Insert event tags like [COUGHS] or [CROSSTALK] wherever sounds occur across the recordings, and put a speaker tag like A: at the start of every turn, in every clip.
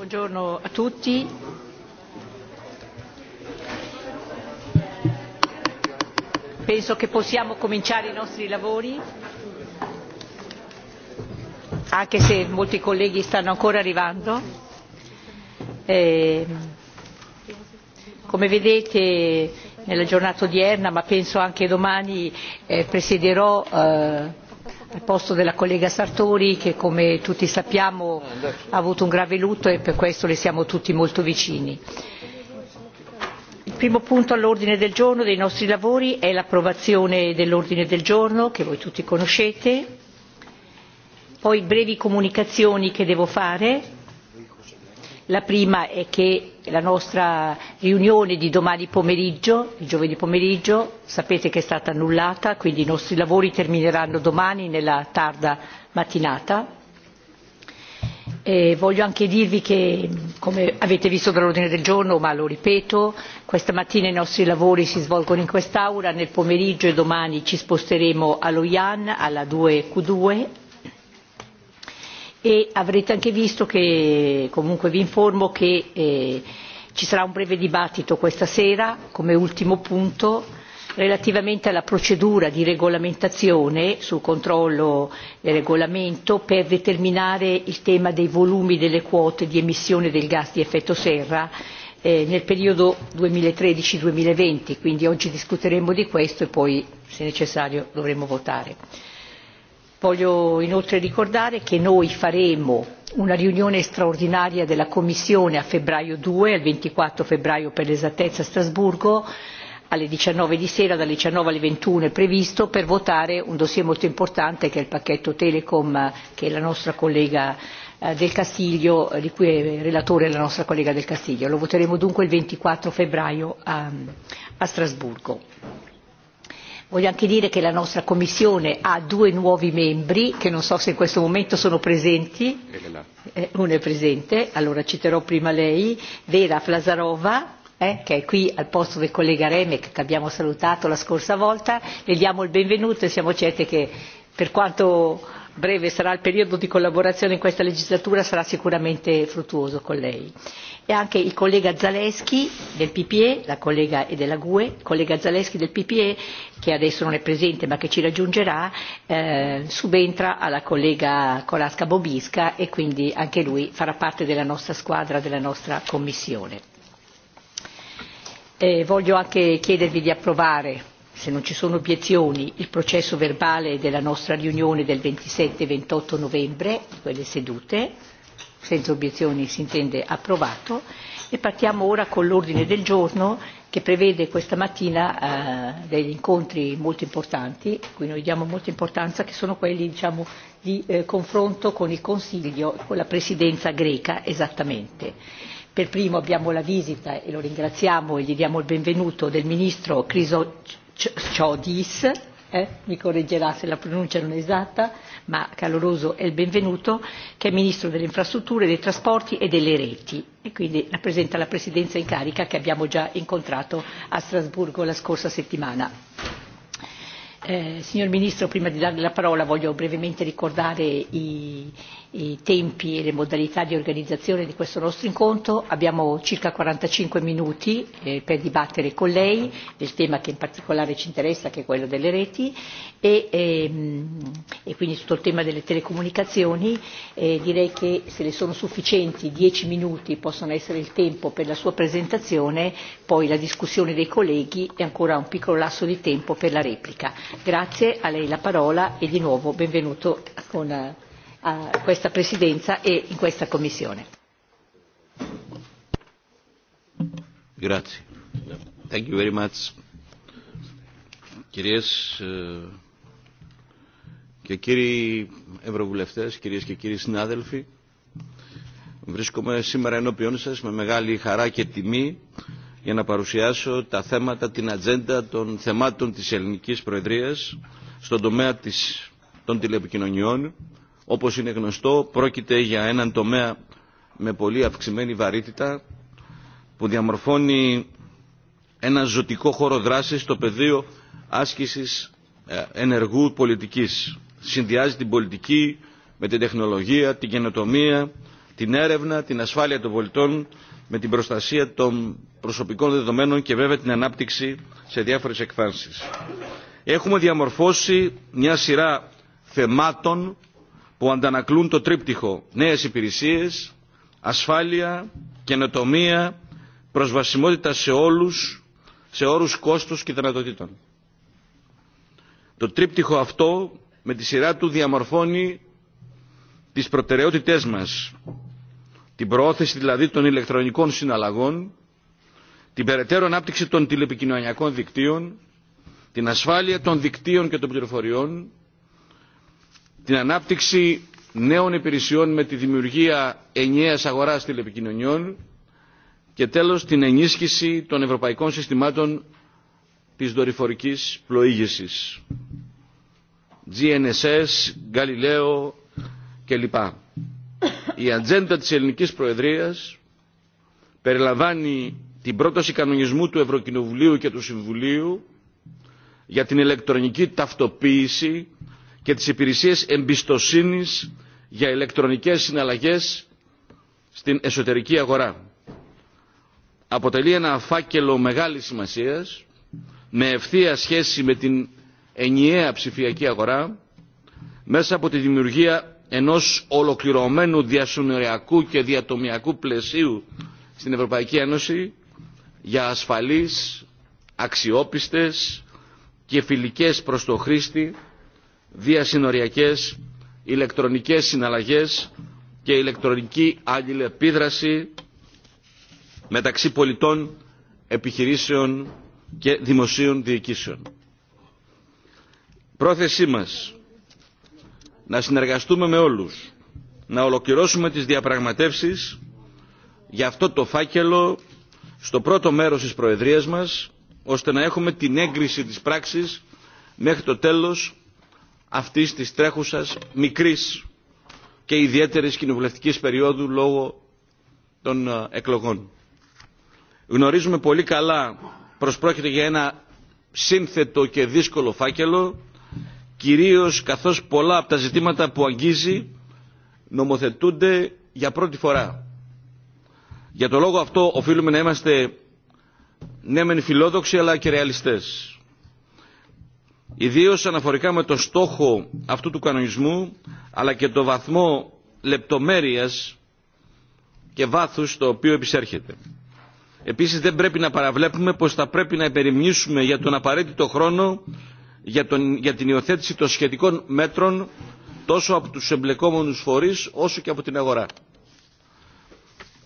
A: Buongiorno a tutti. Penso che possiamo cominciare i nostri lavori, anche se molti colleghi stanno ancora arrivando. Eh, come vedete nella giornata odierna, ma penso anche domani, eh, presiederò eh, al posto della collega Sartori che come tutti sappiamo ha avuto un grave lutto e per questo le siamo tutti molto vicini. Il primo punto all'ordine del giorno dei nostri lavori è l'approvazione dell'ordine del giorno che voi tutti conoscete, poi brevi comunicazioni che devo fare la prima è che la nostra riunione di domani pomeriggio di giovedì pomeriggio sapete che è stata annullata quindi i nostri lavori termineranno domani nella tarda mattinata. E voglio anche dirvi che come avete visto dall'ordine del giorno ma lo ripeto questa mattina i nostri lavori si svolgono in quest'aula nel pomeriggio e domani ci sposteremo allo Ian alla due q due e avrete anche visto che comunque vi informo che eh, ci sarà un breve dibattito questa sera come ultimo punto relativamente alla procedura di regolamentazione sul controllo del regolamento per determinare il tema dei volumi delle quote di emissione del gas di effetto serra eh, nel periodo 2013-2020, quindi oggi discuteremo di questo e poi se necessario dovremo votare voglio inoltre ricordare che noi faremo una riunione straordinaria della commissione a febbraio due il ventiquattro febbraio per l'esattezza a strasburgo alle diciannove di sera dalle diciannove alle ventiuno è previsto per votare un dossier molto importante che è il pacchetto telecom che la nostra collega eh, del castiglio eh, di cui è relatore la nostra collega del castillo lo voteremo dunque il ventiquattro febbraio a strasburgo. Voglio anche dire che la nostra Commissione ha due nuovi membri che non so se in questo momento sono presenti. Eh, uno è presente, allora citerò prima lei, Vera Flasarova, eh, che è qui al posto del collega Remek che abbiamo salutato la scorsa volta. Le diamo il benvenuto e siamo certi che per quanto breve sarà il periodo di collaborazione in questa legislatura sarà sicuramente fruttuoso con lei e anche il collega Zaleschi del PPE, la collega e della GUE, il collega Zaleschi del PPE che adesso non è presente ma che ci raggiungerà, eh, subentra alla collega Colasca Bobiska e quindi anche lui farà parte della nostra squadra, della nostra commissione. Eh, voglio anche chiedervi di approvare se non ci sono obiezioni, il processo verbale della nostra riunione del 27 e 28 novembre, quelle sedute senza obiezioni si intende approvato e partiamo ora con l'ordine del giorno che prevede questa mattina eh, degli incontri molto importanti, a cui noi diamo molta importanza, che sono quelli diciamo, di eh, confronto con il Consiglio, con la Presidenza greca esattamente. Per primo abbiamo la visita, e lo ringraziamo e gli diamo il benvenuto, del Ministro Chrysotchodis, eh, mi correggerà se la pronuncia non è esatta, ma caloroso è il benvenuto, che è Ministro delle Infrastrutture, dei Trasporti e delle Reti e quindi rappresenta la Presidenza in carica che abbiamo già incontrato a Strasburgo la scorsa settimana. Eh, signor Ministro, prima di darle la parola voglio brevemente ricordare i, i tempi e le modalità di organizzazione di questo nostro incontro. Abbiamo circa 45 minuti eh, per dibattere con lei del tema che in particolare ci interessa, che è quello delle reti, e, ehm, e quindi tutto il tema delle telecomunicazioni. Eh, direi che se le sono sufficienti 10 minuti possono essere il tempo per la sua presentazione, poi la discussione dei colleghi e ancora un piccolo lasso di tempo per la replica. Grazie, a lei la parola e di nuovo benvenuto con eh, a questa presidenza e in questa commissione.
B: Grazie. Thank you very much. Κυρίες και κύριοι Ευρωβουλευτές, κυρίες και κύριοι συνάδελφοι, βρίσκομαι σήμερα ενώπιόν σας με μεγάλη χαρά και τιμή για να παρουσιάσω τα θέματα, την ατζέντα των θεμάτων της Ελληνικής Προεδρίας στον τομέα της, των τηλεπικοινωνιών Όπως είναι γνωστό, πρόκειται για έναν τομέα με πολύ αυξημένη βαρύτητα που διαμορφώνει ένα ζωτικό χώρο δράσης στο πεδίο άσκησης ενεργού πολιτικής. Συνδυάζει την πολιτική με την τεχνολογία, την καινοτομία, την έρευνα, την ασφάλεια των πολιτών, με την προστασία των προσωπικών δεδομένων και βέβαια την ανάπτυξη σε διάφορες εκφάνσεις. Έχουμε διαμορφώσει μια σειρά θεμάτων που αντανακλούν το τρίπτυχο νέες υπηρεσίες, ασφάλεια, καινοτομία, προσβασιμότητα σε όλους, σε όρους κόστους και δυνατοτήτων. Το τρίπτυχο αυτό με τη σειρά του διαμορφώνει τις προτεραιότητές μας, την προώθηση δηλαδή των ηλεκτρονικών συναλλαγών, την περαιτέρω ανάπτυξη των τηλεπικοινωνιακών δικτύων, την ασφάλεια των δικτύων και των πληροφοριών, την ανάπτυξη νέων υπηρεσιών με τη δημιουργία ενιαίας αγοράς τηλεπικοινωνιών και τέλος την ενίσχυση των ευρωπαϊκών συστημάτων της δορυφορικής πλοήγησης GNSS, Galileo κλπ. Η ατζέντα της ελληνικής προεδρίας περιλαμβάνει την πρόταση κανονισμού του Ευρωκοινοβουλίου και του Συμβουλίου για την ηλεκτρονική ταυτοποίηση και τις υπηρεσίες εμπιστοσύνης για ηλεκτρονικές συναλλαγές στην εσωτερική αγορά. Αποτελεί ένα φάκελο μεγάλης σημασίας με ευθεία σχέση με την ενιαία ψηφιακή αγορά μέσα από τη δημιουργία ενός ολοκληρωμένου διασυνοριακού και διατομιακού πλαισίου στην Ευρωπαϊκή Ένωση για ασφαλείς, αξιόπιστες και φιλικές προς το χρήστη διασυνοριακές ηλεκτρονικές συναλλαγές και ηλεκτρονική αλληλεπίδραση μεταξύ πολιτών, επιχειρήσεων και δημοσίων διοικήσεων. Πρόθεσή μας να συνεργαστούμε με όλους, να ολοκληρώσουμε τις διαπραγματεύσεις για αυτό το φάκελο στο πρώτο μέρος της Προεδρίας μας, ώστε να έχουμε την έγκριση της πράξης μέχρι το τέλος αυτής της τρέχουσας μικρής και ιδιαίτερης κοινοβουλευτικής περίοδου λόγω των εκλογών. Γνωρίζουμε πολύ καλά πως πρόκειται για ένα σύνθετο και δύσκολο φάκελο κυρίως καθώς πολλά από τα ζητήματα που αγγίζει νομοθετούνται για πρώτη φορά. Για το λόγο αυτό οφείλουμε να είμαστε ναι μεν φιλόδοξοι αλλά και ρεαλιστές ιδίως αναφορικά με το στόχο αυτού του κανονισμού αλλά και το βαθμό λεπτομέρειας και βάθους το οποίο επισέρχεται. Επίσης δεν πρέπει να παραβλέπουμε πως θα πρέπει να υπερημνήσουμε για τον απαραίτητο χρόνο για, τον, για την υιοθέτηση των σχετικών μέτρων τόσο από τους εμπλεκόμενους φορείς όσο και από την αγορά.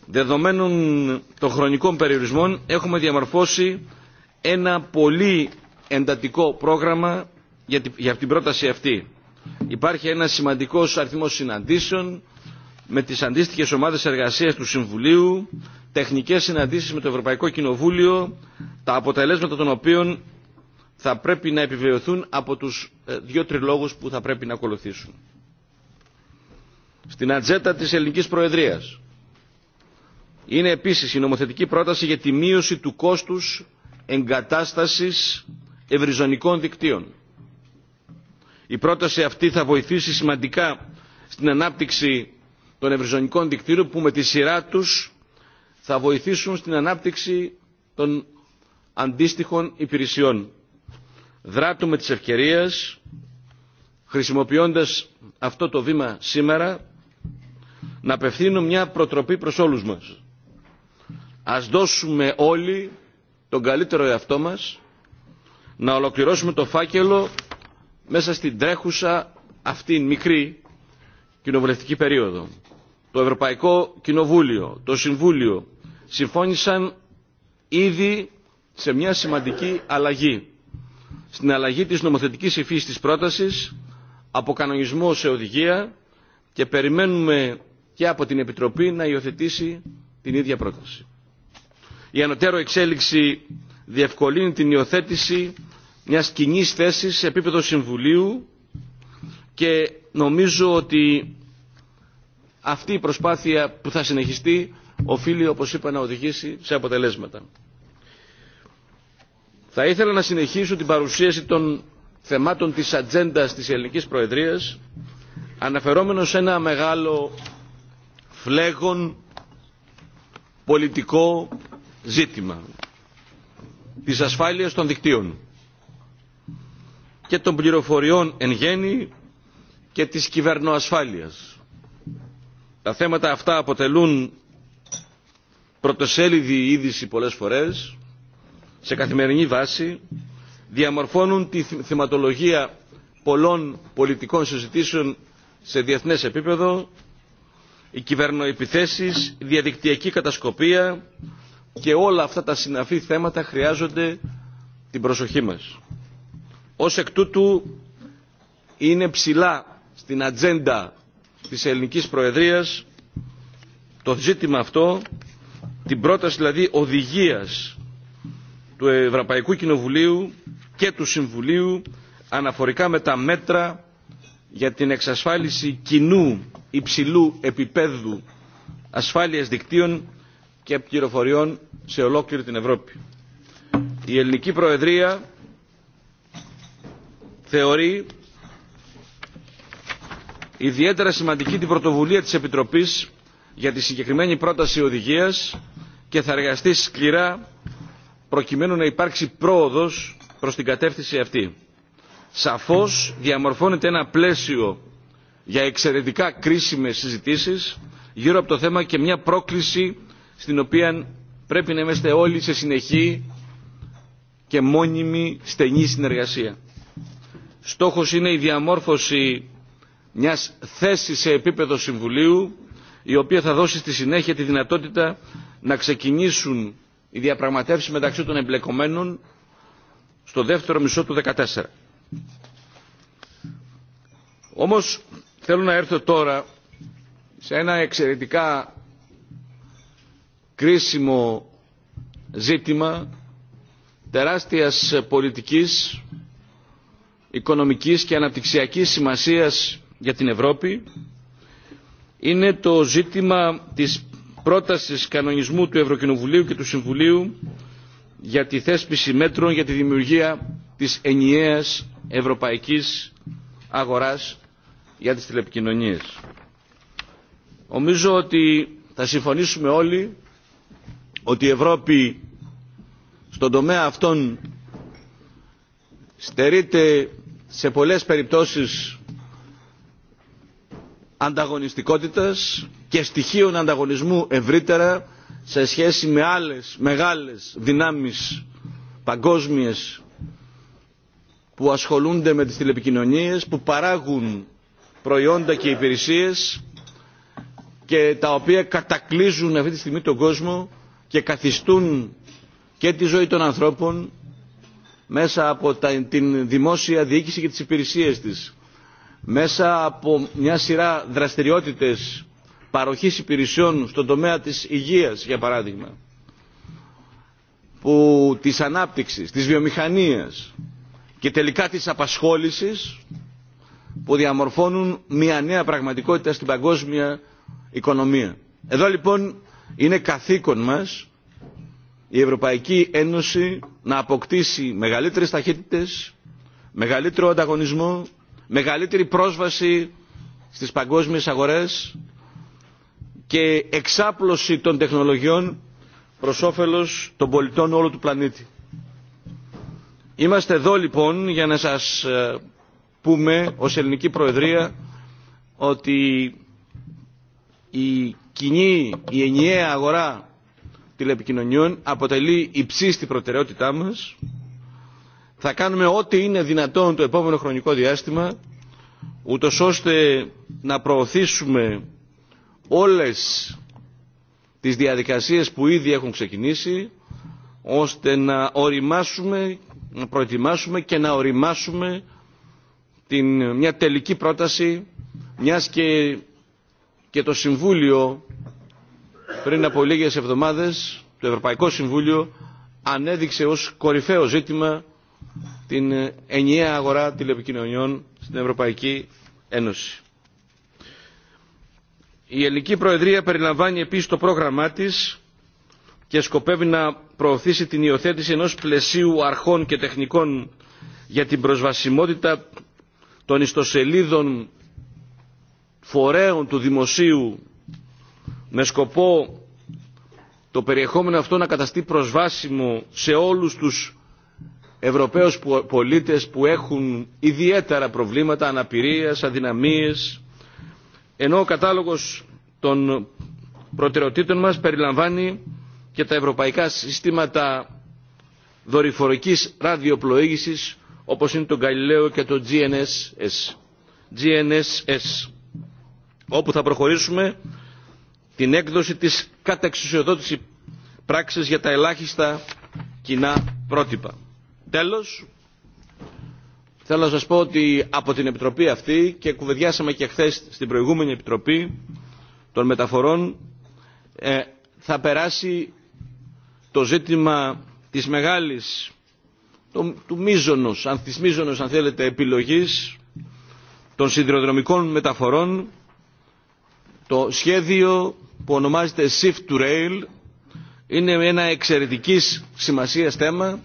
B: Δεδομένων των χρονικών περιορισμών έχουμε διαμορφώσει ένα πολύ εντατικό πρόγραμμα για, για την πρόταση αυτή. Υπάρχει ένα σημαντικός αριθμός συναντήσεων με τις αντίστοιχες ομάδες εργασίας του Συμβουλίου, τεχνικές συναντήσεις με το Ευρωπαϊκό Κοινοβούλιο, τα αποτελέσματα των οποίων θα πρέπει να επιβεβαιωθούν από τους δύο τριλόγους που θα πρέπει να ακολουθήσουν. Στην ατζέτα της ελληνικής προεδρίας είναι επίσης η νομοθετική πρόταση για τη μείωση του κόστους εγκατάστασης ευρυζωνικών δικτύων. Η πρόταση αυτή θα βοηθήσει σημαντικά στην ανάπτυξη των ευρυζωνικών δικτύων που με τη σειρά τους θα βοηθήσουν στην ανάπτυξη των αντίστοιχων υπηρεσιών. Δράτουμε τις ευκαιρίες, χρησιμοποιώντας αυτό το βήμα σήμερα, να απευθύνουμε μια προτροπή προς όλους μας. Ας δώσουμε όλοι τον καλύτερο εαυτό μας να ολοκληρώσουμε το φάκελο μέσα στην τρέχουσα αυτήν μικρή κοινοβουλευτική περίοδο. Το Ευρωπαϊκό Κοινοβούλιο, το Συμβούλιο συμφώνησαν ήδη σε μια σημαντική αλλαγή. Στην αλλαγή της νομοθετικής υφής της πρότασης από κανονισμό σε οδηγία και περιμένουμε και από την Επιτροπή να υιοθετήσει την ίδια πρόταση. Η ανωτέρω εξέλιξη διευκολύνει την υιοθέτηση μιας κοινή θέση σε επίπεδο Συμβουλίου και νομίζω ότι αυτή η προσπάθεια που θα συνεχιστεί οφείλει, όπως είπα, να οδηγήσει σε αποτελέσματα. Θα ήθελα να συνεχίσω την παρουσίαση των θεμάτων της ατζέντα της ελληνικής προεδρίας αναφερόμενος σε ένα μεγάλο φλέγον πολιτικό ζήτημα της ασφάλειας των δικτύων και των πληροφοριών εν γέννη και της κυβερνοασφάλειας. Τα θέματα αυτά αποτελούν πρωτοσέλιδη είδηση πολλές φορές σε καθημερινή βάση διαμορφώνουν τη θεματολογία πολλών πολιτικών συζητήσεων σε διεθνές επίπεδο οι κυβερνοεπιθέσεις, η διαδικτυακή κατασκοπία, και όλα αυτά τα συναφή θέματα χρειάζονται την προσοχή μας. Ως εκ τούτου είναι ψηλά στην ατζέντα της ελληνικής προεδρίας το ζήτημα αυτό, την πρόταση δηλαδή οδηγίας του Ευρωπαϊκού Κοινοβουλίου και του Συμβουλίου αναφορικά με τα μέτρα για την εξασφάλιση κοινού υψηλού επίπεδου ασφάλειας δικτύων και πληροφοριών σε ολόκληρη την Ευρώπη. Η ελληνική προεδρία θεωρεί ιδιαίτερα σημαντική την πρωτοβουλία της Επιτροπής για τη συγκεκριμένη πρόταση οδηγίας και θα εργαστεί σκληρά προκειμένου να υπάρξει πρόοδος προς την κατεύθυνση αυτή. Σαφώς διαμορφώνεται ένα πλαίσιο για εξαιρετικά κρίσιμες συζητήσεις γύρω από το θέμα και μια πρόκληση στην οποία πρέπει να είμαστε όλοι σε συνεχή και μόνιμη στενή συνεργασία. Στόχος είναι η διαμόρφωση μιας θέσης σε επίπεδο Συμβουλίου η οποία θα δώσει στη συνέχεια τη δυνατότητα να ξεκινήσουν οι διαπραγματεύσεις μεταξύ των εμπλεκομένων στο δεύτερο μισό του 2014. Όμως θέλω να έρθω τώρα σε ένα εξαιρετικά κρίσιμο ζήτημα τεράστιας πολιτικής, οικονομικής και αναπτυξιακής σημασίας για την Ευρώπη είναι το ζήτημα της πρότασης κανονισμού του Ευρωκοινοβουλίου και του Συμβουλίου για τη θέσπιση μέτρων για τη δημιουργία της ενιαίας ευρωπαϊκής αγοράς για τις τηλεπικοινωνίες. Νομίζω ότι θα συμφωνήσουμε όλοι ότι η Ευρώπη στον τομέα αυτόν στερείται σε πολλές περιπτώσεις ανταγωνιστικότητας και στοιχείων ανταγωνισμού ευρύτερα σε σχέση με άλλες μεγάλες δυνάμεις παγκόσμιες που ασχολούνται με τις τηλεπικοινωνίες, που παράγουν προϊόντα και υπηρεσίες και τα οποία κατακλείζουν αυτή τη στιγμή τον κόσμο και καθιστούν και τη ζωή των ανθρώπων μέσα από τα, την δημόσια διοίκηση και τις υπηρεσίες της, μέσα από μια σειρά δραστηριότητες παροχής υπηρεσιών στον τομέα της υγείας, για παράδειγμα, που, της ανάπτυξης, της βιομηχανίας και τελικά της απασχόλησης, που διαμορφώνουν μια νέα πραγματικότητα στην παγκόσμια οικονομία. Εδώ λοιπόν Είναι καθήκον μας η Ευρωπαϊκή Ένωση να αποκτήσει μεγαλύτερες ταχύτητες, μεγαλύτερο ανταγωνισμό, μεγαλύτερη πρόσβαση στις παγκόσμιες αγορές και εξάπλωση των τεχνολογιών προς όφελος των πολιτών όλου του πλανήτη. Είμαστε εδώ λοιπόν για να σας πούμε ως Ελληνική Προεδρία ότι η κοινή η ενιαία αγορά τηλεπικοινωνιών αποτελεί υψίστη προτεραιότητά μας. Θα κάνουμε ό,τι είναι δυνατόν το επόμενο χρονικό διάστημα ούτως ώστε να προωθήσουμε όλες τις διαδικασίες που ήδη έχουν ξεκινήσει ώστε να οριμάσουμε, να προετοιμάσουμε και να οριμάσουμε την, μια τελική πρόταση μιας και και το Συμβούλιο πριν από λίγες εβδομάδες, το Ευρωπαϊκό Συμβούλιο ανέδειξε ως κορυφαίο ζήτημα την ενιαία αγορά τηλεπικοινωνιών στην Ευρωπαϊκή Ένωση. Η Ελληνική Προεδρία περιλαμβάνει επίσης το πρόγραμμά της και σκοπεύει να προωθήσει την υιοθέτηση ενός πλαισίου αρχών και τεχνικών για την προσβασιμότητα των ιστοσελίδων φορέων του δημοσίου με σκοπό το περιεχόμενο αυτό να καταστεί προσβάσιμο σε όλους τους Ευρωπαίους πολίτες που έχουν ιδιαίτερα προβλήματα, αναπηρίας, αδυναμίες, ενώ ο κατάλογος των προτεραιοτήτων μας περιλαμβάνει και τα ευρωπαϊκά συστήματα δορυφορικής ραδιοπλοήγησης όπως είναι το Γκαλιλαίο και το GNSS. GNSS όπου θα προχωρήσουμε την έκδοση της κατεξουσιοδότησης πράξης για τα ελάχιστα κοινά πρότυπα. Τέλος, θέλω να σας πω ότι από την Επιτροπή αυτή και κουβεντιάσαμε και χθε στην προηγούμενη Επιτροπή των Μεταφορών ε, θα περάσει το ζήτημα της μεγάλης το, του μίζωνος, αν, της μίζωνος αν θέλετε επιλογής των σιδηροδρομικών μεταφορών Το σχέδιο που ονομάζεται Shift to Rail είναι ένα εξαιρετικής σημασίας θέμα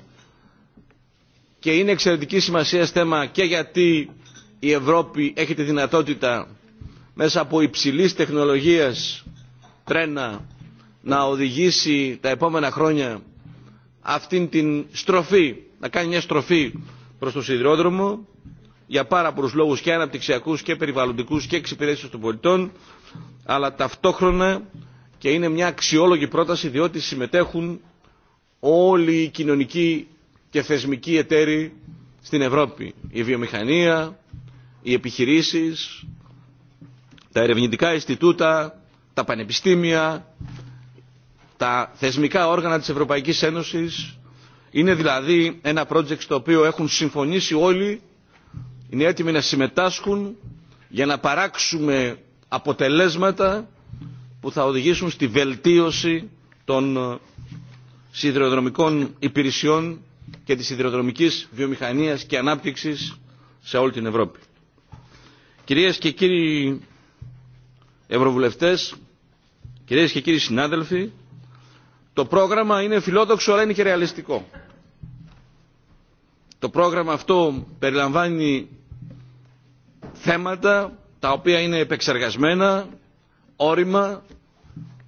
B: και είναι εξαιρετικής σημασίας θέμα και γιατί η Ευρώπη έχει τη δυνατότητα μέσα από υψηλής τεχνολογίας τρένα να οδηγήσει τα επόμενα χρόνια αυτήν την στροφή, να κάνει μια στροφή προς το σιδηρόδρομο για πάρα πολλούς λόγους και αναπτυξιακούς και περιβαλλοντικούς και εξυπηρέτησης των πολιτών αλλά ταυτόχρονα και είναι μια αξιόλογη πρόταση διότι συμμετέχουν όλοι οι κοινωνικοί και θεσμικοί εταίροι στην Ευρώπη. Η βιομηχανία, οι επιχειρήσεις, τα ερευνητικά ιστιτούτα, τα πανεπιστήμια, τα θεσμικά όργανα της Ευρωπαϊκής Ένωσης. Είναι δηλαδή ένα project στο οποίο έχουν συμφωνήσει όλοι, είναι έτοιμοι να συμμετάσχουν για να παράξουμε αποτελέσματα που θα οδηγήσουν στη βελτίωση των σιδηροδρομικών υπηρεσιών και της σιδηροδρομικής βιομηχανίας και ανάπτυξης σε όλη την Ευρώπη. Κυρίες και κύριοι Ευρωβουλευτές, κυρίες και κύριοι συνάδελφοι, το πρόγραμμα είναι φιλόδοξο αλλά είναι και ρεαλιστικό. Το πρόγραμμα αυτό περιλαμβάνει θέματα τα οποία είναι επεξεργασμένα, όριμα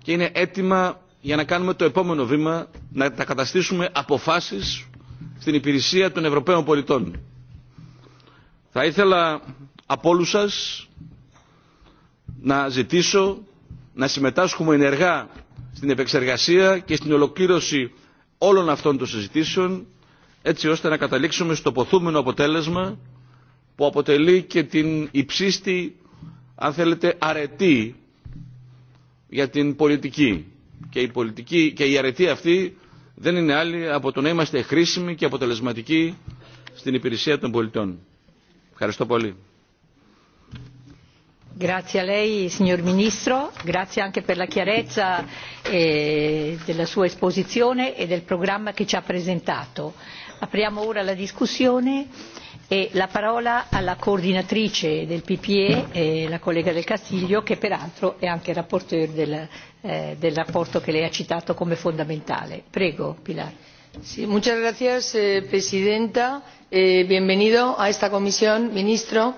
B: και είναι έτοιμα για να κάνουμε το επόμενο βήμα, να τα καταστήσουμε αποφάσεις στην υπηρεσία των Ευρωπαίων πολιτών. Θα ήθελα από όλους σας να ζητήσω να συμμετάσχουμε ενεργά στην επεξεργασία και στην ολοκλήρωση όλων αυτών των συζητήσεων έτσι ώστε να καταλήξουμε στο ποθούμενο αποτέλεσμα που αποτελεί και την υψίστη αν θέλετε, αρετή για την πολιτική. Και η, πολιτική, και η αρετή αυτή δεν είναι άλλη από το να είμαστε χρήσιμοι και αποτελεσματικοί στην υπηρεσία των πολιτών. Ευχαριστώ πολύ.
A: Grazie a lei signor Ministro, grazie anche per la chiarezza eh, della sua esposizione e del programma che ci ha presentato. Apriamo ora la discussione e la parola alla coordinatrice del PPE, la collega del Castiglio, che peraltro è anche rapporteur del, eh, del rapporto che lei ha citato come fondamentale. Prego, Pilar.
C: Sí, muchas gracias, eh, Presidenta. Eh, bienvenido a esta comisión, Ministro.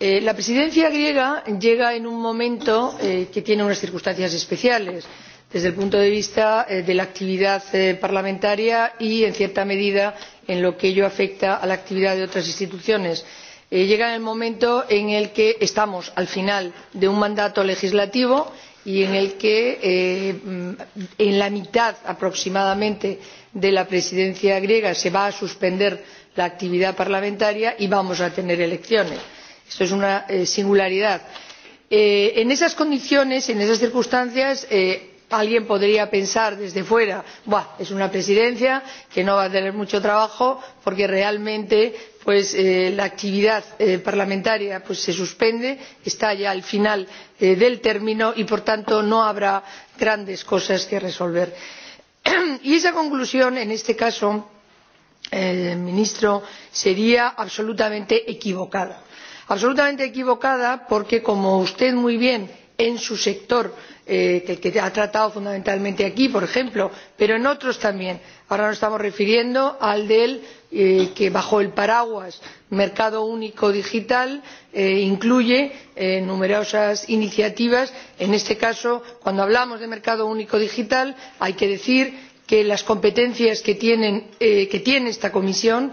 C: Eh, la presidencia griega llega en un momento eh, que tiene unas circunstancias especiales desde el punto de vista eh, de la actividad eh, parlamentaria y en cierta medida en lo que ello afecta a la actividad de otras instituciones. Eh, llega el momento en el que estamos al final de un mandato legislativo y en el que en la mitad aproximadamente de la presidencia griega se va a suspender la actividad parlamentaria y vamos a tener elecciones. esto es una singularidad. en esas condiciones en esas circunstancias alguien podría pensar desde fuera es una presidencia que no va a tener mucho trabajo porque realmente eh, la actividad eh, parlamentaria se suspende está ya al final eh, del término y por tanto no habrá grandes cosas que resolver. [CLEARS THROAT] y esa conclusión en este caso ministro sería absolutamente equivocada absolutamente equivocada porque como usted muy bien en su sector conoce eh, que el que ha tratado fundamentalmente aquí por ejemplo pero en otros también. ahora nos estamos refiriendo al del eh, que bajo el paraguas del mercado único digital eh, incluye eh, numerosas iniciativas. en este caso cuando hablamos de mercado único digital hay que decir que las competencias que, tiene esta comisión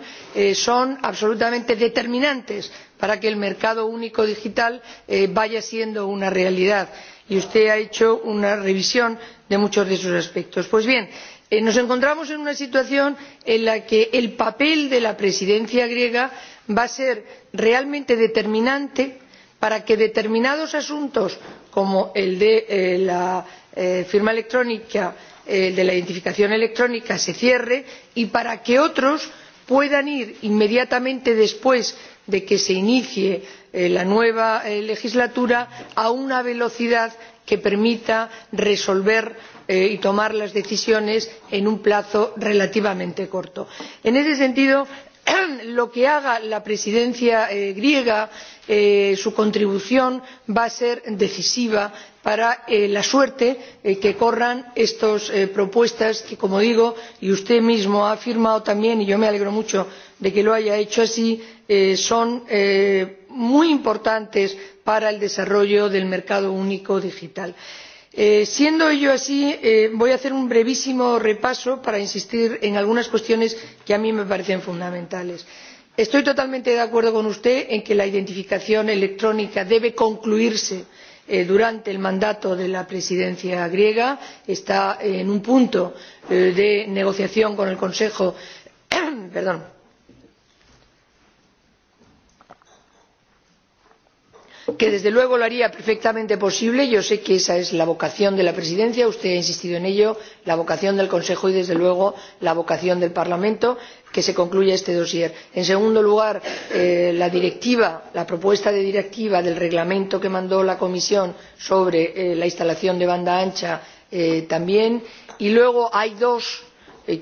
C: son absolutamente determinantes para que el mercado único digital vaya siendo una realidad y y usted ha hecho una revisión de muchos de sus aspectos. pues bien eh, nos encontramos en una situación en la que el papel de la presidencia griega va a ser realmente determinante para que determinados asuntos como el de eh, la eh, firma electrónica el de la identificación electrónica se cierren y para que otros puedan ir inmediatamente después de que se inicie Eh, la nueva eh, legislatura a una velocidad que permita resolver eh, y tomar las decisiones en un plazo relativamente corto. en ese sentido [CLEARS THROAT] lo que haga la presidencia griega su contribución va a ser decisiva para la suerte que corran estas propuestas que como digo y usted mismo ha afirmado también y yo me alegro mucho de que lo haya hecho así son muy importantes para el desarrollo del mercado único digital. Eh, siendo ello así eh, voy a hacer un brevísimo repaso para insistir en algunas cuestiones que a mí me parecen fundamentales. estoy totalmente de acuerdo con usted en que la identificación electrónica debe concluirse eh, durante el mandato de la presidencia griega está en un punto de negociación con el consejo [COUGHS] perdón que desde luego lo haría perfectamente posible yo sé que esa es la vocación de la presidencia usted ha insistido en ello la vocación del consejo y desde luego la vocación del parlamento que se concluya este dosier. en segundo lugar eh, la, directiva, la propuesta de directiva del reglamento que mandó la comisión sobre eh, la instalación de banda ancha eh, también y luego hay dos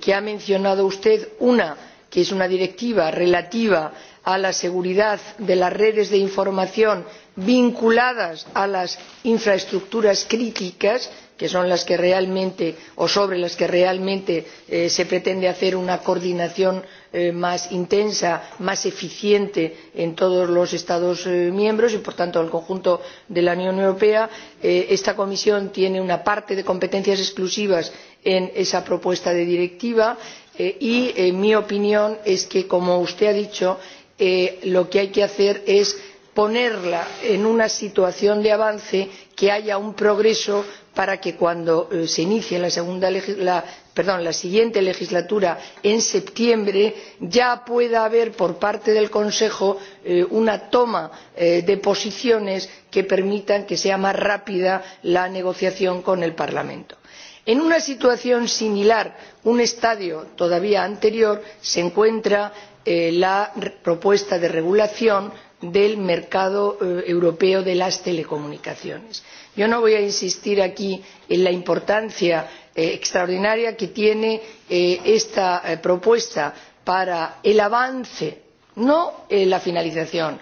C: que ha mencionado usted una que es una directiva relativa a a la seguridad de las redes de información vinculadas a las infraestructuras críticas que son las que realmente o sobre las que realmente eh, se pretende hacer una coordinación eh, más intensa más eficiente en todos los estados eh, miembros y por tanto en el conjunto de la unión europea esta comisión tiene una parte de competencias exclusivas en esa propuesta de directiva y mi opinión es que como usted ha dicho Eh, lo que hay que hacer es ponerla en una situación de avance que haya un progreso para que cuando eh, se inicie la, siguiente legislatura en septiembre ya pueda haber por parte del consejo eh, una toma de posiciones que permita que sea más rápida la negociación con el parlamento en una situación similar un estadio todavía anterior se encuentra Eh, la propuesta de regulación del mercado eh, europeo de las telecomunicaciones. yo no voy a insistir aquí en la importancia eh, extraordinaria que tiene esta propuesta para el avance no la finalización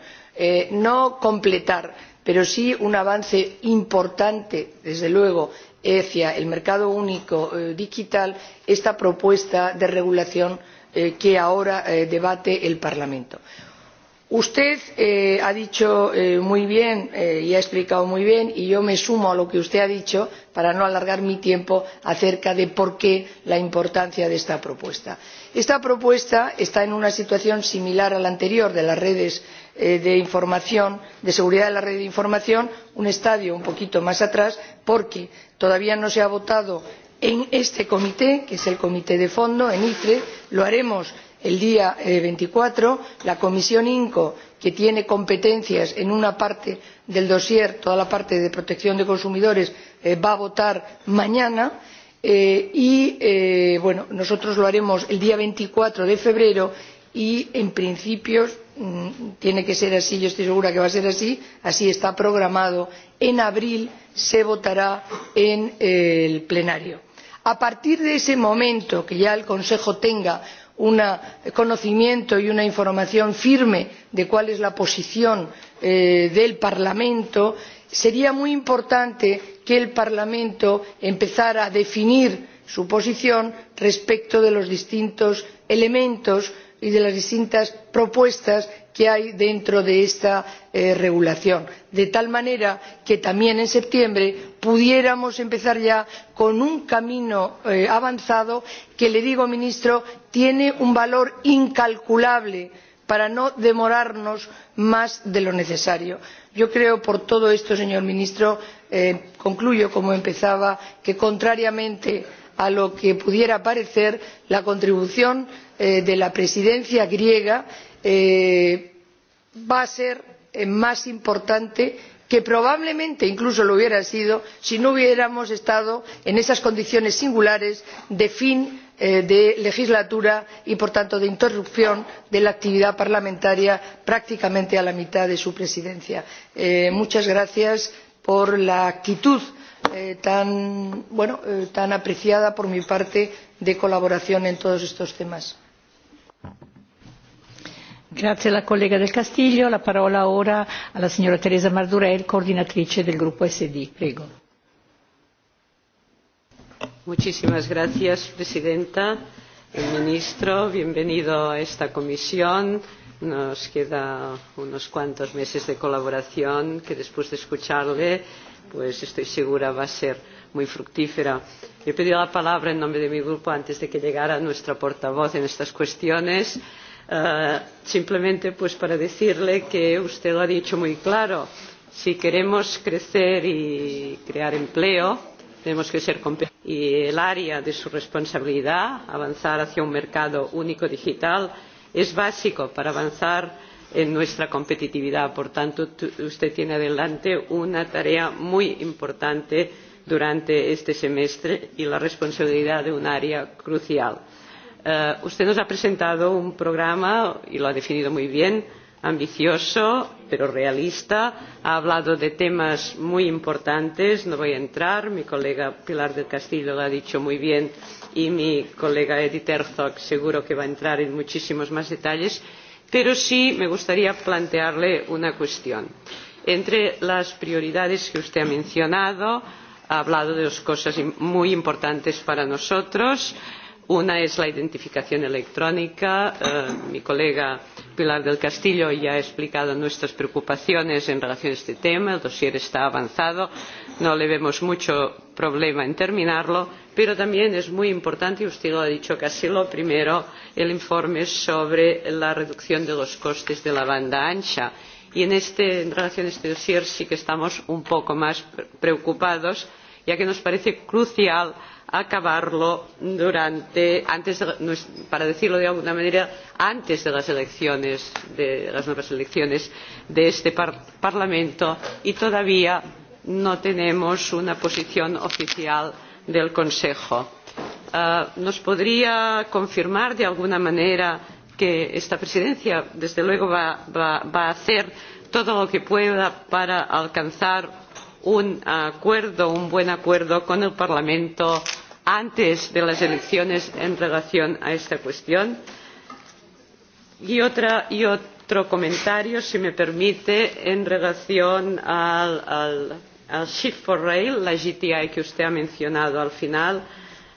C: no completar pero sí un avance importante desde luego hacia el mercado único digital esta propuesta de regulación Eh, que ahora eh, debate el parlamento. usted eh, ha dicho muy bien y ha explicado muy bien y yo me sumo a lo que usted ha dicho para no alargar mi tiempo acerca de por qué la importancia de esta propuesta. esta propuesta está en una situación similar a la anterior de las redes de información de seguridad de la red de información un estadio un poquito más atrás porque todavía no se ha votado en este comité que es el comité de fondo en itre lo haremos el día eh, veinticuatro la comisión imco que tiene competencias en una parte del dosier toda la parte de protección de consumidores eh, va a votar mañana eh, y nosotros lo haremos el día veinticuatro de febrero y en principio mm, tiene que ser así yo estoy segura de que va a ser así así está programado en abril se votará en el pleno a partir de ese momento que ya el consejo tenga un conocimiento y una información firme de cuál es la posición eh, del parlamento sería muy importante que el parlamento empezara a definir su posición respecto de los distintos elementos y de las distintas propuestas que hay dentro de esta eh, regulación de tal manera que también en septiembre pudiéramos empezar ya con un camino eh, avanzado que le digo ministro tiene un valor incalculable para no demorarnos más de lo necesario. yo creo por todo esto señor ministro eh, concluyo como empezaba que contrariamente a lo que pudiera parecer la contribución de la presidencia griega Eh, va a ser eh, más importante que probablemente incluso lo hubiera sido si no hubiéramos estado en esas condiciones singulares de fin eh, de legislatura y por tanto de interrupción de la actividad parlamentaria prácticamente a la mitad de su presidencia. muchas gracias por la actitud tan apreciada por mi parte de colaboración en todos estos temas.
A: Grazie alla collega del Castillo. La parola ora alla signora Teresa Mardurel, coordinatrice del gruppo SD. Prego.
D: Muchísimas gracias, Presidenta. El ministro, bienvenido a esta comisión. Nos queda unos cuantos meses de colaboración que después de escucharle, pues estoy segura va a ser muy fructífera. he pedido la palabra en nombre de mi grupo antes de que llegara nuestra portavoz en estas cuestiones. Eh, simplemente pues para decirle que usted lo ha dicho muy claro si queremos crecer y crear empleo tenemos que ser competitivos y el área de su responsabilidad avanzar hacia un mercado único digital es básico para avanzar en nuestra competitividad. por tanto usted tiene delante una tarea muy importante durante este semestre y la responsabilidad de un área crucial. Eh, usted nos ha presentado un programa y lo ha definido muy bien ambicioso pero realista ha hablado de temas muy importantes no voy a entrar mi colega pilar del castillo lo ha dicho muy bien y mi colega edith herzog seguro que va a entrar en muchísimos más detalles pero sí me gustaría plantearle una cuestión entre las prioridades que usted ha mencionado ha hablado de dos cosas muy importantes para nosotros eh, una es la identificación electrónica. Eh, mi colega Pilar del Castillo ya ha explicado nuestras preocupaciones en relación a este tema. El dossier está avanzado. No le vemos mucho problema en terminarlo. Pero también es muy importante, y usted lo ha dicho casi lo primero, el informe sobre la reducción de los costes de la banda ancha. Y en, este, en relación a este dossier sí que estamos un poco más preocupados, ya que nos parece crucial acabarlo para decirlo de alguna manera antes de las elecciones de las nuevas elecciones de este parlamento y todavía no tenemos una posición oficial del consejo. Ah, nos podría confirmar de alguna manera que esta presidencia desde luego va a hacer todo lo que pueda para alcanzar un acuerdo un buen acuerdo con el parlamento antes de las elecciones en relación con esta cuestión. Y, otro comentario si me permite en relación con el shift for rail la gti que usted ha mencionado al final.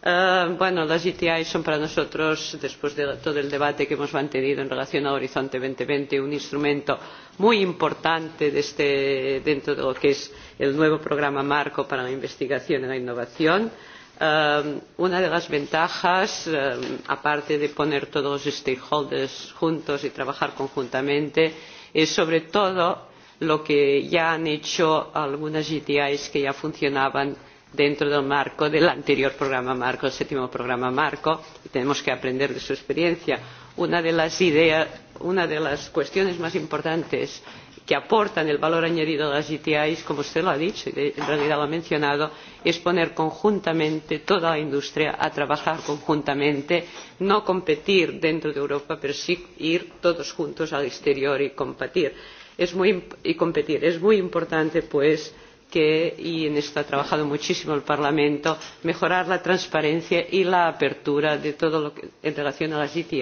D: Eh, bueno, las eti son para nosotros después de todo el debate que hemos mantenido en relación con horizonte dos mil veinte un instrumento muy importante dentro de lo que es el nuevo programa marco para la investigación y la innovación. Eh, una de las ventajas eh, aparte de poner a todos los stakeholders juntos y trabajar conjuntamente es sobre todo lo que ya han hecho algunas eti que ya funcionaban dentro del marco del anterior programa marco, el séptimo programa marco, y tenemos que aprender de su experiencia. Una de las ideas, una de las cuestiones más importantes que aportan el valor añadido a las ITI, como usted lo ha dicho y en realidad lo ha mencionado, es poner conjuntamente toda la industria a trabajar conjuntamente, no competir dentro de Europa, pero sí ir todos juntos al exterior y competir. Es muy, y competir. Es muy importante, pues, que y en esto ha trabajado muchísimo el parlamento mejorar la transparencia y la apertura de todo lo que, en relación con las eti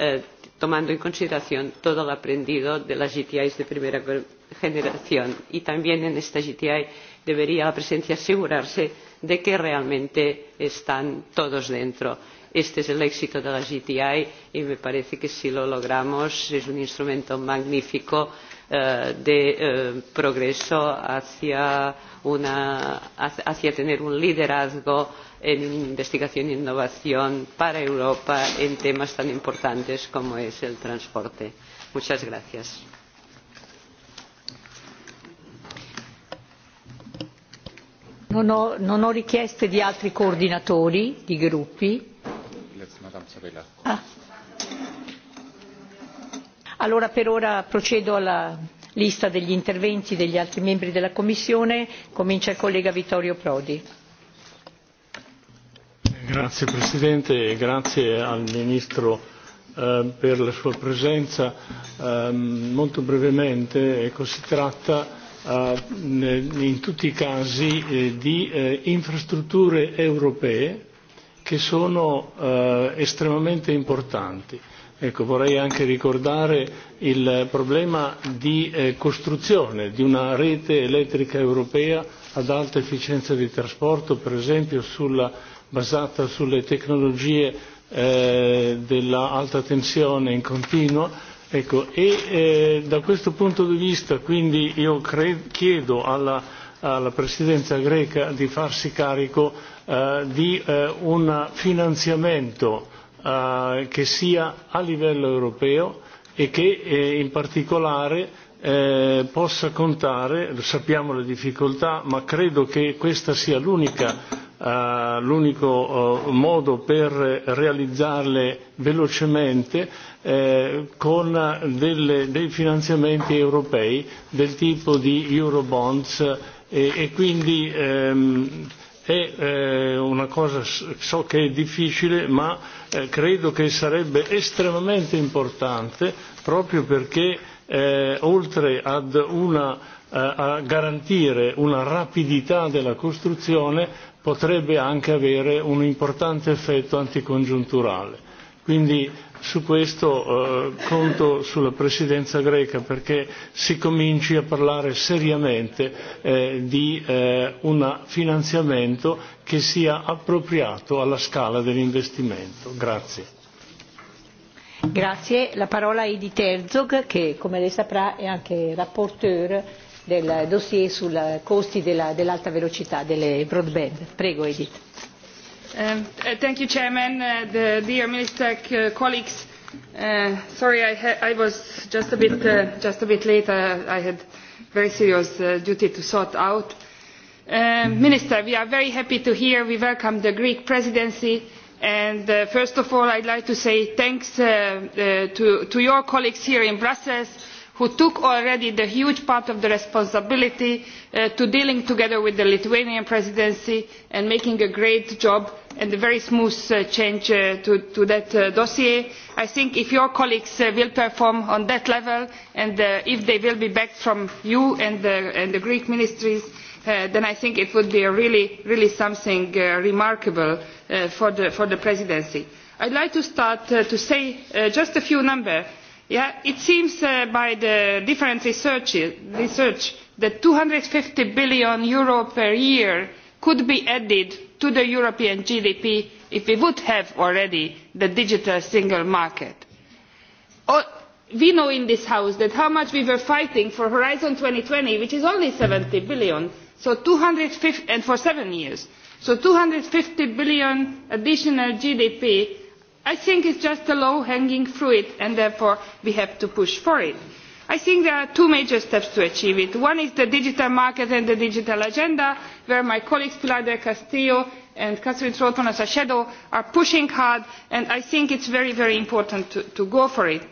D: eh, tomando en consideración todo lo aprendido de las eti de primera generación y también en estas eti debería la presidencia asegurarse de que realmente están todos dentro. este es el éxito de las eti y me parece que si lo logramos es un instrumento magnífico para Eh, de eh, progreso hacia, una, hacia tener un liderazgo en investigación e innovación para Europa en temas tan importantes como es el transporte. Muchas gracias.
A: Non ho, non ho richieste di altri coordinatori di gruppi. Ah allora per ora procedo alla lista degli interventi degli altri membri della commissione comincia il collega vittorio prodi
E: grazie presidente e grazie al ministro eh, per la sua presenza ehm, molto brevemente ecco si tratta eh, in tutti i casi eh, di infrastrutture europee che sono estremamente importanti Ecco, vorrei anche ricordare il problema di eh, costruzione di una rete elettrica europea ad alta efficienza di trasporto, per esempio sulla, basata sulle tecnologie eh, dell'alta tensione in continuo. Ecco, e eh, da questo punto di vista quindi io cre- chiedo alla, alla Presidenza greca di farsi carico eh, di eh, un finanziamento che sia a livello europeo e che eh, in particolare eh, possa contare, sappiamo le difficoltà, ma credo che questo sia l'unico modo per realizzarle velocemente eh, con dei finanziamenti europei del tipo di Eurobonds e, quindi ehm, è una cosa so che è difficile ma Eh, credo che sarebbe estremamente importante proprio perché eh, oltre ad una eh, a garantire una rapidità della costruzione potrebbe anche avere un importante effetto anticongiunturale. Quindi su questo eh, conto sulla presidenza greca perché si cominci a parlare seriamente eh, di eh, un finanziamento che sia appropriato alla scala dell'investimento. Grazie.
A: Grazie. La parola a Edith Terzog che come lei saprà è anche rapporteur del dossier sui costi della, dell'alta velocità delle broadband. Prego Edith
F: Um, uh, thank you, Chairman, uh, the, dear Minister, uh, colleagues. Uh, sorry, I, ha I was just a bit, uh, just a bit late. Uh, I had very serious uh, duty to sort out. Uh, Minister, we are very happy to hear. We welcome the Greek presidency. And uh, first of all, I'd like to say thanks uh, uh, to, to your colleagues here in Brussels who took already the huge part of the responsibility uh, to dealing together with the lithuanian presidency and making a great job and a very smooth uh, change uh, to, that dossier. i think if your colleagues will perform on that level and if they will be backed from you and the, greek ministries then i think it would be really, really something remarkable for the, presidency. i would like to start to say just a few numbers it seems uh, by the different research, that eur two hundred and fifty billion Euro per year could be added to the european gdp if we would have already the digital single market. we know in this house how much we were fighting for horizon two thousand and twenty which is only eur seventy billion so 250, and for seven years so eur two hundred and fifty billion additional gdp i think it is just low hanging fruit and therefore we have to push for it. i think there are two major steps to achieve it. one is the digital market and the digital agenda where my colleagues pilar del castillo and catherine trautmann as a shadow are pushing hard and i think it is very very important to, go for it.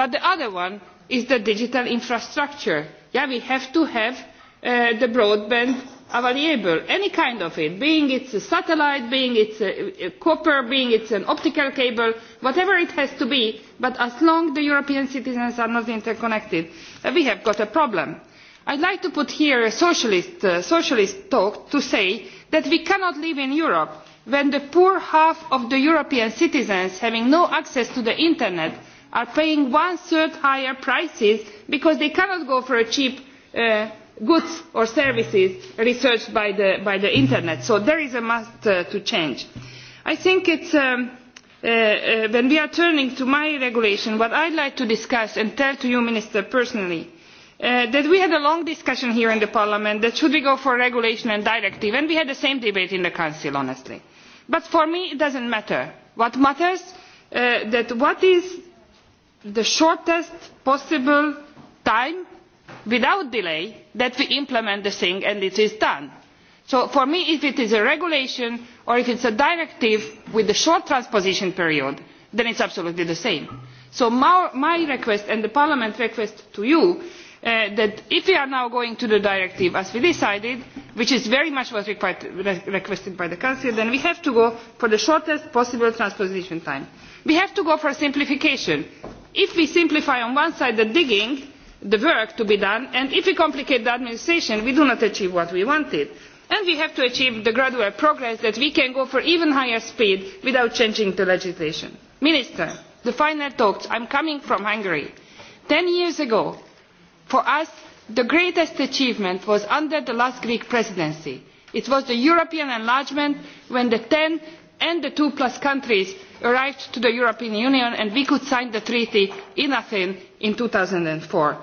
F: but the other one is the digital infrastructure. Yeah, we have to have uh, the broadband a variable any kind of it being it a satellite being it a, a copper being it an optical cable whatever it has to be but as long as the european citizens are not interconnected uh, we have got a problem. i would like to put here a socialist, uh, socialist talk to say that we cannot live in europe when the poor half of the european citizens having no access to the internet are paying one third higher prices because they cannot go for a cheap uh, goods or services researched by the, internet so there is a must uh, to change. i think um, uh, uh, when we are turning to my regulation what i would like to discuss and tell to you minister personally is that we had a long discussion here in parliament that should we go for regulation and directive and we had the same debate in the council honestly but for me it does not matter. what matters is what is the shortest possible time without delay that we implement the thing and it is done. so for me if it is a regulation or if it is a directive with a short transposition period then it is absolutely the same. so my, request and parliament's request to you is uh, that if we are now going to the directive as we decided which is very much what was requested by the council then we have to go for the shortest possible transposition time. we have to go for simplification. if we simplify on one side the digging the work to be done and if we complicate the administration we do not achieve what we wanted and we have to achieve the gradual progress that we can go for even higher speed without changing the legislation. minister the final thoughts i am coming from hungary. ten years ago for us the greatest achievement was under the last greek presidency. it was the european enlargement when the ten and the two plus countries arrived to the european union and we could sign the treaty in athens in. two thousand and four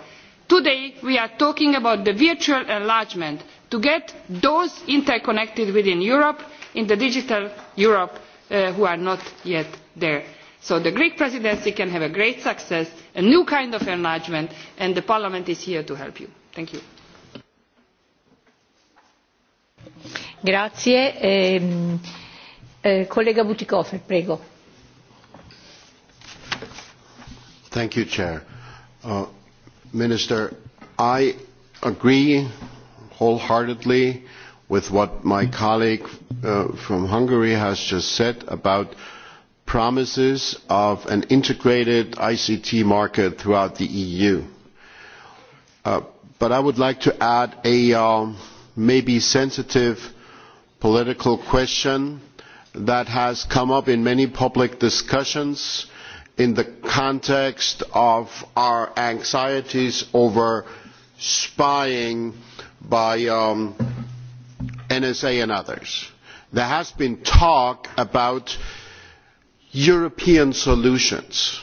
F: today we are talking about the virtual enlargement to get those interconnected within europe in the digital europe uh, who are not yet there. so the greek presidency can have a great success a new kind of enlargement and parliament is here to help you. thank you.
A: Grazie, ehm, Eh, Butikofer,
G: Thank you, Chair. Uh, Minister, I agree wholeheartedly with what my colleague uh, from Hungary has just said about promises of an integrated ICT market throughout the EU. Uh, but I would like to add a um, maybe sensitive political question that has come up in many public discussions in the context of our anxieties over spying by the um, NSA and others. There has been talk about European solutions.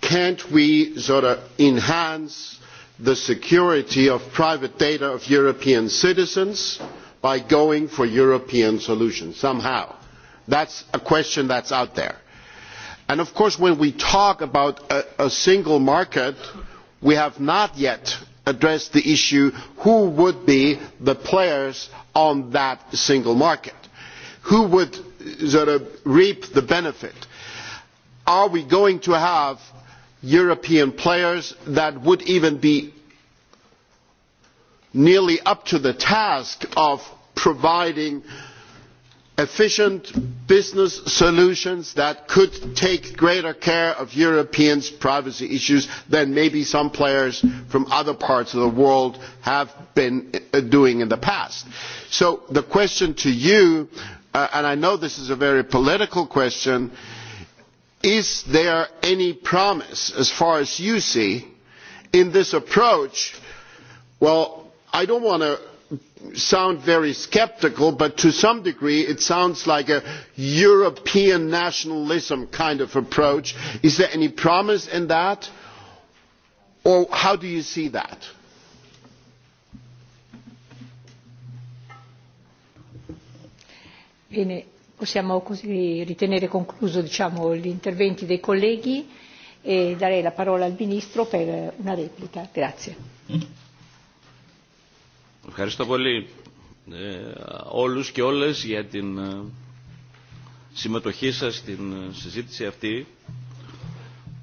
G: Can't we sort of enhance the security of private data of European citizens by going for european solutions somehow. that is a question that is out there. And of course when we talk about a, single market we have not yet addressed the issue of who would be the players on that single market who would reap the benefit. are we going to have european players that would even be nearly up to the task of providing efficient business solutions that could take greater care of europeans' privacy issues than maybe some players from other parts of the world have been uh, doing in the past. so the question to you uh, and i know this is a very political question is there any promise as far as you see in this approach? well i do not want to sound very sceptical but to some degree it sounds like a european nationalism kind of approach. is there any promise in that or how do you see that?
A: Bene, possiamo così ritenere concluso diciamo, gli interventi dei colleghi e darei la parola al Ministro per una replica. Grazie.
B: Ευχαριστώ πολύ ε, όλους και όλες για την ε, συμμετοχή σας στην ε, συζήτηση αυτή.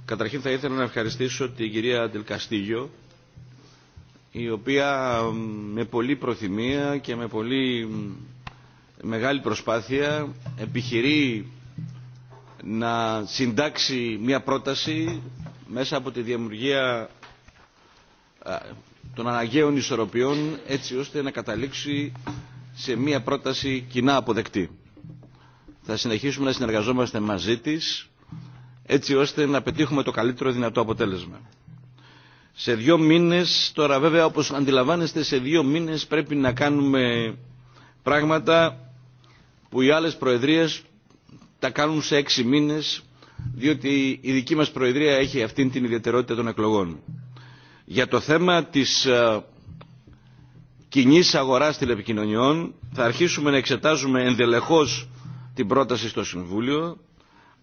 B: Καταρχήν θα ήθελα να ευχαριστήσω την κυρία Τελκαστίγιο, η οποία με πολύ προθυμία και με πολύ μεγάλη προσπάθεια επιχειρεί να συντάξει μια πρόταση μέσα από τη δημιουργία των αναγκαίων ισορροπιών έτσι ώστε να καταλήξει σε μια πρόταση κοινά αποδεκτή. Θα συνεχίσουμε να συνεργαζόμαστε μαζί της έτσι ώστε να πετύχουμε το καλύτερο δυνατό αποτέλεσμα. Σε δύο μήνες, τώρα βέβαια όπως αντιλαμβάνεστε σε δύο μήνες πρέπει να κάνουμε πράγματα που οι άλλες προεδρίες τα κάνουν σε έξι μήνες διότι η δική μας προεδρία έχει αυτήν την ιδιαιτερότητα των εκλογών. Για το θέμα της κοινή αγοράς τηλεπικοινωνιών θα αρχίσουμε να εξετάζουμε ενδελεχώς την πρόταση στο Συμβούλιο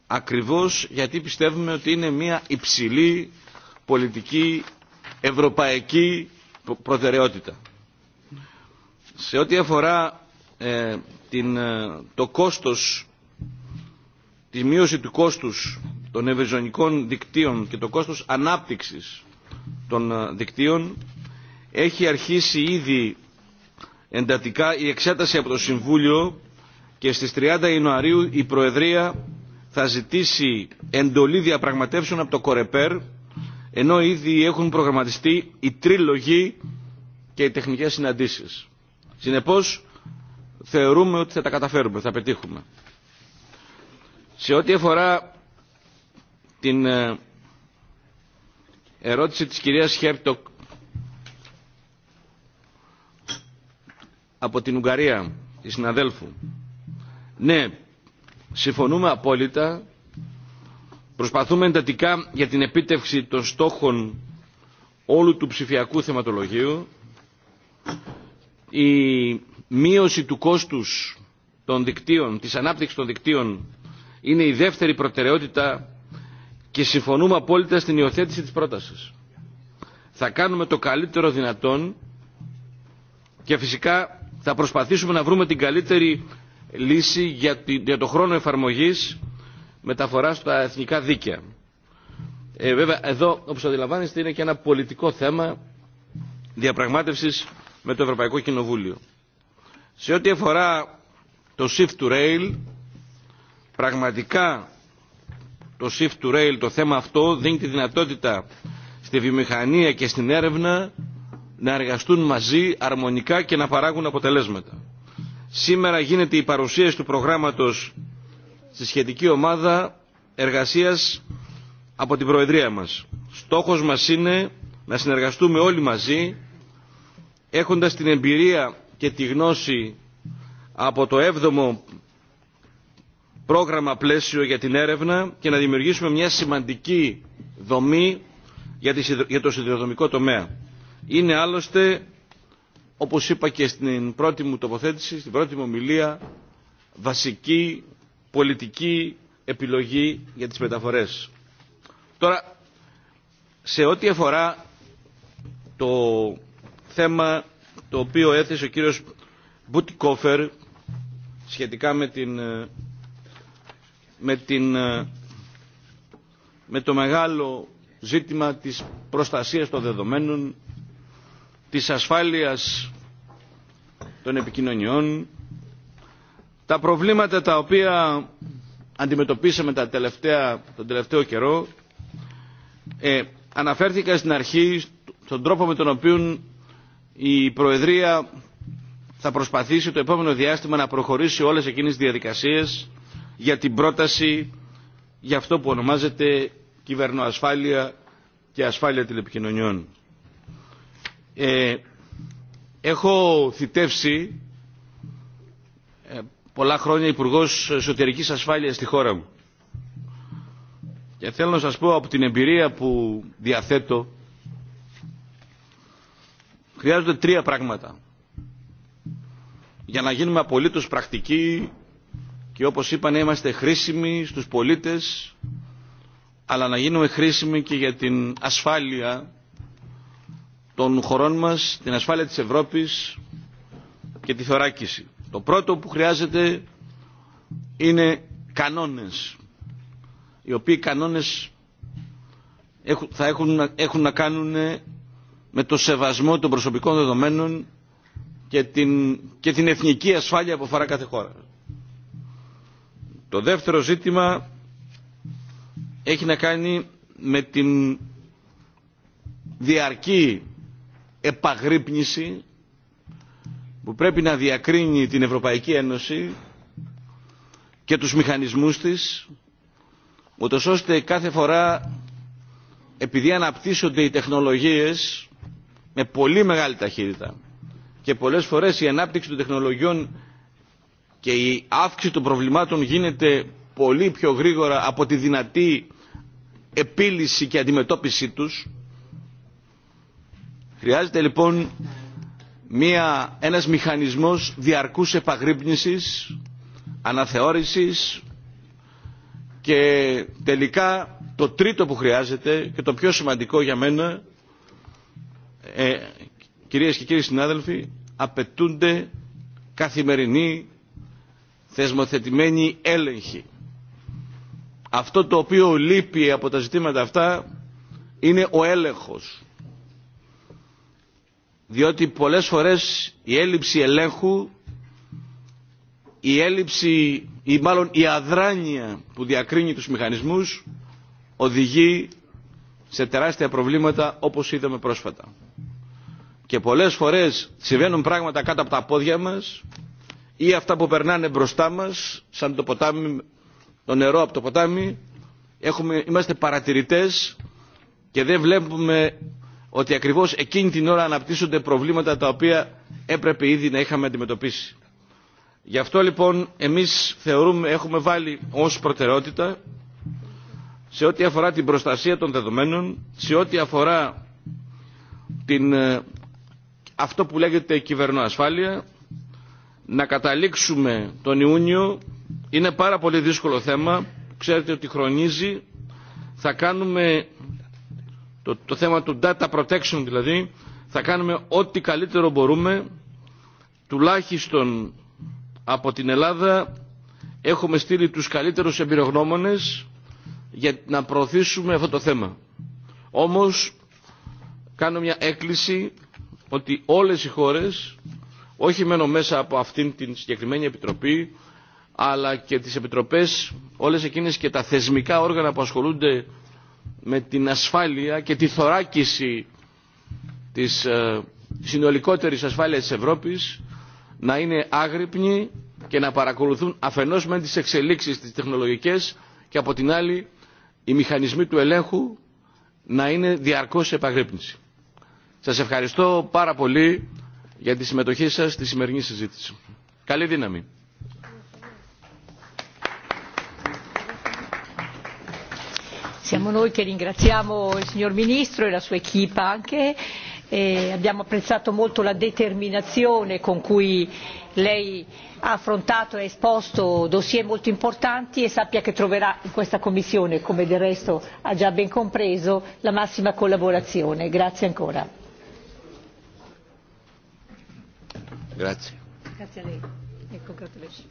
B: ακριβώς γιατί πιστεύουμε ότι είναι μια υψηλή πολιτική ευρωπαϊκή προτεραιότητα. Σε ό,τι αφορά ε, την, το κόστος, τη μείωση του κόστους των ευρυζωνικών δικτύων και το κόστος ανάπτυξης των δικτύων. Έχει αρχίσει ήδη εντατικά η εξέταση από το Συμβούλιο και στις 30 Ιανουαρίου η Προεδρία θα ζητήσει εντολή διαπραγματεύσεων από το Κορεπέρ ενώ ήδη έχουν προγραμματιστεί οι τρίλογοι και οι τεχνικές συναντήσεις. Συνεπώς θεωρούμε ότι θα τα καταφέρουμε, θα πετύχουμε. Σε ό,τι αφορά την ερώτηση της κυρίας Χέρτοκ από την Ουγγαρία, τη συναδέλφου. Ναι, συμφωνούμε απόλυτα. Προσπαθούμε εντατικά για την επίτευξη των στόχων όλου του ψηφιακού θεματολογίου. Η μείωση του κόστους των δικτύων, της ανάπτυξης των δικτύων είναι η δεύτερη προτεραιότητα και συμφωνούμε απόλυτα στην υιοθέτηση της πρότασης. Θα κάνουμε το καλύτερο δυνατόν και φυσικά θα προσπαθήσουμε να βρούμε την καλύτερη λύση για, τη, για το χρόνο εφαρμογής μεταφοράς στα εθνικά δίκαια. Ε, βέβαια εδώ όπως αντιλαμβάνεστε είναι και ένα πολιτικό θέμα διαπραγμάτευσης με το Ευρωπαϊκό Κοινοβούλιο. Σε ό,τι αφορά το shift to rail πραγματικά το shift to rail, το θέμα αυτό δίνει τη δυνατότητα στη βιομηχανία και στην έρευνα να εργαστούν μαζί αρμονικά και να παράγουν αποτελέσματα. Σήμερα γίνεται η παρουσίαση του προγράμματος στη σχετική ομάδα εργασίας από την Προεδρία μας. Στόχος μας είναι να συνεργαστούμε όλοι μαζί έχοντας την εμπειρία και τη γνώση από το 7ο πρόγραμμα πλαίσιο για την έρευνα και να δημιουργήσουμε μια σημαντική δομή για το σιδηροδρομικό τομέα. Είναι άλλωστε, όπως είπα και στην πρώτη μου τοποθέτηση, στην πρώτη μου ομιλία, βασική πολιτική επιλογή για τις μεταφορές. Τώρα, σε ό,τι αφορά το θέμα το οποίο έθεσε ο κύριος Μπουτικόφερ σχετικά με την με, το μεγάλο ζήτημα της προστασίας των δεδομένων, της ασφάλειας των επικοινωνιών, τα προβλήματα τα οποία αντιμετωπίσαμε τα τελευταία, τον τελευταίο καιρό ε, αναφέρθηκα στην αρχή στον τρόπο με τον οποίο η Προεδρία θα προσπαθήσει το επόμενο διάστημα να προχωρήσει όλες εκείνες τις διαδικασίες για την πρόταση για αυτό που ονομάζεται κυβερνοασφάλεια και ασφάλεια τηλεπικοινωνιών. Ε, έχω θητεύσει ε, πολλά χρόνια υπουργό Εσωτερικής Ασφάλειας στη χώρα μου. Και θέλω να σας πω από την εμπειρία που διαθέτω χρειάζονται τρία πράγματα για να γίνουμε απολύτως πρακτικοί και όπως είπα να είμαστε χρήσιμοι στους πολίτες αλλά να γίνουμε χρήσιμοι και για την ασφάλεια των χωρών μας, την ασφάλεια της Ευρώπης και τη θωράκιση. Το πρώτο που χρειάζεται είναι κανόνες, οι οποίοι κανόνες θα έχουν, έχουν να κάνουν με το σεβασμό των προσωπικών δεδομένων και την, και την εθνική ασφάλεια που αφορά κάθε χώρα. Το δεύτερο ζήτημα έχει να κάνει με την διαρκή επαγρύπνηση που πρέπει να διακρίνει την Ευρωπαϊκή Ένωση και τους μηχανισμούς της ούτως ώστε κάθε φορά επειδή αναπτύσσονται οι τεχνολογίες με πολύ μεγάλη ταχύτητα και πολλές φορές η ανάπτυξη των τεχνολογιών και η αύξηση των προβλημάτων γίνεται πολύ πιο γρήγορα από τη δυνατή επίλυση και αντιμετώπιση τους. Χρειάζεται λοιπόν μια, ένας μηχανισμός διαρκούς επαγρύπνησης, αναθεώρησης και τελικά το τρίτο που χρειάζεται και το πιο σημαντικό για μένα ε, κυρίες και κύριοι συνάδελφοι απαιτούνται καθημερινοί θεσμοθετημένοι έλεγχοι. Αυτό το οποίο λείπει από τα ζητήματα αυτά είναι ο έλεγχος. Διότι πολλές φορές η έλλειψη ελέγχου, η έλλειψη ή μάλλον η αδράνεια που διακρίνει τους μηχανισμούς οδηγεί σε τεράστια προβλήματα όπως είδαμε πρόσφατα. Και πολλές φορές συμβαίνουν πράγματα κάτω από τα πόδια μας ή αυτά που περνάνε μπροστά μας σαν το, ποτάμι, το νερό από το ποτάμι έχουμε, είμαστε παρατηρητές και δεν βλέπουμε ότι ακριβώς εκείνη την ώρα αναπτύσσονται προβλήματα τα οποία έπρεπε ήδη να είχαμε αντιμετωπίσει. Γι' αυτό λοιπόν εμείς θεωρούμε, έχουμε βάλει ως προτεραιότητα σε ό,τι αφορά την προστασία των δεδομένων, σε ό,τι αφορά την, αυτό που λέγεται κυβερνοασφάλεια, να καταλήξουμε τον Ιούνιο είναι πάρα πολύ δύσκολο θέμα. Ξέρετε ότι χρονίζει. Θα κάνουμε το, το θέμα του data protection δηλαδή. Θα κάνουμε ό,τι καλύτερο μπορούμε. Τουλάχιστον από την Ελλάδα έχουμε στείλει τους καλύτερους εμπειρογνώμονες για να προωθήσουμε αυτό το θέμα. Όμως κάνω μια έκκληση ότι όλες οι χώρες όχι μόνο μέσα από αυτήν την συγκεκριμένη επιτροπή αλλά και τις επιτροπές όλες εκείνες και τα θεσμικά όργανα που ασχολούνται με την ασφάλεια και τη θωράκιση της ε, συνολικότερης ασφάλειας της Ευρώπης να είναι άγρυπνοι και να παρακολουθούν αφενός με τις εξελίξεις τις τεχνολογικές και από την άλλη οι μηχανισμοί του ελέγχου να είναι διαρκώς επαγρύπνηση. Σας ευχαριστώ πάρα πολύ για τη συμμετοχή σας στη σημερινή συζήτηση. Καλή δύναμη.
A: Siamo noi che ringraziamo il signor Ministro e la sua equipa anche. E abbiamo apprezzato molto la determinazione con cui lei ha affrontato e esposto dossier molto importanti e sappia che troverà in questa commissione come del resto ha già ben compreso la massima collaborazione. grazie ancora. Grazie. Grazie a lei e congratulations.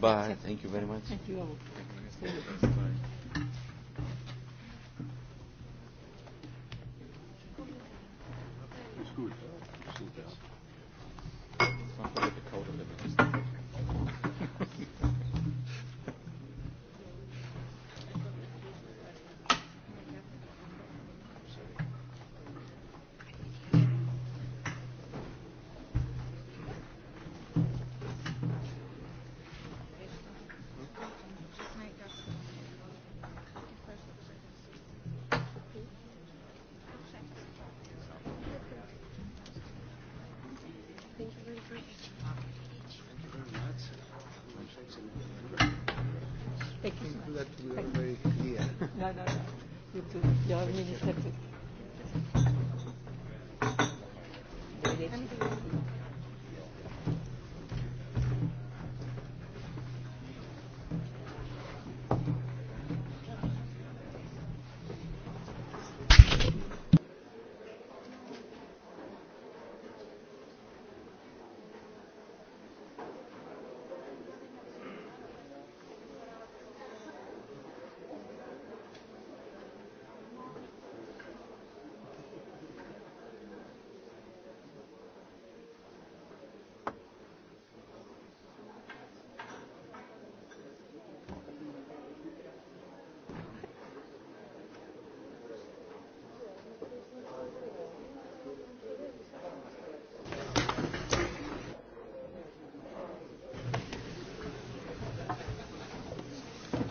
B: Bye. Thank you very much. Thank you all. Thank you.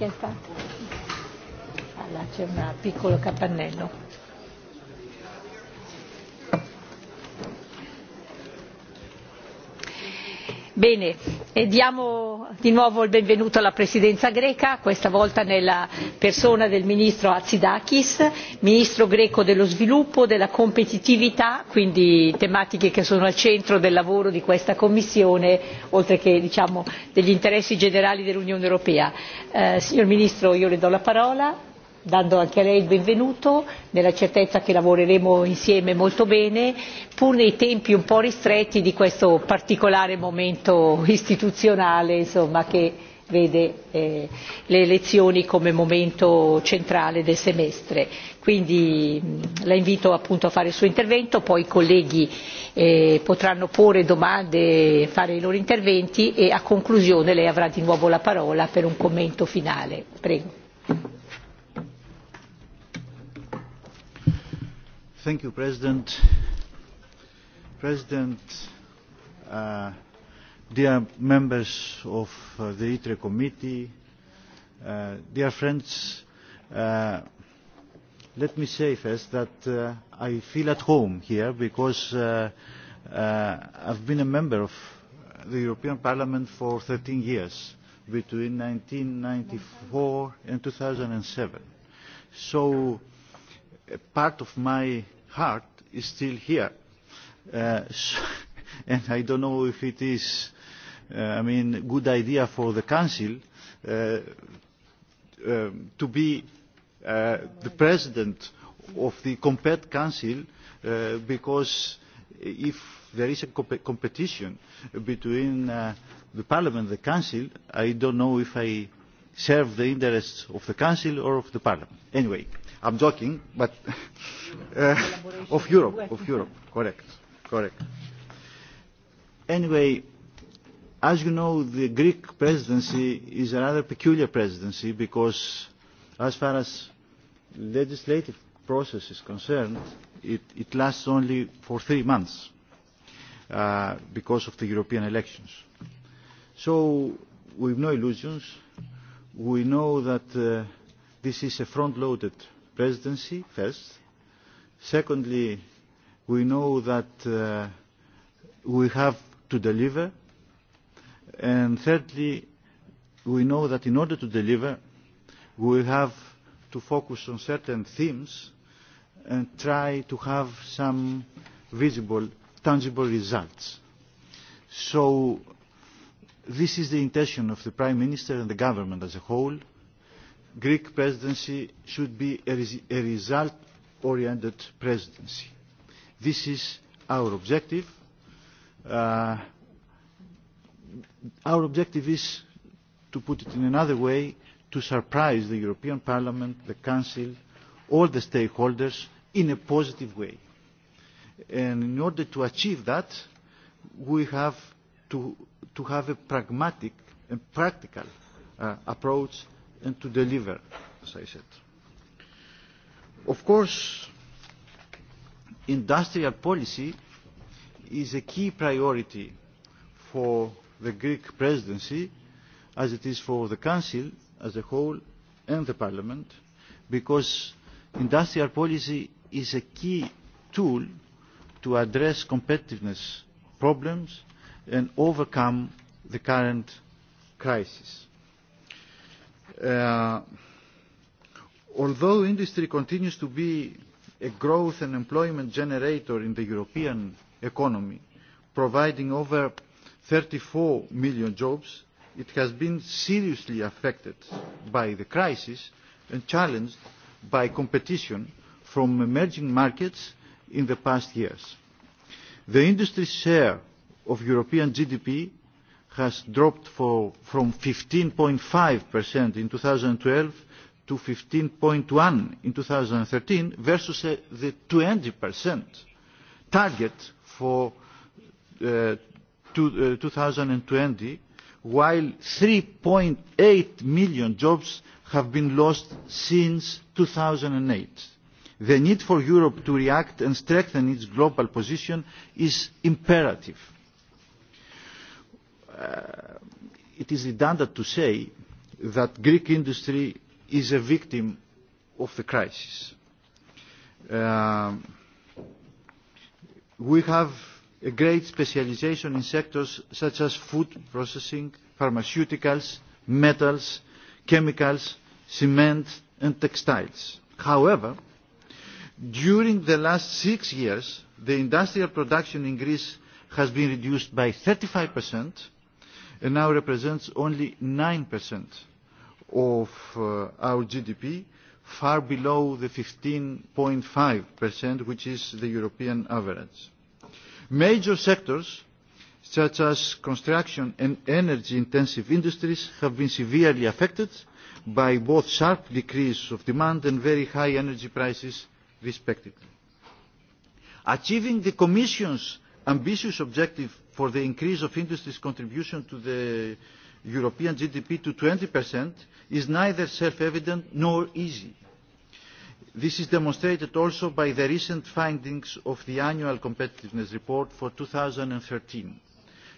A: infatti. Allora c'è un piccolo capannello. Bene, e diamo di nuovo il benvenuto alla presidenza greca questa volta nella persona del ministro hatzidakis ministro greco dello sviluppo della competitività quindi tematiche che sono al centro del lavoro di questa commissione oltre che diciamo degli interessi generali dell'unione europea. Eh, signor ministro io le do la parola dando anche a lei il benvenuto nella certezza che lavoreremo insieme molto bene pur nei tempi un po' ristretti di questo particolare momento istituzionale insomma, che vede eh, le elezioni come momento centrale del semestre. Quindi la invito appunto a fare il suo intervento, poi i colleghi eh, potranno porre domande, fare i loro interventi e a conclusione lei avrà di nuovo la parola per un commento finale. Prego.
H: Thank you, President. President, uh, dear members of uh, the ITRE committee, uh, dear friends, uh, let me say first that uh, I feel at home here because uh, uh, I've been a member of the European Parliament for 13 years, between 1994 and 2007. So part of my heart is still here. Uh, so, [LAUGHS] and I don't know if it is, uh, I mean, good idea for the Council uh, um, to be uh, the president of the Compet Council uh, because if there is a comp competition between uh, the Parliament and the Council, I don't know if I serve the interests of the Council or of the Parliament. Anyway, I'm joking, but [LAUGHS] uh, of Europe, of Europe, correct, correct. Anyway, as you know, the Greek presidency is a rather peculiar presidency because as far as legislative process is concerned, it, it lasts only for three months uh, because of the European elections. So we have no illusions. We know that uh, this is a front-loaded presidency first. Secondly, we know that uh, we have to deliver. And thirdly, we know that in order to deliver, we have to focus on certain themes and try to have some visible, tangible results. So this is the intention of the Prime Minister and the government as a whole Greek presidency should be a, result-oriented presidency. This is our objective. Uh, our objective is, to put it in another way, to surprise the European Parliament, the Council, all the stakeholders in a positive way. And in order to achieve that, we have to, to have a pragmatic and practical uh, approach and to deliver, as I said. Of course, industrial policy is a key priority for the Greek presidency, as it is for the Council as a whole and the Parliament, because industrial policy is a key tool to address competitiveness problems and overcome the current crisis Uh, although industry continues to be a growth and employment generator in the European economy, providing over 34 million jobs, it has been seriously affected by the crisis and challenged by competition from emerging markets in the past years. The industry's share of European GDP has dropped for, from 15.5% in 2012 to 15.1% in 2013 versus uh, the 20% target for uh, to, uh, 2020, while 3.8 million jobs have been lost since 2008. The need for Europe to react and strengthen its global position is imperative uh, it is redundant to say that Greek industry is a victim of the crisis. Uh, we have a great specialization in sectors such as food processing, pharmaceuticals, metals, chemicals, cement and textiles. However, during the last six years, the industrial production in Greece has been reduced by 35 percent and now represents only 9% of uh, our GDP, far below the 15.5%, which is the European average. Major sectors such as construction and energy-intensive industries have been severely affected by both sharp decrease of demand and very high energy prices, respectively. Achieving the Commission's ambitious objective for the increase of industry's contribution to the European GDP to 20% is neither self-evident nor easy. This is demonstrated also by the recent findings of the annual competitiveness report for 2013.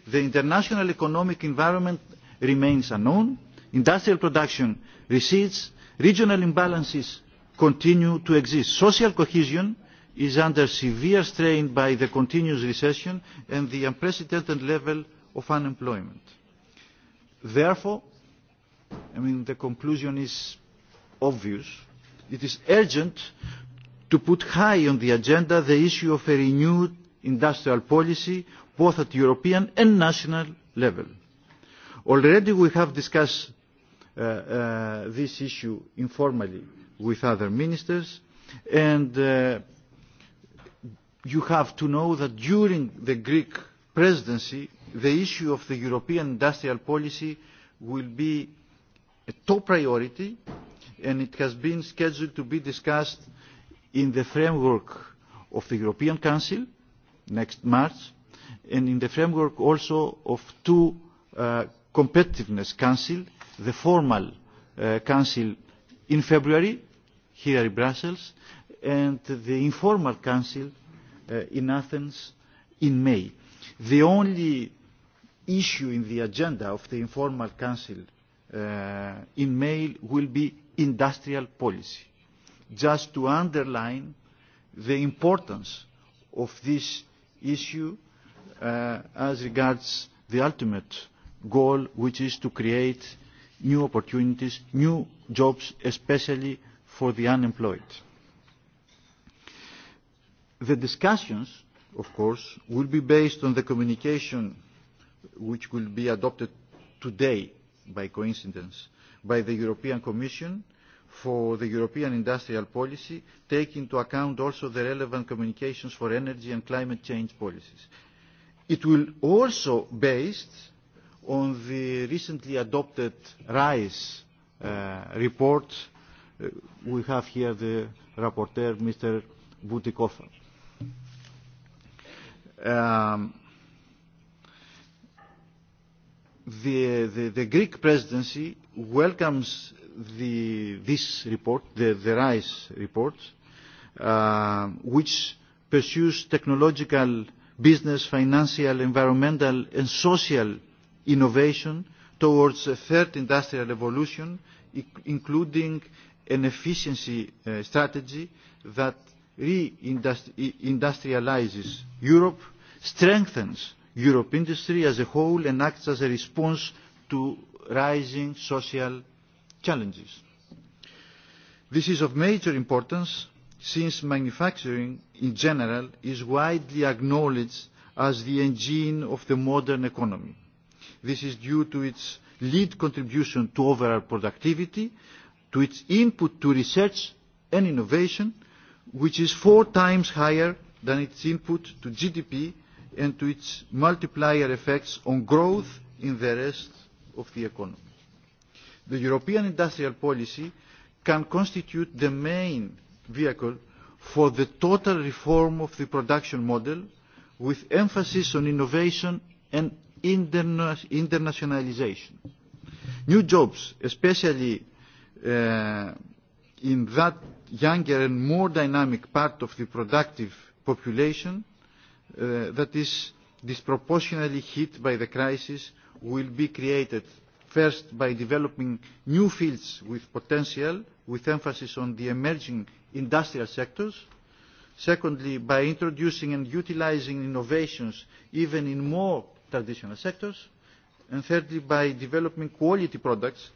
H: The international economic environment remains unknown, industrial production recedes, regional imbalances continue to exist, social cohesion is under severe strain by the continuous recession and the unprecedented level of unemployment. Therefore, I mean, the conclusion is obvious. It is urgent to put high on the agenda the issue of a renewed industrial policy, both at European and national level. Already we have discussed uh, uh, this issue informally with other ministers, and uh, you have to know that during the Greek presidency, the issue of the European industrial policy will be a top priority and it has been scheduled to be discussed in the framework of the European Council next March and in the framework also of two uh, competitiveness council, the formal uh, council in February here in Brussels and the informal council uh, in Athens in May. The only issue in the agenda of the informal council uh, in May will be industrial policy, just to underline the importance of this issue uh, as regards the ultimate goal, which is to create new opportunities, new jobs, especially for the unemployed. The discussions, of course, will be based on the communication which will be adopted today, by coincidence, by the European Commission for the European industrial policy, taking into account also the relevant communications for energy and climate change policies. It will also be based on the recently adopted RISE uh, report. Uh, we have here the rapporteur, Mr. Butikova. Um, the, the, the Greek presidency welcomes the, this report, the, the RISE report, uh, which pursues technological, business, financial, environmental and social innovation towards a third industrial revolution, including an efficiency uh, strategy that reindustrialises Europe, strengthens Europe industry as a whole and acts as a response to rising social challenges. This is of major importance since manufacturing in general is widely acknowledged as the engine of the modern economy. This is due to its lead contribution to overall productivity, to its input to research and innovation, which is four times higher than its input to GDP and to its multiplier effects on growth in the rest of the economy. The European industrial policy can constitute the main vehicle for the total reform of the production model with emphasis on innovation and interna internationalization. New jobs, especially uh, in that younger and more dynamic part of the productive population uh, that is disproportionately hit by the crisis will be created first by developing new fields with potential with emphasis on the emerging industrial sectors secondly by introducing and utilising innovations even in more traditional sectors and thirdly by developing quality products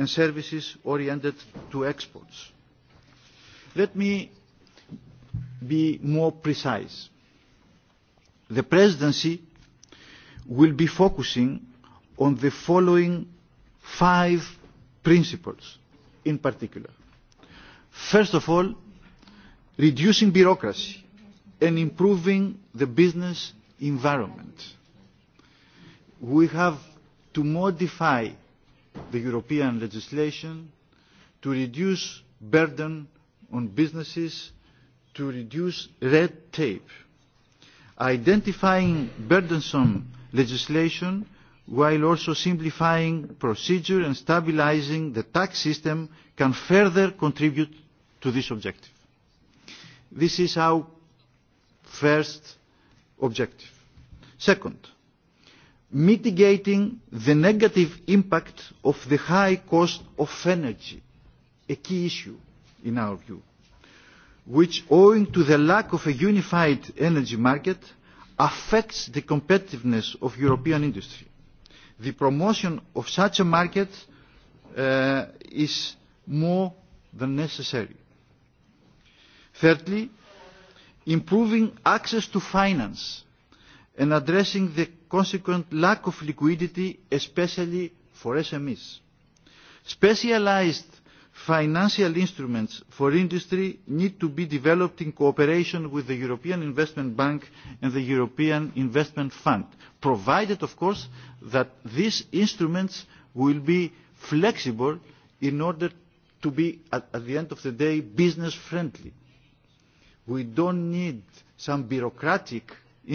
H: and services oriented to exports. Let me be more precise. The Presidency will be focusing on the following five principles in particular. First of all, reducing bureaucracy and improving the business environment. We have to modify the European legislation to reduce burden on businesses, to reduce red tape. Identifying burdensome legislation while also simplifying procedure and stabilising the tax system can further contribute to this objective. This is our first objective. Second, mitigating the negative impact of the high cost of energy, a key issue in our view, which owing to the lack of a unified energy market affects the competitiveness of European industry. The promotion of such a market uh, is more than necessary. Thirdly, improving access to finance and addressing the consequent lack of liquidity, especially for SMEs. Specialized financial instruments for industry need to be developed in cooperation with the European Investment Bank and the European Investment Fund, provided, of course, that these instruments will be flexible in order to be, at, at the end of the day, business-friendly. We don't need some bureaucratic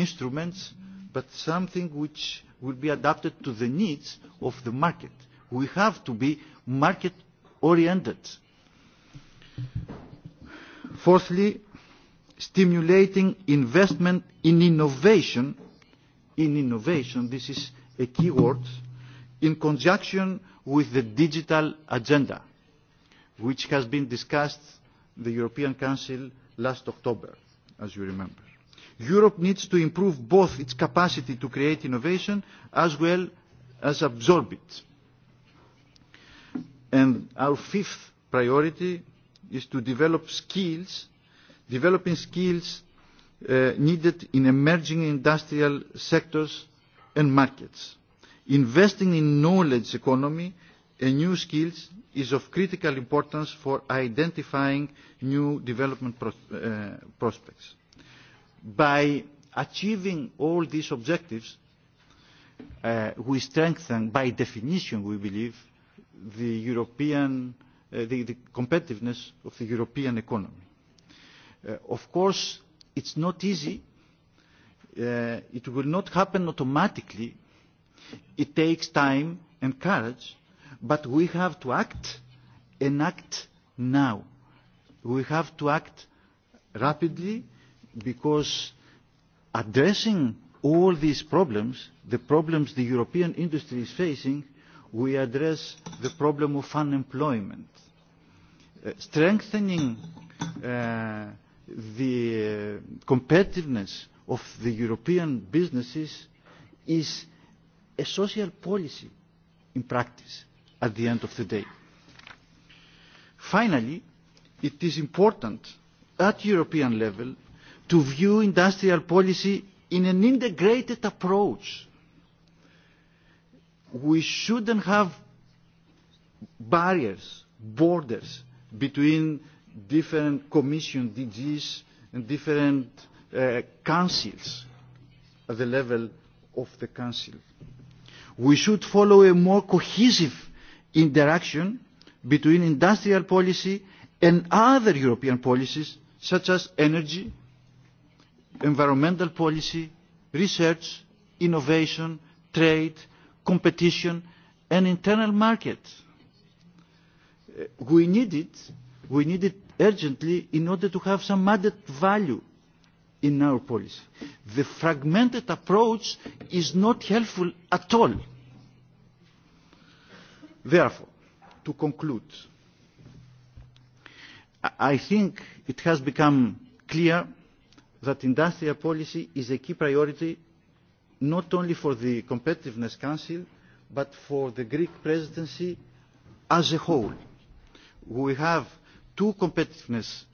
H: instruments mm -hmm but something which will be adapted to the needs of the market. We have to be market-oriented. Fourthly, stimulating investment in innovation. In innovation, this is a key word, in conjunction with the digital agenda, which has been discussed the European Council last October, as you remember. Europe needs to improve both its capacity to create innovation as well as absorb it. And our fifth priority is to develop skills, developing skills uh, needed in emerging industrial sectors and markets. Investing in knowledge economy and new skills is of critical importance for identifying new development pros uh, prospects by achieving all these objectives, uh, we strengthen, by definition, we believe, the European, uh, the, the competitiveness of the European economy. Uh, of course, it's not easy. Uh, it will not happen automatically. It takes time and courage, but we have to act and act now. We have to act rapidly because addressing all these problems, the problems the European industry is facing, we address the problem of unemployment. Uh, strengthening uh, the uh, competitiveness of the European businesses is a social policy in practice at the end of the day. Finally, it is important at European level to view industrial policy in an integrated approach. We shouldn't have barriers, borders between different commission DGs and different uh, councils at the level of the council. We should follow a more cohesive interaction between industrial policy and other European policies such as energy, environmental policy research innovation trade competition and internal market. Uh, we need it we need it urgently in order to have some added value in our policy. The fragmented approach is not helpful at all. Therefore, to conclude, I think it has become clear that industrial policy is a key priority not only for the Competitiveness Council but for the Greek presidency as a whole. We have two competitiveness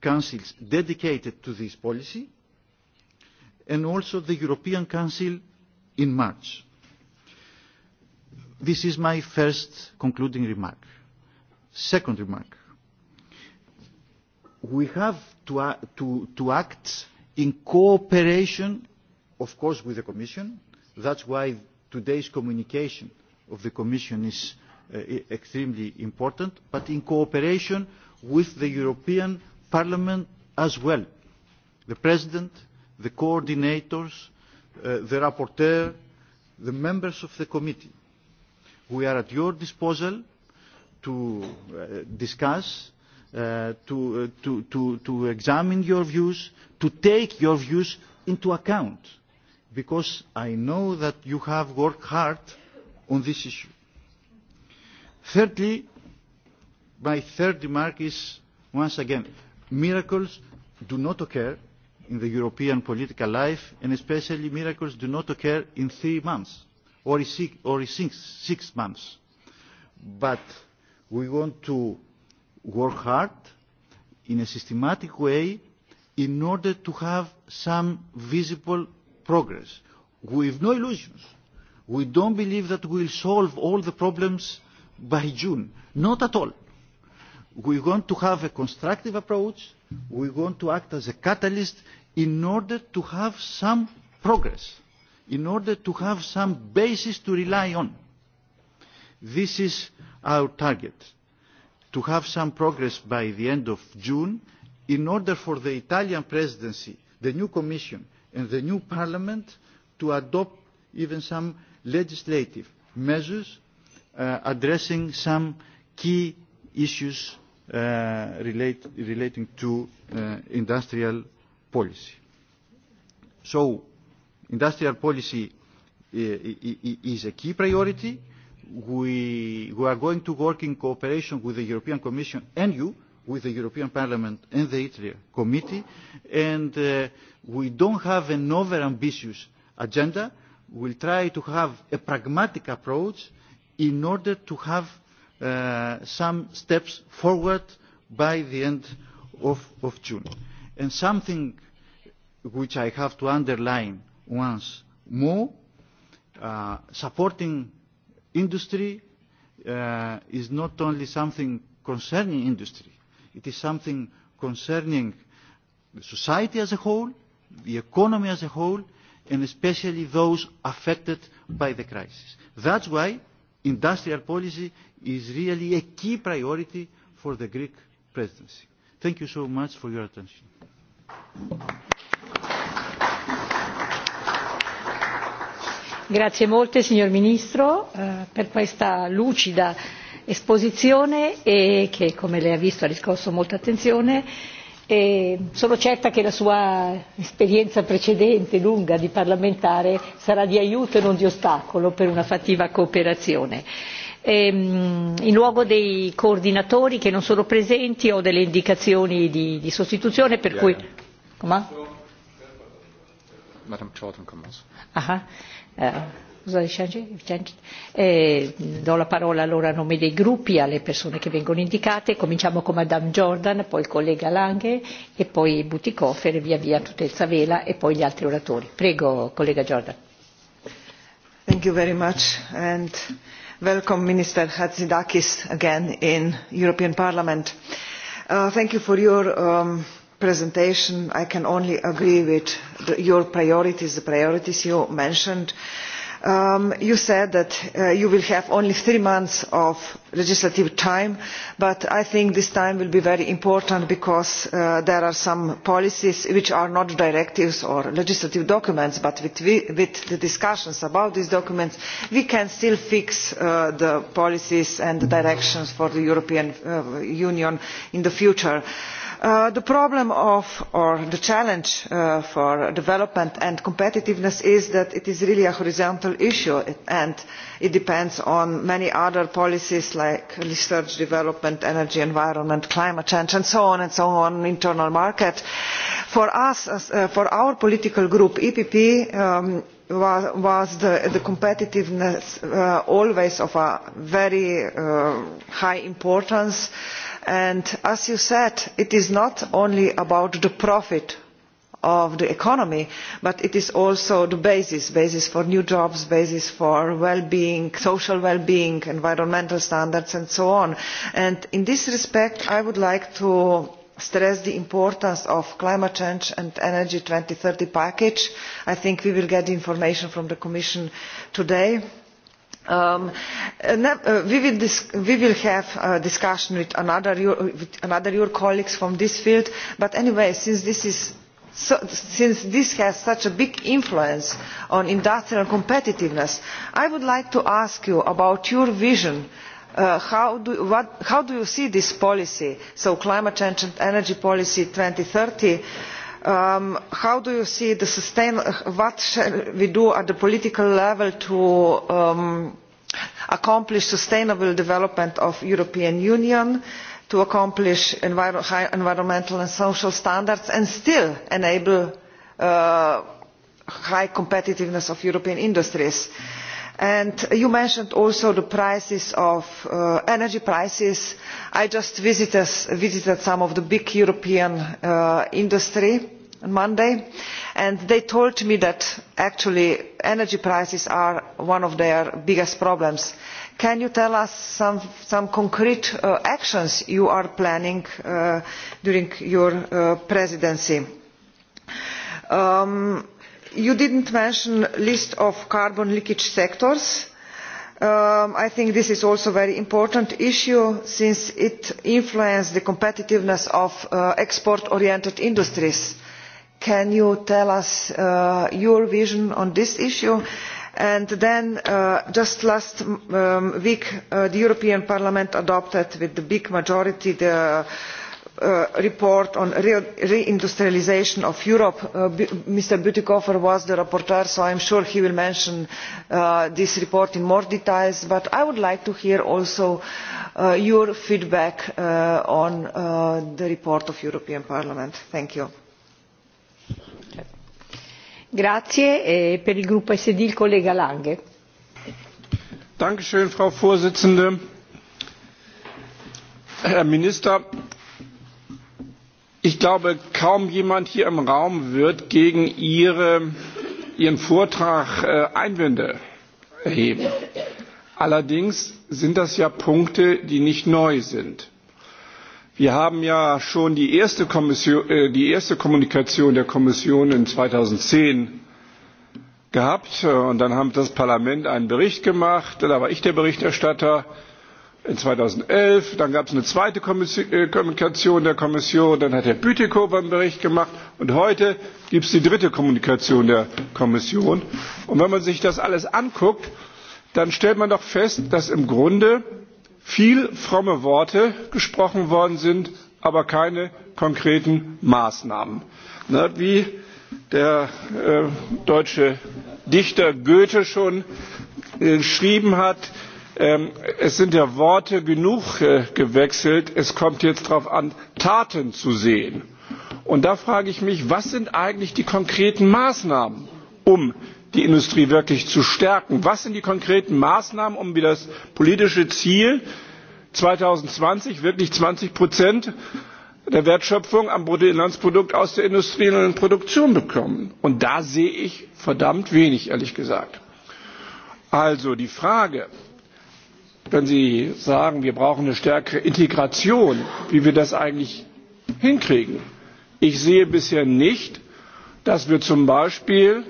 H: councils dedicated to this policy and also the European Council in March. This is my first concluding remark. Second remark. We have to, to, to act in cooperation, of course, with the Commission. That's why today's communication of the Commission is uh, extremely important, but in cooperation with the European Parliament as well. The President, the coordinators, uh, the rapporteur, the members of the committee. We are at your disposal to uh, discuss Uh, uh, to, to, to, examine your views, to take your views into account, because I know that you have worked hard on this issue. Thirdly, my third remark is, once again, miracles do not occur in the European political life, and especially miracles do not occur in three months or in six, or six, six months. But we want to work hard in a systematic way in order to have some visible progress. We have no illusions. We don't believe that we will solve all the problems by June. Not at all. We want to have a constructive approach. We want to act as a catalyst in order to have some progress, in order to have some basis to rely on. This is our target to have some progress by the end of June in order for the Italian presidency, the new commission and the new parliament to adopt even some legislative measures uh, addressing some key issues uh, relate, relating to uh, industrial policy. So industrial policy uh, is a key priority we, we are going to work in cooperation with the European Commission and you, with the European Parliament and the ITRE committee, and uh, we don't have an over-ambitious agenda. We'll try to have a pragmatic approach in order to have uh, some steps forward by the end of, of June. And something which I have to underline once more, uh, supporting industry uh, is not only something concerning industry, it is something concerning society as a whole, the economy as a whole, and especially those affected by the crisis. That's why industrial policy is really a key priority for the Greek presidency. Thank you so much for your attention.
A: grazie molte signor ministro eh, per questa lucida esposizione e che come lei ha visto ha riscosso molta attenzione e sono certa che la sua esperienza precedente lunga di parlamentare sarà di aiuto e non di ostacolo per una fattiva cooperazione. Ehm, in luogo dei coordinatori che non sono presenti ho delle indicazioni di, di sostituzione per cui.
I: Madame Jordan commence.
A: Ah, Eh, cosa dice eh, do la parola allora a nome dei gruppi alle persone che vengono indicate. Cominciamo con Madame Jordan, poi il collega Lange e poi Butikofer e via via Tutelza Vela e poi gli altri oratori. Prego, collega
J: Jordan. Thank you very much and welcome Minister Hatzidakis again in European Parliament. Uh, thank you for your um, presentation i can only agree with your priorities the priorities you mentioned. Um, you said that uh, you will have only three months of legislative time but i think this time will be very important because uh, there are some policies which are not directives or legislative documents but with, with the discussions about these documents we can still fix uh, the policies and the directions for the european uh, union in the future. Uh, the problem of, or the challenge uh, for development and competitiveness is that it is really a horizontal issue and it depends on many other policies like research development energy environment climate change and so on and so on internal market. for us uh, for our political group epp um, was, was the, competitiveness always of a very high importance and and as you said it is not only about the profit of the economy but it is also the basis basis for new jobs basis for well being social well being environmental standards and so on in this respect i would like to stress the importance of the climate change and energy two thousand and thirty package. i think we will get information from the commission today Um, uh, we, will have a discussion with another, your colleagues from this field but anyway since this has such a big influence on industrial competitiveness i would like to ask you about your vision uh, how, do, you see this policy so climate change and energy policy two thousand and thirty Um, how do you see the sustain what shall we do at the political level to um, accomplish sustainable development of european union to accomplish high environmental and social standards and still enable uh, high competitiveness of european industries? and you mentioned also the prices of uh, energy prices. i just visited, some of the big european uh, industry on monday and they told me that actually energy prices are one of their biggest problems. can you tell us some, concrete uh, actions you are planning during your presidency? Um, you did not mention the list of carbon leakage sectors. Um, i think this is also a very important issue since it influences the competitiveness of uh, export oriented industries. can you tell us uh, your vision on this issue? and then uh, just last um, week the european parliament adopted with a big majority the Uh, report on reindustrialisation of europe uh, mr btikofer was the rapporteur so i am sure he will mention uh, this report in more detail but i would like to hear also your feedback on the report of the european parliament. thank you.
K: herr minister! glaube kaum jemand hier im raum wird gegen ihre, ihren vortrag äh, einwände erheben. allerdings sind das ja punkte die nicht neu sind. wir haben ja schon die erste, Kommission, äh, die erste kommunikation der kommission in 2010 gehabt äh, und dann hat das parlament einen bericht gemacht da war ich der berichterstatter zweitausendelf dann gab es eine zweite äh, Kommunikation der Kommission, dann hat Herr Bütikofer einen Bericht gemacht und heute gibt es die dritte Kommunikation der Kommission. wenn man sich das alles anguckt, dann stellt man doch fest, dass im Grunde viele fromme Worte gesprochen worden sind, aber keine konkreten Maßnahmen. wie der äh, deutsche Dichter Goethe schon äh, geschrieben hat, Ähm, es sind ja worte genug äh, gewechselt es kommt jetzt darauf an taten zu sehen. und da frage ich mich was sind eigentlich die konkreten maßnahmen um die industrie wirklich zu stärken? was sind die konkreten maßnahmen um das politische ziel zweitausendzwanzig wirklich zwanzig der wertschöpfung am bruttoinlandsprodukt aus der industriellen produktion bekommen? und da sehe ich verdammt wenig ehrlich gesagt. also die frage wenn sie sagen wir brauchen eine stärkere integration wie wir das eigentlich hinkriegen. ich sehe bisher nicht dass wir zum beispiel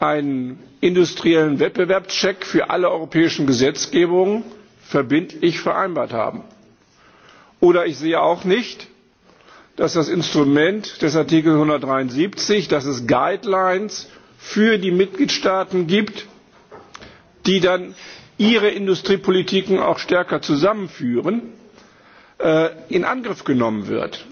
K: einen industriellen wettbewerbscheck für alle europäischen gesetzgebungen verbindlich vereinbart haben. oder ich sehe auch nicht dass das instrument des artikels einhundertdreiundsiebzig dass es guidelines für die mitgliedstaaten gibt die dann ihre Industriepolitiken auch stärker zusammenführen, äh, in Angriff genommen wird.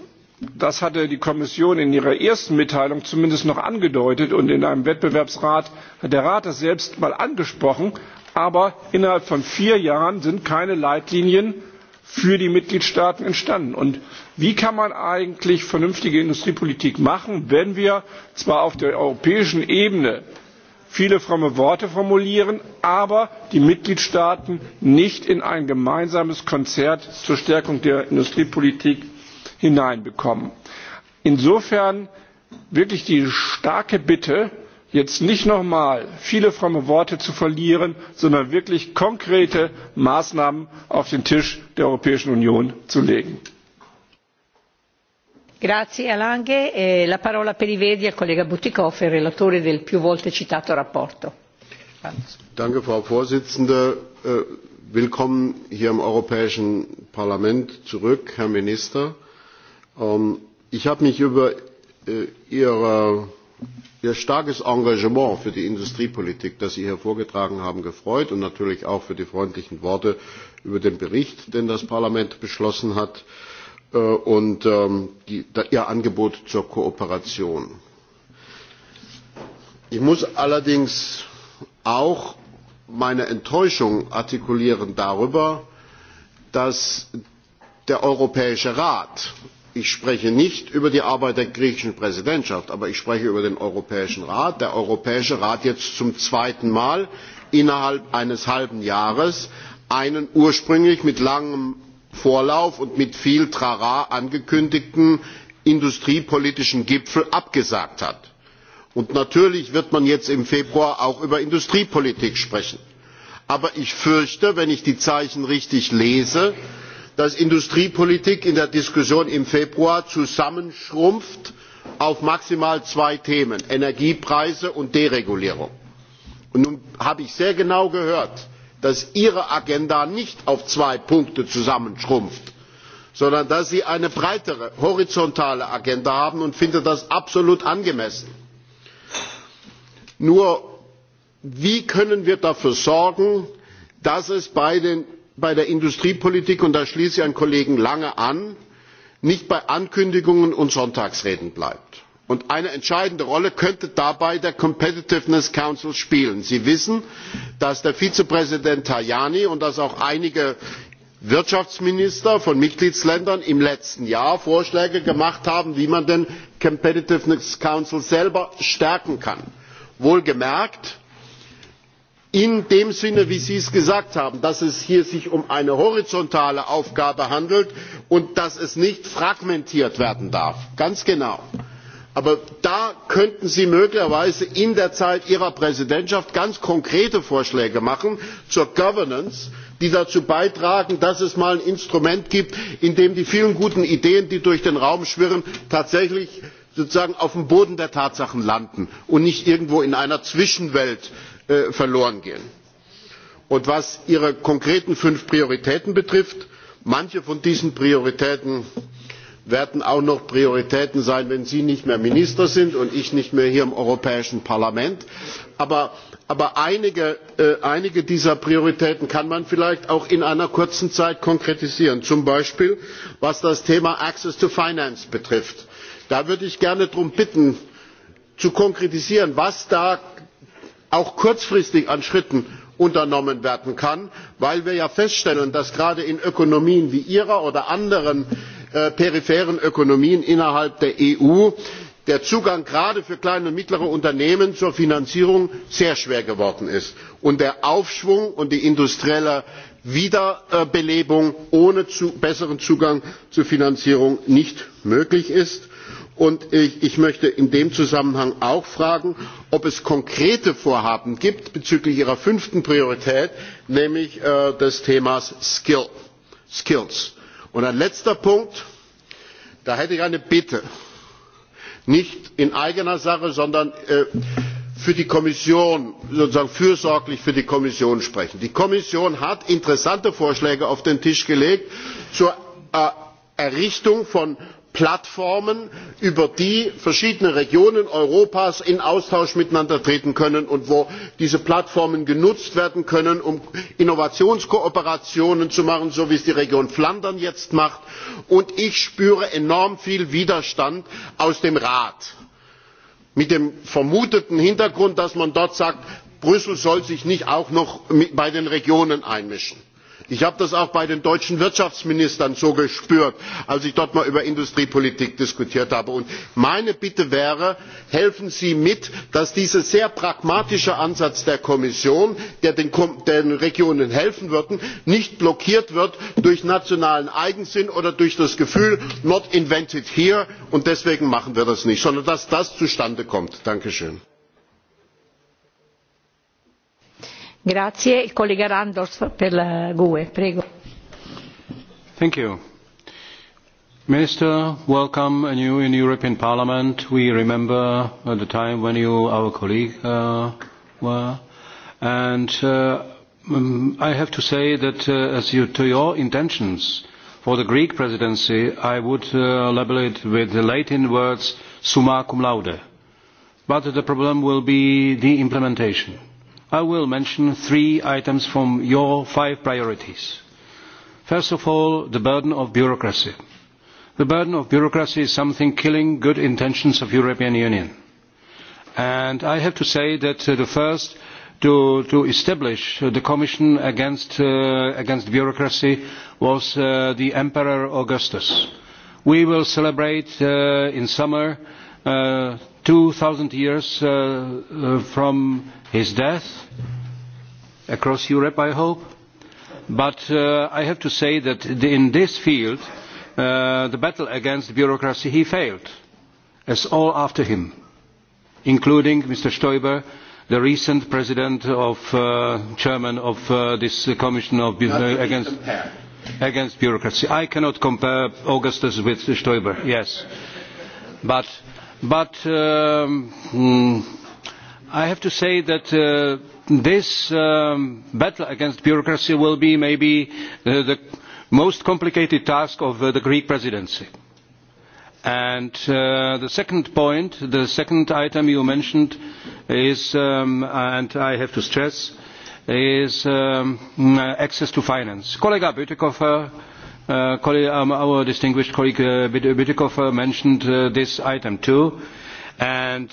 K: Das hatte die Kommission in ihrer ersten Mitteilung zumindest noch angedeutet und in einem Wettbewerbsrat hat der Rat das selbst mal angesprochen. Aber innerhalb von vier Jahren sind keine Leitlinien für die Mitgliedstaaten entstanden. Und wie kann man eigentlich vernünftige Industriepolitik machen, wenn wir zwar auf der europäischen Ebene viele fromme worte formulieren aber die mitgliedstaaten nicht in ein gemeinsames konzert zur stärkung der industriepolitik hineinbekommen. insofern wirklich die starke bitte jetzt nicht noch einmal viele fromme worte zu verlieren sondern wirklich konkrete maßnahmen auf den tisch der europäischen union zu legen
A: grazie lange la parola per i verdi al collega bütikofer relatore del più volte citato rapporto.
G: Danke, frau präsidentin! Äh, willkommen hier im europäischen parlament zurück herr minister! Ähm, ich habe mich über äh, ihre, ihr starkes engagement für die industriepolitik das sie hier vorgetragen haben gefreut und natürlich auch für die freundlichen worte über den bericht den das parlament beschlossen hat. Äh, und ähm, da, ihr angebot zur kooperation. ich muss allerdings auch meine enttäuschung darüber artikulieren dass der europäische rat ich spreche nicht über die arbeit der griechischen präsidentschaft aber ich spreche über den europäischen rat jetzt zum zweiten mal innerhalb eines halben jahres einen ursprünglich mit langem vorlauf und mit viel trara angekündigten industriepolitischen gipfel abgesagt hat. und natürlich wird man jetzt im februar auch über industriepolitik sprechen. aber ich fürchte wenn ich die zeichen richtig lese dass industriepolitik in der diskussion im februar zusammenschrumpft auf maximal zwei themen energiepreise und deregulierung. nun habe ich sehr genau gehört dass ihre agenda nicht auf zwei punkte zusammenschrumpft sondern dass sie eine breitere horizontale agenda haben und finde das absolut angemessen. nur wie können wir dafür sorgen dass es bei, der industriepolitik und da schließe ich an kollegen lange an nicht bei ankündigungen und sonntagsreden bleibt? und eine entscheidende rolle könnte dabei der competitiveness council spielen. sie wissen dass der vizepräsident tajani und dass auch einige wirtschaftsminister von mitgliedstaaten im letzten jahr vorschläge gemacht haben wie man den competitiveness council selber stärken kann wohlgemerkt in dem sinne wie sie es gesagt haben dass es sich hier um eine horizontale aufgabe handelt und dass es nicht fragmentiert werden darf ganz genau aber da könnten sie möglicherweise in der zeit ihrer präsidentschaft ganz konkrete vorschläge machen zur governance die dazu beitragen dass es mal ein instrument gibt in dem die vielen guten ideen die durch den raum schwirren tatsächlich sozusagen auf dem boden der tatsachen landen und nicht irgendwo in einer zwischenwelt äh, verloren gehen. und was ihre konkreten fünf prioritäten betrifft manche von diesen prioritäten werden auch noch prioritäten sein wenn sie nicht mehr minister sind und ich nicht mehr hier im europäischen parlament aber, aber äh, einige dieser prioritäten kann man vielleicht auch in einer kurzen zeit konkretisieren zum beispiel was das thema access to finance betrifft. da würde ich gerne darum bitten zu konkretisieren was da auch kurzfristig an schritten unternommen werden kann weil wir ja feststellen dass gerade in ökonomien wie ihrer oder anderen Äh, peripheren ökonomien innerhalb der eu der zugang gerade für kleine und mittlere unternehmen zur finanzierung sehr schwer geworden ist und der aufschwung und die industrielle wiederbelebung ohne besseren zugang zu finanzierung nicht möglich ist. ich möchte in dem zusammenhang auch fragen ob es konkrete vorhaben gibt bezüglich ihrer fünften priorität nämlich äh, des themas skills und ein letzter punkt da hätte ich eine bitte nicht in eigener sache sondern äh, für die kommission sozusagen fürsorglich für die kommission sprechen. die kommission hat interessante vorschläge auf den tisch gelegt zur äh, errichtung von plattformen über die verschiedene regionen europas in austausch miteinander treten können und wo diese plattformen genutzt werden können um innovationskooperationen zu machen so wie es die region flandern jetzt macht. und ich spüre enorm viel widerstand aus dem rat mit dem vermuteten hintergrund dass man dort sagt brüssel soll sich nicht auch noch bei den regionen einmischen ich habe das auch bei den deutschen wirtschaftsministern so gespürt als ich dort mal über industriepolitik diskutiert habe. meine bitte wäre helfen sie mit dass dieser sehr pragmatische ansatz der kommission der den regionen helfen würde nicht blockiert wird durch nationalen eigensinn oder durch das gefühl not invented here und deswegen machen wir das nicht sondern dass das zustande kommt. danke schön.
A: Grazie, collega Randolph per la GUE,
L: Thank you. Minister, welcome anew in the European Parliament. We remember the time when you, our colleague, uh, were. And uh, um, I have to say that uh, as you, to your intentions for the Greek presidency, I would label it with the Latin words summa cum laude. But the problem will be the implementation I will mention three items from your five priorities. First of all, the burden of bureaucracy. The burden of bureaucracy is something killing good intentions of European Union. And I have to say that uh, the first to, to establish uh, the Commission against, uh, against bureaucracy was uh, the Emperor Augustus. We will celebrate uh, in summer uh, 2,000 years uh, uh from his death across Europe, I hope. But uh, I have to say that in this field, uh, the battle against bureaucracy, he failed, as all after him, including Mr. Stoiber, the recent president of, uh, chairman of uh, this commission of, uh, against, against bureaucracy. I cannot compare Augustus with Stoiber, yes. But, but um, mm, I have to say that uh, this um, battle against bureaucracy will be maybe uh, the most complicated task of uh, the Greek presidency. And the second point, the second item you mentioned is, um, and I have to stress, is um, access to finance. Kolega Bütikofer, our distinguished colleague Bütikofer mentioned this item too. And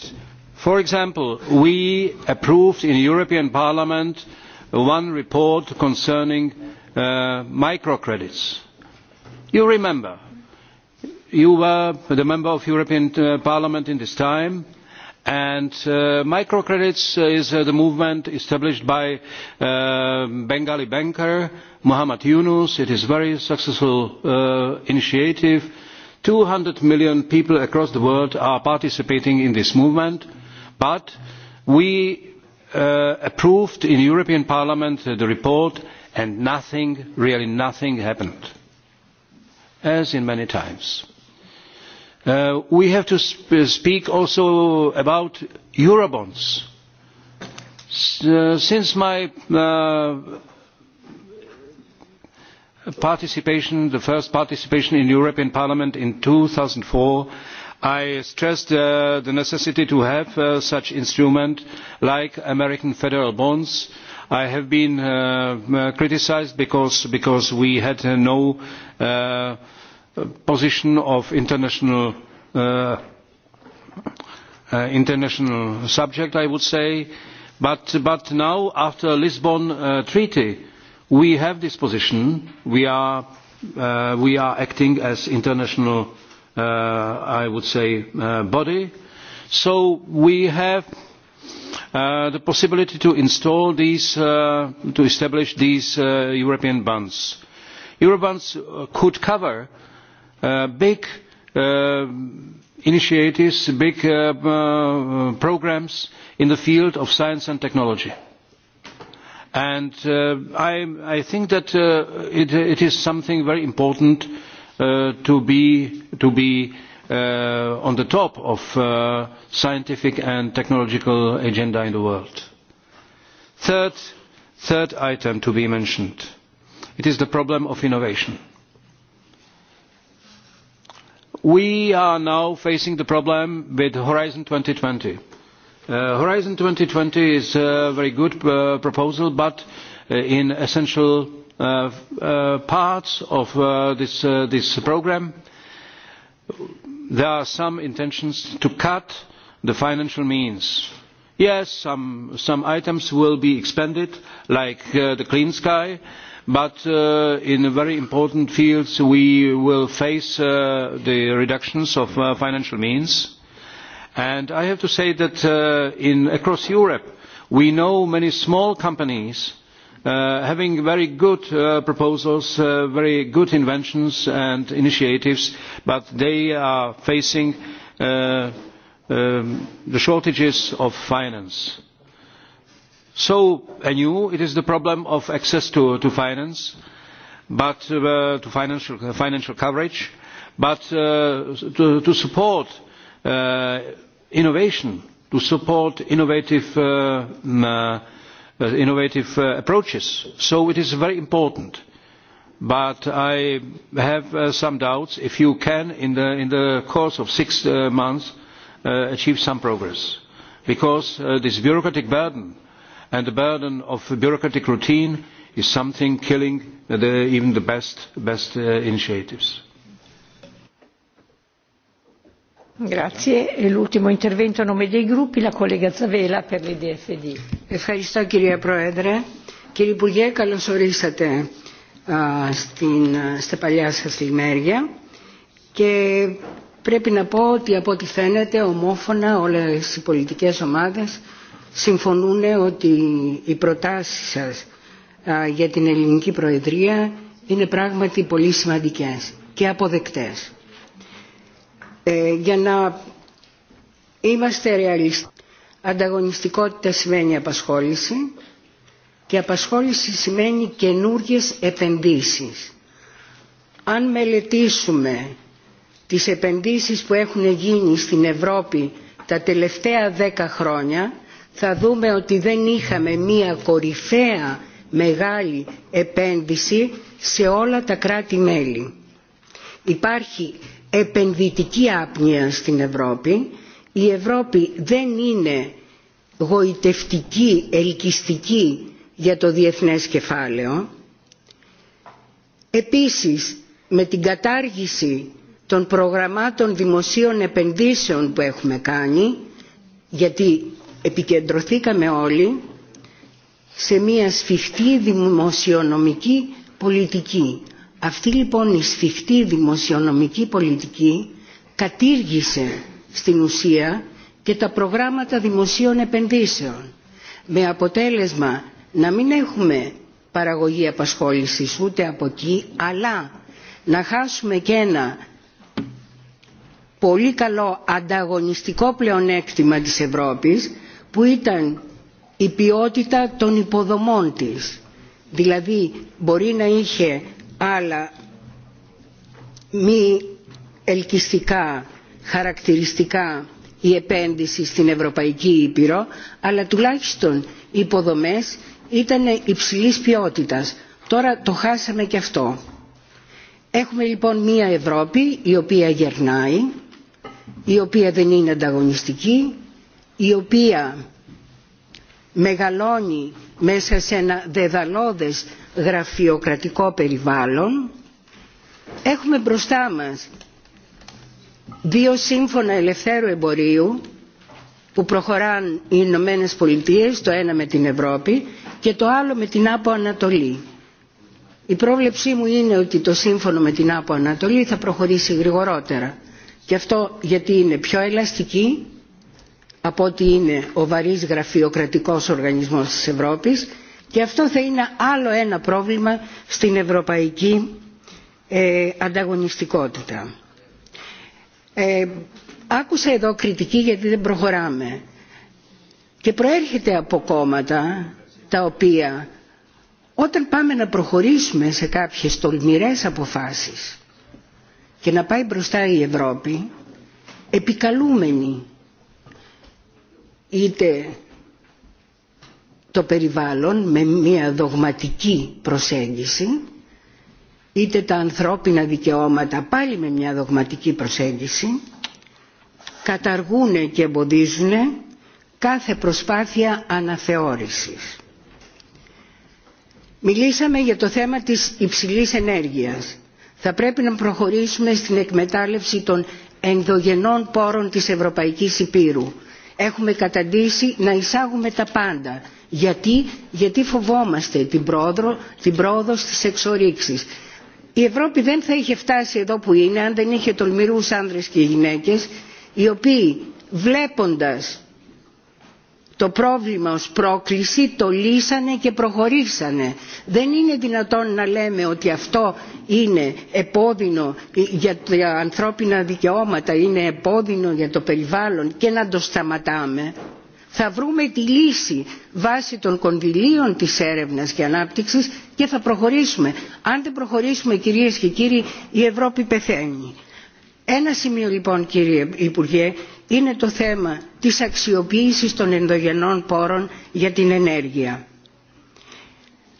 L: for example we approved in the european parliament one report concerning uh, microcredits. you remember you were a member of the european uh, parliament at this time and uh, microcredits is the movement established by bengali banker mohammed yunus. it is a very successful initiative. two hundred million people across the world are participating in this movement but we uh, approved in the european parliament the report and nothing really nothing happened as in many times. Uh, we have to speak also about eurobonds. Uh, since my participation the first participation in the european parliament in two thousand and four i stressed uh, the necessity to have such such instrument like american federal bonds. i have been uh, uh, criticised because, because we had no position of international, international subject i would say but, but now after the lisbon treaty we have this position we are, we are acting as international uh, I would say, uh, body. So we have uh, the possibility to install these, uh, to establish these uh, European bonds. Eurobonds uh, could cover uh, big uh, initiatives, big uh, uh, programs in the field of science and technology. And uh, I, I think that uh, it, it is something very important uh, Uh, to be, to be uh, on the top of the uh, scientific and technological agenda in the world. Third, third item to be mentioned it is the problem of innovation. We are now facing the problem with Horizon 2020. Uh, Horizon 2020 is a very good uh, proposal, but uh, in essential Uh, uh, parts of uh, this, this programme there are some intentions to cut the financial means. yes some, some items will be expanded like the clean sky but in very important fields we will face the reductions of financial means and i have to say that in, across europe we know many small companies Uh, having very good uh, proposals, uh, very good inventions and initiatives, but they are facing uh, um, the shortages of finance. So, anew, it is the problem of access to, to finance, but uh, to financial, financial, coverage, but to, to, support innovation, to support innovative Uh, innovative uh, approaches. so it is very important but i have uh, some doubts if you can in the, in the course of six months achieve some progress because this bureaucratic burden and the burden of bureaucratic routine is something killing the, even the best, best initiatives.
A: Ευχαριστώ
M: κύριε Πρόεδρε. Κύριε Υπουργέ, καλώς ορίσατε στην, στα παλιά σας λιμέρια και πρέπει να πω ότι από ό,τι φαίνεται ομόφωνα όλες οι πολιτικές ομάδες συμφωνούν ότι οι προτάσεις σας α, για την ελληνική προεδρία είναι πράγματι πολύ σημαντικές και αποδεκτές για να είμαστε ρεαλιστές. Ανταγωνιστικότητα σημαίνει απασχόληση και απασχόληση σημαίνει καινούργιες επενδύσεις. Αν μελετήσουμε τις επενδύσεις που έχουν γίνει στην Ευρώπη τα τελευταία δέκα χρόνια θα δούμε ότι δεν είχαμε μία κορυφαία μεγάλη επένδυση σε όλα τα κράτη-μέλη. Υπάρχει επενδυτική άπνοια στην Ευρώπη. Η Ευρώπη δεν είναι γοητευτική, ελκυστική για το διεθνές κεφάλαιο. Επίσης, με την κατάργηση των προγραμμάτων δημοσίων επενδύσεων που έχουμε κάνει, γιατί επικεντρωθήκαμε όλοι σε μια σφιχτή δημοσιονομική πολιτική Αυτή λοιπόν η σφιχτή δημοσιονομική πολιτική κατήργησε στην ουσία και τα προγράμματα δημοσίων επενδύσεων με αποτέλεσμα να μην έχουμε παραγωγή απασχόλησης ούτε από εκεί αλλά να χάσουμε και ένα πολύ καλό ανταγωνιστικό πλεονέκτημα της Ευρώπης που ήταν η ποιότητα των υποδομών της. Δηλαδή μπορεί να είχε αλλά μη ελκυστικά χαρακτηριστικά η επένδυση στην Ευρωπαϊκή Ήπειρο, αλλά τουλάχιστον οι υποδομές ήταν υψηλής ποιότητας. Τώρα το χάσαμε και αυτό. Έχουμε λοιπόν μία Ευρώπη η οποία γερνάει, η οποία δεν είναι ανταγωνιστική, η οποία μεγαλώνει μέσα σε ένα δεδαλώδες γραφειοκρατικό περιβάλλον έχουμε μπροστά μας δύο σύμφωνα ελευθέρου εμπορίου που προχωράν οι Ηνωμένε Πολιτείε, το ένα με την Ευρώπη και το άλλο με την Άπο Ανατολή. Η πρόβλεψή μου είναι ότι το σύμφωνο με την Άπο Ανατολή θα προχωρήσει γρηγορότερα. Και αυτό γιατί είναι πιο ελαστική από ότι είναι ο βαρύς γραφειοκρατικός οργανισμός της Ευρώπης και αυτό θα είναι άλλο ένα πρόβλημα στην ευρωπαϊκή ε, ανταγωνιστικότητα. Ε, άκουσα εδώ κριτική γιατί δεν προχωράμε και προέρχεται από κόμματα τα οποία όταν πάμε να προχωρήσουμε σε κάποιες τολμηρές αποφάσεις και να πάει μπροστά η Ευρώπη επικαλούμενοι είτε το περιβάλλον με μια δογματική προσέγγιση είτε τα ανθρώπινα δικαιώματα πάλι με μια δογματική προσέγγιση καταργούν και εμποδίζουν κάθε προσπάθεια αναθεώρησης. Μιλήσαμε για το θέμα της υψηλής ενέργειας. Θα πρέπει να προχωρήσουμε στην εκμετάλλευση των ενδογενών πόρων της Ευρωπαϊκής Υπήρου. Έχουμε καταντήσει να εισάγουμε τα πάντα Γιατί, γιατί φοβόμαστε την πρόοδο, την πρόοδο στις εξορίξεις. Η Ευρώπη δεν θα είχε φτάσει εδώ που είναι αν δεν είχε τολμηρούς άνδρες και γυναίκες οι οποίοι βλέποντας το πρόβλημα ως πρόκληση το λύσανε και προχωρήσανε. Δεν είναι δυνατόν να λέμε ότι αυτό είναι επώδυνο για τα ανθρώπινα δικαιώματα, είναι επώδυνο για το περιβάλλον και να το σταματάμε θα βρούμε τη λύση βάσει των κονδυλίων της έρευνας και ανάπτυξης και θα προχωρήσουμε. Αν δεν προχωρήσουμε κυρίες και κύριοι η Ευρώπη πεθαίνει. Ένα σημείο λοιπόν κύριε Υπουργέ είναι το θέμα της αξιοποίησης των ενδογενών πόρων για την ενέργεια.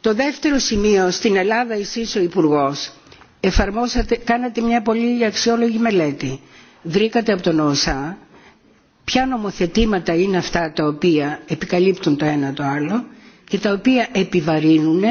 M: Το δεύτερο σημείο στην Ελλάδα εσείς ο Υπουργός εφαρμόσατε, κάνατε μια πολύ αξιόλογη μελέτη. Βρήκατε από τον ΟΣΑ ποια νομοθετήματα είναι αυτά τα οποία επικαλύπτουν το ένα το άλλο και τα οποία επιβαρύνουν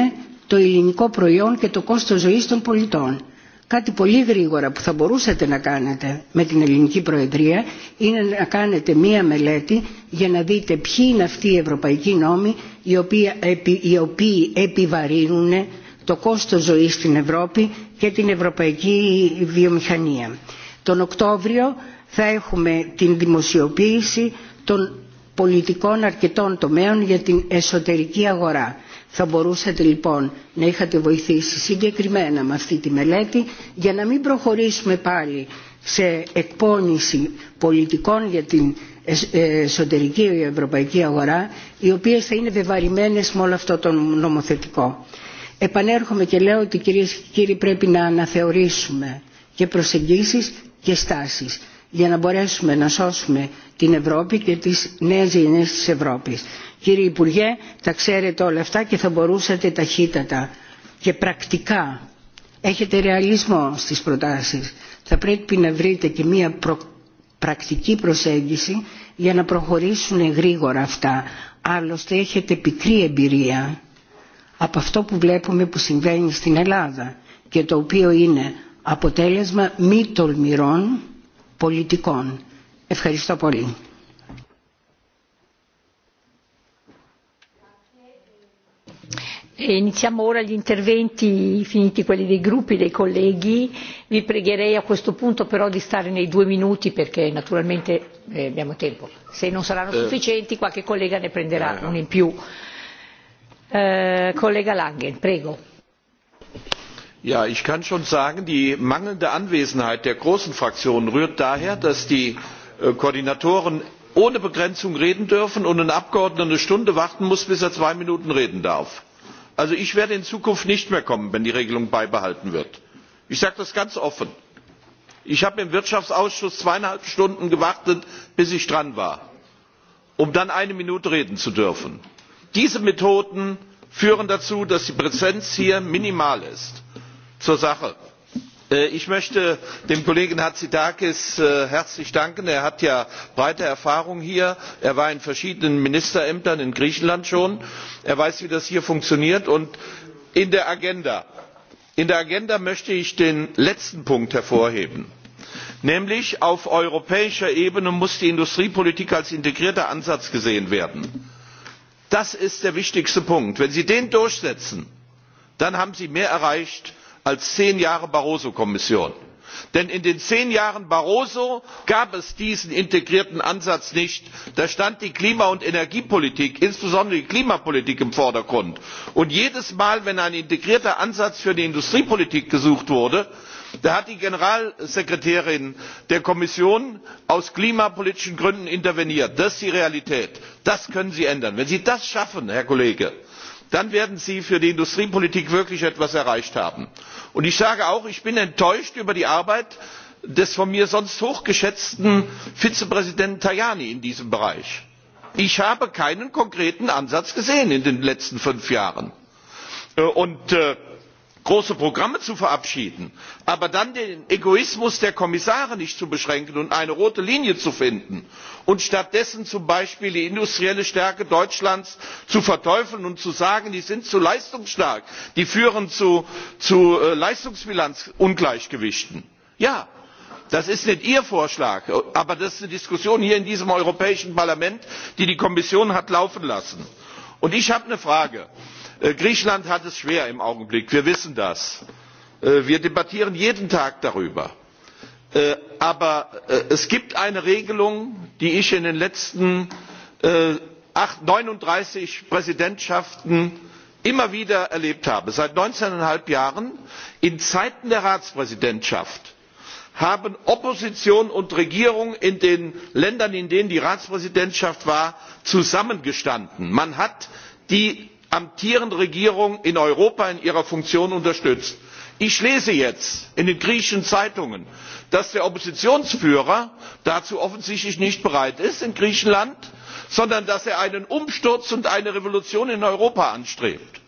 M: το ελληνικό προϊόν και το κόστος ζωής των πολιτών. Κάτι πολύ γρήγορα που θα μπορούσατε να κάνετε με την ελληνική προεδρία είναι να κάνετε μία μελέτη για να δείτε ποιοι είναι αυτοί οι ευρωπαϊκοί νόμοι οι οποίοι, επι, οι οποίοι επιβαρύνουν το κόστος ζωής στην Ευρώπη και την ευρωπαϊκή βιομηχανία. Τον Οκτώβριο θα έχουμε την δημοσιοποίηση των πολιτικών αρκετών τομέων για την εσωτερική αγορά. Θα μπορούσατε λοιπόν να είχατε βοηθήσει συγκεκριμένα με αυτή τη μελέτη για να μην προχωρήσουμε πάλι σε εκπόνηση πολιτικών για την εσωτερική ή ευρωπαϊκή αγορά οι οποίες θα είναι βεβαρημένες με όλο αυτό το νομοθετικό. Επανέρχομαι και λέω ότι κυρίες και κύριοι πρέπει να αναθεωρήσουμε και προσεγγίσεις και στάσεις για να μπορέσουμε να σώσουμε την Ευρώπη και τις νέες γενιές της Ευρώπης. Κύριε Υπουργέ, τα ξέρετε όλα αυτά και θα μπορούσατε ταχύτατα και πρακτικά. Έχετε ρεαλισμό στις προτάσεις. Θα πρέπει να βρείτε και μια προ... πρακτική προσέγγιση για να προχωρήσουν γρήγορα αυτά. Άλλωστε έχετε πικρή εμπειρία από αυτό που βλέπουμε που συμβαίνει στην Ελλάδα και το οποίο είναι αποτέλεσμα μη τολμηρών πολιτικών. Ευχαριστώ πολύ.
A: Iniziamo ora gli interventi, finiti quelli dei gruppi, dei colleghi. Vi pregherei a questo punto però di stare nei due minuti perché naturalmente eh, abbiamo tempo. Se non saranno eh. sufficienti qualche collega ne prenderà eh. uno in più. Eh, collega Langen, prego
N: ich kann schon sagen, die mangelnde Anwesenheit der großen Fraktionen rührt daher, dass die äh, Koordinatoren ohne Begrenzung reden dürfen und ein Abgeordneter eine Stunde warten muss, bis er zwei Minuten reden darf. Also ich werde in Zukunft nicht mehr kommen, wenn die Regelung beibehalten wird. Ich sage das ganz offen. Ich habe im Wirtschaftsausschuss zweieinhalb Stunden gewartet, bis ich dran war, um dann eine Minute reden zu dürfen. Diese Methoden führen dazu, dass die Präsenz hier minimal ist zur sache äh, ich möchte dem kollegen hatzidakis äh, herzlich danken. er hat ja breite erfahrung hier er war in verschiedenen ministerämtern in griechenland schon er weiß wie das hier funktioniert. und in der agenda möchte ich den letzten punkt hervorheben nämlich auf europäischer ebene muss die industriepolitik als integrierter ansatz gesehen werden. das ist der wichtigste punkt. wenn sie den durchsetzen dann haben sie mehr erreicht als zehn jahre barroso kommission denn in den zehn jahren barroso gab es diesen integrierten ansatz nicht da stand die klima und energiepolitik insbesondere die klimapolitik im vordergrund. und jedes mal wenn ein integrierter ansatz für die industriepolitik gesucht wurde da hat die generalsekretärin der kommission aus klimapolitischen gründen interveniert. das ist die realität. das können sie ändern. wenn sie das schaffen herr kollege dann werden sie für die industriepolitik wirklich etwas erreicht haben. und ich sage auch ich bin enttäuscht über die arbeit des von mir sonst hochgeschätzten vizepräsidenten tajani in diesem bereich. ich habe keinen konkreten ansatz gesehen in den letzten fünf jahren. Äh, und äh, große programme zu verabschieden aber dann den egoismus der kommissare nicht zu beschränken und eine rote linie zu finden und stattdessen zum beispiel die industrielle stärke deutschlands zu verteufeln und zu sagen die sind zu leistungsstark die führen zu äh, leistungsbilanzungleichgewichten. ja das ist nicht ihr vorschlag aber das ist eine diskussion hier in diesem europäischen parlament die die kommission hat laufen lassen. ich habe eine frage Äh, griechenland hat es schwer im augenblick wir wissen das. Äh, wir debattieren jeden tag darüber. Äh, aber es gibt eine regelung die ich in den letzten neununddreißig präsidentschaften immer wieder erlebt habe seit neunzehneinhalb jahren in zeiten der ratspräsidentschaft haben opposition und regierung in den ländern in denen die ratspräsidentschaft war zusammengestanden. man hat die amtierende regierung in europa in ihrer funktion unterstützt. ich lese jetzt in den griechischen zeitungen dass der oppositionsführer dazu offensichtlich nicht bereit ist in griechenland sondern dass er einen umsturz und eine revolution in europa anstrebt.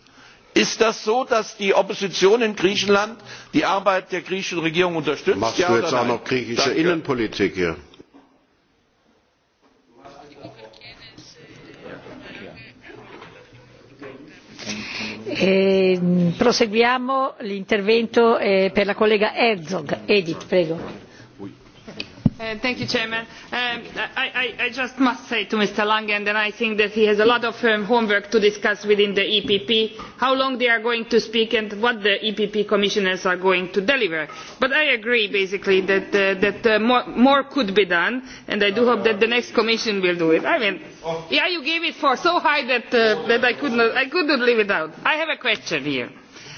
N: ist das so dass die opposition in griechenland die arbeit der griechischen regierung unterstützt? machst du jetzt auch noch griechische
G: innenpolitik hier?
A: E ehm, proseguiamo l'intervento eh, per la collega Herzog. prego.
F: Uh, thank you, Chairman. Uh, I, just must say to Mr. Langen that I think that he has a lot of um, homework to discuss within the EPP, how long they are going to speak and what the EPP commissioners are going to deliver. But I agree, basically, that, uh, more, could be done, and I do hope that the next commission will do it. I mean, yeah, you gave it for so high that, I, could not, couldn't leave it out. I have a question here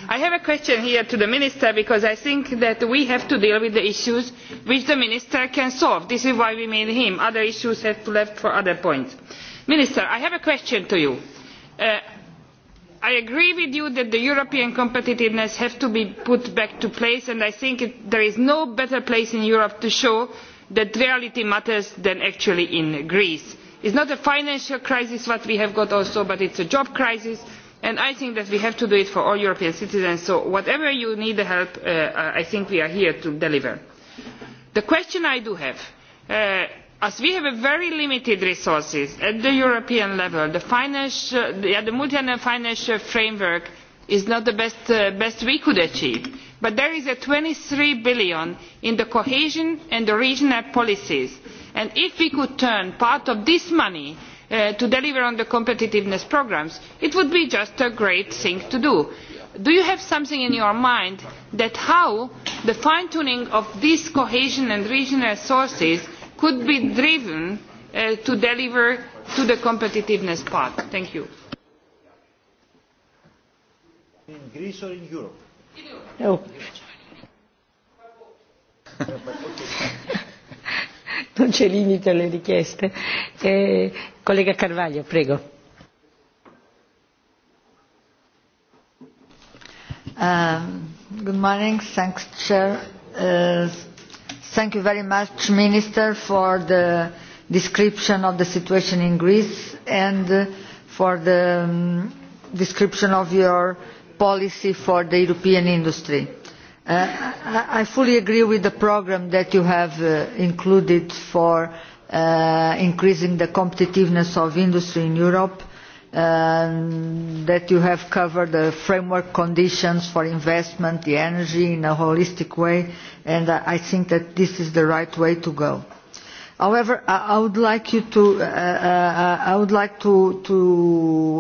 F: i have a question here to the minister because i think that we have to deal with the issues which the minister can solve. this is why we made him other issues have to be left for other points. minister i have a question to you. Uh, i agree with you that the european competitiveness has to be put back into place and i think there is no better place in europe to show that reality matters than actually in greece. it is not a financial crisis that we have got also but it is a job crisis and i think that we have to do it for all european citizens so whatever you need help with uh, uh, i think we are here to deliver. the question i do have uh, as we have very limited resources at the european level the, multiannual financial framework is not the best, we could achieve but there is eur twenty three billion in the cohesion and the regional policies and if we could turn part of this money Uh, to deliver on the competitiveness programmes it would be just a great thing to do. do you have something in your mind that how the fine tuning of these cohesion and regional sources could be driven uh, to deliver to the competitiveness part? thank you.
H: in greece or in europe? no.
A: [LAUGHS] [LAUGHS] [LAUGHS] non c'è limite alle richieste. Eh, collega Carvaglio, prego.
O: Um, good morning. Thanks, Chair. Uh, thank you very much, Minister, for the description of the situation in Greece and for the um, description of your policy for the European industry Uh, I, fully agree with the programme that you have uh, included for uh, increasing the competitiveness of industry in Europe, that you have covered the framework conditions for investment, the energy in a holistic way, and I think that this is the right way to go. However, I, would like to,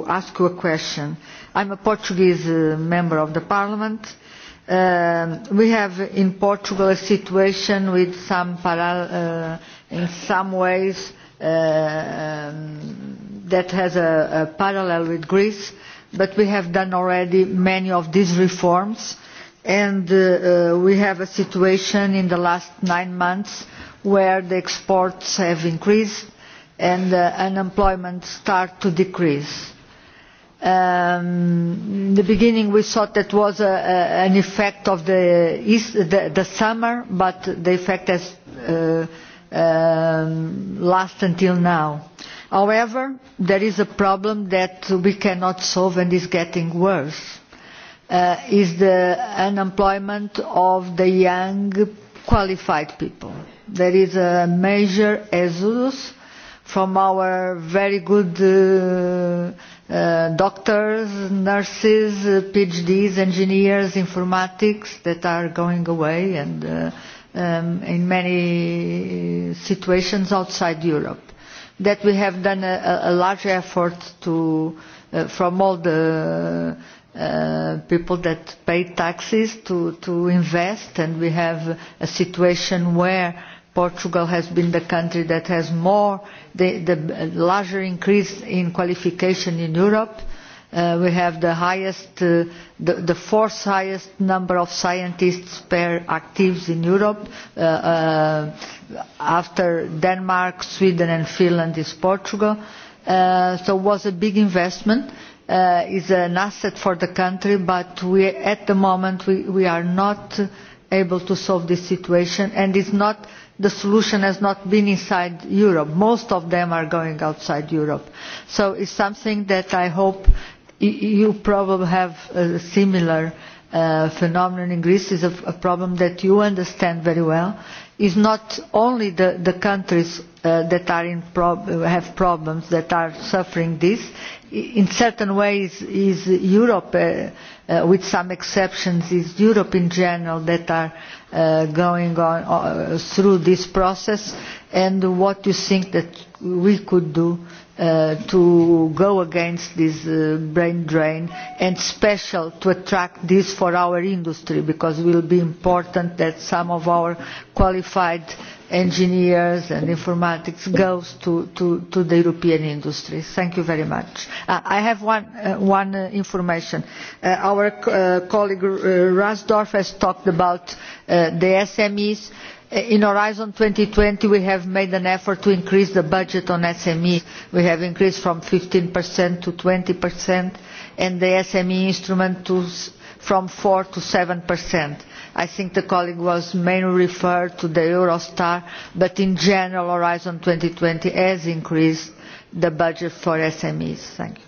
O: ask you a question. I am a Portuguese member of the parliament, Um, we have in Portugal a situation with some uh, in some ways uh, um, that has a, a parallel with Greece, but we have done already many of these reforms and uh, uh we have a situation in the last nine months where the exports have increased and uh, unemployment start to decrease. Um, in the beginning we thought that was a, a, an effect of the, east, the, the summer, but the effect has uh, um, lasted until now. However, there is a problem that we cannot solve and is getting worse. Uh, is the unemployment of the young qualified people. There is a major exodus from our very good uh, Uh, doctors, nurses, uh, PhDs, engineers, informatics that are going away and uh, um, in many uh, situations outside Europe. That we have done a, a large effort to, uh, from all the Uh, people that pay taxes to, to invest and we have a situation where Portugal has been the country that has more, the, the larger increase in qualification in Europe. Uh, we have the highest, uh, the, the fourth highest number of scientists per actives in Europe. Uh, uh, after Denmark, Sweden and Finland is Portugal. Uh, so it was a big investment. Uh, is an asset for the country, but we, at the moment we, we are not able to solve this situation and it's not the solution has not been inside europe most of them are going outside europe. so it is something that i hope you probably have a similar uh, phenomenon in greece is a, a problem that you understand very well is not only the, the countries uh, that are in prob have problems that are suffering this in certain ways is europe uh, uh, with some exceptions, is Europe in general that are uh, going on uh, through this process, and what you think that we could do uh, to go against this uh, brain drain and special to attract this for our industry because it will be important that some of our qualified engineers and informatics goes to, to, to the European industry. Thank you very much. Uh, I have one, uh, one uh, information. Uh, our uh, colleague uh, Rasdorf has talked about uh, the SMEs. Uh, in Horizon 2020, we have made an effort to increase the budget on SMEs. We have increased from 15% to 20% and the SME instrument to, from 4 to 7% i think the colleague was mainly referred to the eurostar but in general horizon 2020 has increased the budget for smes. Thank you.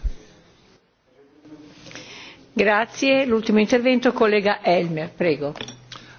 A: Grazie, L'ultimo intervento, collega Elmer,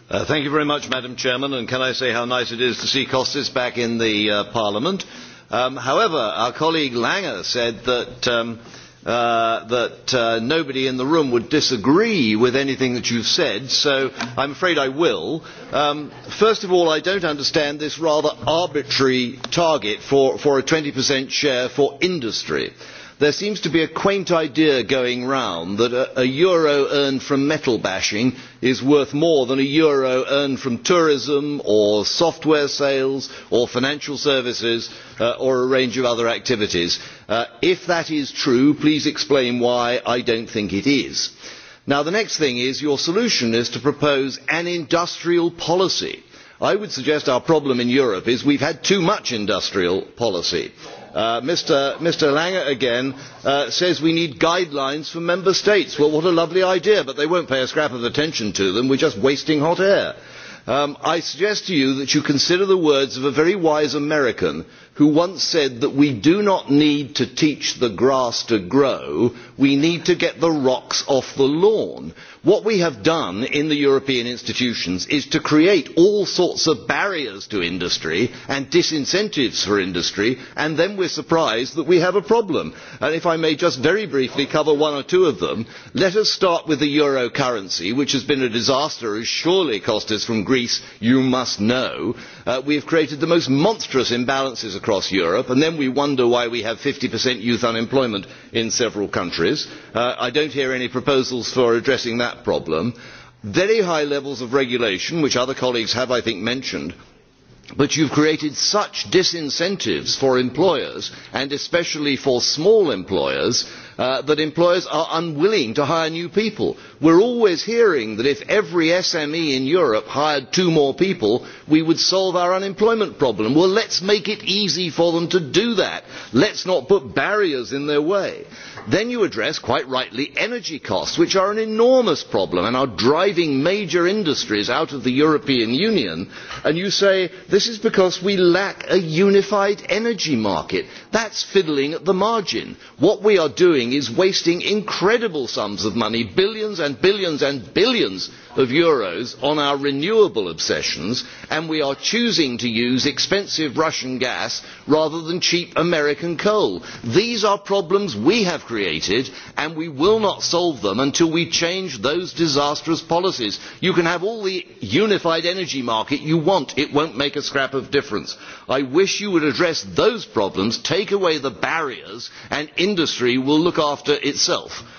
P: uh, thank you very much madam president and can i say how nice it is to see costas back in the uh, parliament. Um, however our colleague Langer said that um, Uh, that uh, nobody in the room would disagree with anything that you have said so i am afraid i will. Um, first of all i do not understand this rather arbitrary target for, a twenty share for industry. there seems to be a quaint idea going round that a, euro earned from metal bashing is worth more than a euro earned from tourism or software sales or financial services uh, or a range of other activities. Uh, if that is true please explain why i do not think it is. Now, the next thing is your solution is to propose an industrial policy. i would suggest our problem in europe is that we have had too much industrial policy. Uh, mr, lange again uh, says we need guidelines for member states. well what a lovely idea but they will not pay a scrap of attention to them we are just wasting hot air. Um, i suggest to you that you consider the words of a very wise american who once said that we do not need to teach the grass to grow we need to get the rocks off the lawn. what we have done in the european institutions is to create all sorts of barriers to industry and disincentives for industry and then we are surprised that we have a problem. And if i may just very briefly cover one or two of them let us start with the euro currency which has been a disaster as surely costas from greece you must know. Uh, we have created the most monstrous imbalances across europe and then we wonder why we have fifty youth unemployment in several countries. Uh, i do not hear any proposals for addressing that problem. very high levels of regulation which other colleagues have i think mentioned but you have created such disincentives for employers and especially for small employers uh, that employers are unwilling to hire new people. we are always hearing that if every sme in europe hired two more people we would solve our unemployment problem. well let us make it easy for them to do that. let us not put barriers in their way then you address quite rightly energy costs which are an enormous problem and are driving major industries out of the european union and you say this is because we lack a unified energy market. that is fiddling at the margin. what we are doing is wasting incredible sums of money billions and billions and billions of euros on our renewable obsessions and we are choosing to use expensive russian gas rather than cheap american coal. these are problems we have created and we will not solve them until we change those disastrous policies. you can have all the unified energy market you want it will not make a scrap of difference. i wish you would address those problems take away the barriers and industry will look after itself.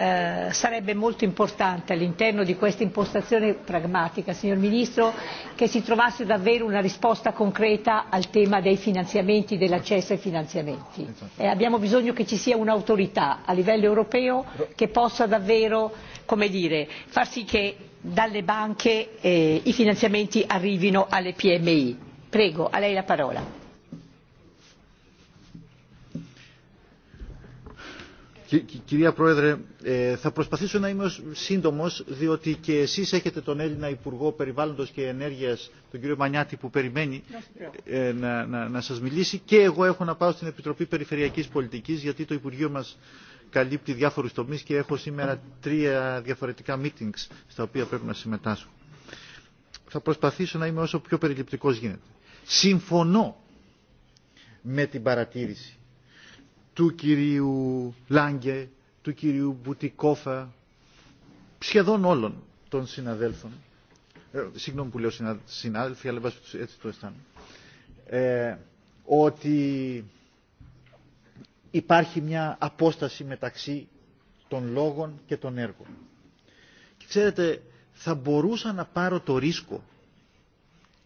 A: Eh, sarebbe molto importante all'interno di questa impostazione pragmatica signor ministro che si trovasse davvero una risposta concreta al tema dei finanziamenti dell'accesso ai finanziamenti e eh, abbiamo bisogno che ci sia un'autorità a livello europeo che possa davvero come dire far sì che dalle banche eh, i finanziamenti arrivino alle pmi. prego a lei la parola.
H: Κυρία Πρόεδρε, θα προσπαθήσω να είμαι σύντομος, διότι και εσείς έχετε τον Έλληνα Υπουργό Περιβάλλοντος και Ενέργειας, τον κύριο Μανιάτη, που περιμένει να, να, να σας μιλήσει. Και εγώ έχω να πάω στην Επιτροπή Περιφερειακής Πολιτικής, γιατί το Υπουργείο μας καλύπτει διάφορους τομείς και έχω σήμερα τρία διαφορετικά meetings στα οποία πρέπει να συμμετάσχω. Θα προσπαθήσω να είμαι όσο πιο περιληπτικός γίνεται. Συμφωνώ με την παρατήρηση του κυρίου Λάγκε, του κυρίου Μπουτικόφα, σχεδόν όλων των συναδέλφων. Ε, συγγνώμη που λέω συνάδελφοι, αλλά έτσι το αισθάνομαι. Ε, ότι υπάρχει μια απόσταση μεταξύ των λόγων και των έργων. Και ξέρετε, θα μπορούσα να πάρω το ρίσκο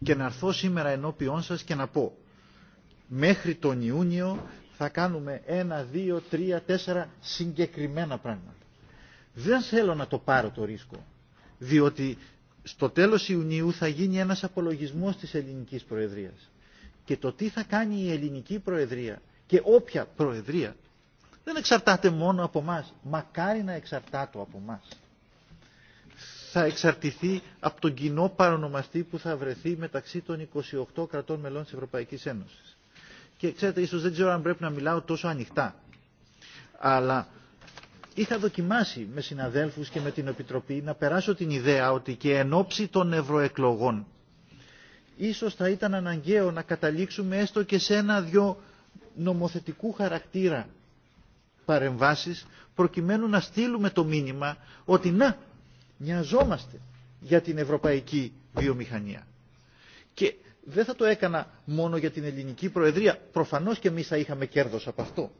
H: και να έρθω σήμερα ενώπιόν σας και να πω μέχρι τον Ιούνιο θα κάνουμε ένα, δύο, τρία, τέσσερα συγκεκριμένα πράγματα. Δεν θέλω να το πάρω το ρίσκο, διότι στο τέλος Ιουνίου θα γίνει ένας απολογισμός της ελληνικής προεδρίας. Και το τι θα κάνει η ελληνική προεδρία και όποια προεδρία δεν εξαρτάται μόνο από μας, μακάρι να εξαρτάται από μας. Θα εξαρτηθεί από τον κοινό παρονομαστή που θα βρεθεί μεταξύ των 28 κρατών μελών της Ευρωπαϊκής Ένωσης και ξέρετε ίσως δεν ξέρω αν πρέπει να μιλάω τόσο ανοιχτά. Αλλά είχα δοκιμάσει με συναδέλφους και με την Επιτροπή να περάσω την ιδέα ότι και εν ώψη των ευρωεκλογών ίσως θα ήταν αναγκαίο να καταλήξουμε έστω και σε ένα-δυο νομοθετικού χαρακτήρα παρεμβάσεις προκειμένου να στείλουμε το μήνυμα ότι να, νοιαζόμαστε για την ευρωπαϊκή βιομηχανία. Και δεν θα το έκανα μόνο για την ελληνική προεδρία. Προφανώς και εμείς θα είχαμε κέρδος από αυτό.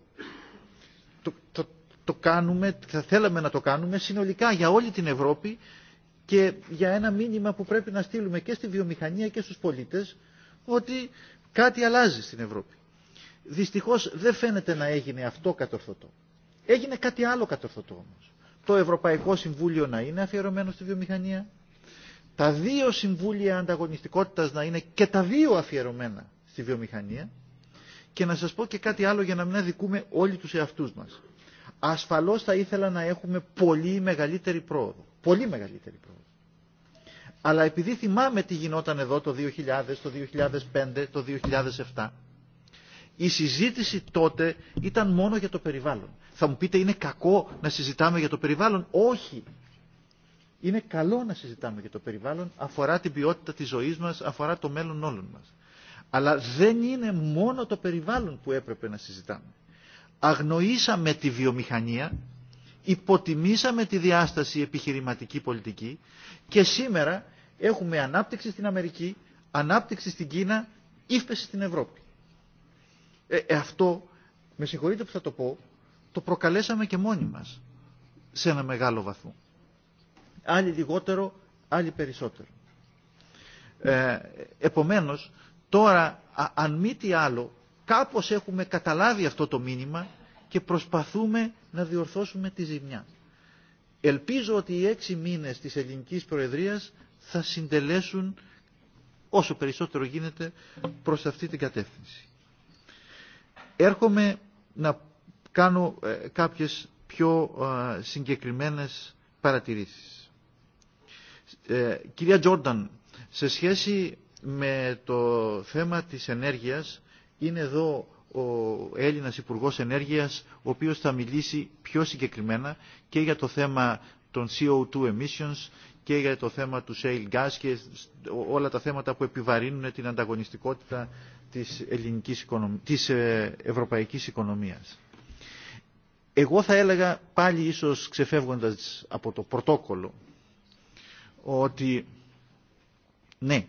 H: Το, το, το κάνουμε, θα θέλαμε να το κάνουμε συνολικά για όλη την Ευρώπη και για ένα μήνυμα που πρέπει να στείλουμε και στη βιομηχανία και στους πολίτες ότι κάτι αλλάζει στην Ευρώπη. Δυστυχώς δεν φαίνεται να έγινε αυτό κατορθωτό. Έγινε κάτι άλλο κατορθωτό όμως. Το Ευρωπαϊκό Συμβούλιο να είναι αφιερωμένο στη βιομηχανία, τα δύο συμβούλια ανταγωνιστικότητας να είναι και τα δύο αφιερωμένα στη βιομηχανία και να σας πω και κάτι άλλο για να μην αδικούμε όλοι τους εαυτούς μας. Ασφαλώς θα ήθελα να έχουμε πολύ μεγαλύτερη πρόοδο. Πολύ μεγαλύτερη πρόοδο. Αλλά επειδή θυμάμαι τι γινόταν εδώ το 2000, το 2005, το 2007, η συζήτηση τότε ήταν μόνο για το περιβάλλον. Θα μου πείτε είναι κακό να συζητάμε για το περιβάλλον. Όχι, Είναι καλό να συζητάμε για το περιβάλλον, αφορά την ποιότητα της ζωής μας, αφορά το μέλλον όλων μας. Αλλά δεν είναι μόνο το περιβάλλον που έπρεπε να συζητάμε. Αγνοήσαμε τη βιομηχανία, υποτιμήσαμε τη διάσταση επιχειρηματική πολιτική και σήμερα έχουμε ανάπτυξη στην Αμερική, ανάπτυξη στην Κίνα, ύφεση στην Ευρώπη. Ε, ε, αυτό, με συγχωρείτε που θα το πω, το προκαλέσαμε και μόνοι μας σε ένα μεγάλο βαθμό άλλοι λιγότερο, άλλοι περισσότερο. Ε, επομένως, τώρα, α, αν μη τι άλλο, κάπως έχουμε καταλάβει αυτό το μήνυμα και προσπαθούμε να διορθώσουμε τη ζημιά. Ελπίζω ότι οι έξι μήνες της ελληνικής προεδρίας θα συντελέσουν όσο περισσότερο γίνεται προς αυτή την κατεύθυνση. Έρχομαι να κάνω ε, κάποιες πιο ε, συγκεκριμένες παρατηρήσεις. Ε, κυρία Τζόρνταν, σε σχέση με το θέμα της ενέργειας, είναι εδώ ο Έλληνας Υπουργός Ενέργειας, ο οποίος θα μιλήσει πιο συγκεκριμένα και για το θέμα των CO2 emissions και για το θέμα του shale gas και όλα τα θέματα που επιβαρύνουν την ανταγωνιστικότητα της, ελληνικής οικονομ... της ευρωπαϊκής οικονομίας. Εγώ θα έλεγα πάλι ίσως ξεφεύγοντας από το πρωτόκολλο ότι ναι,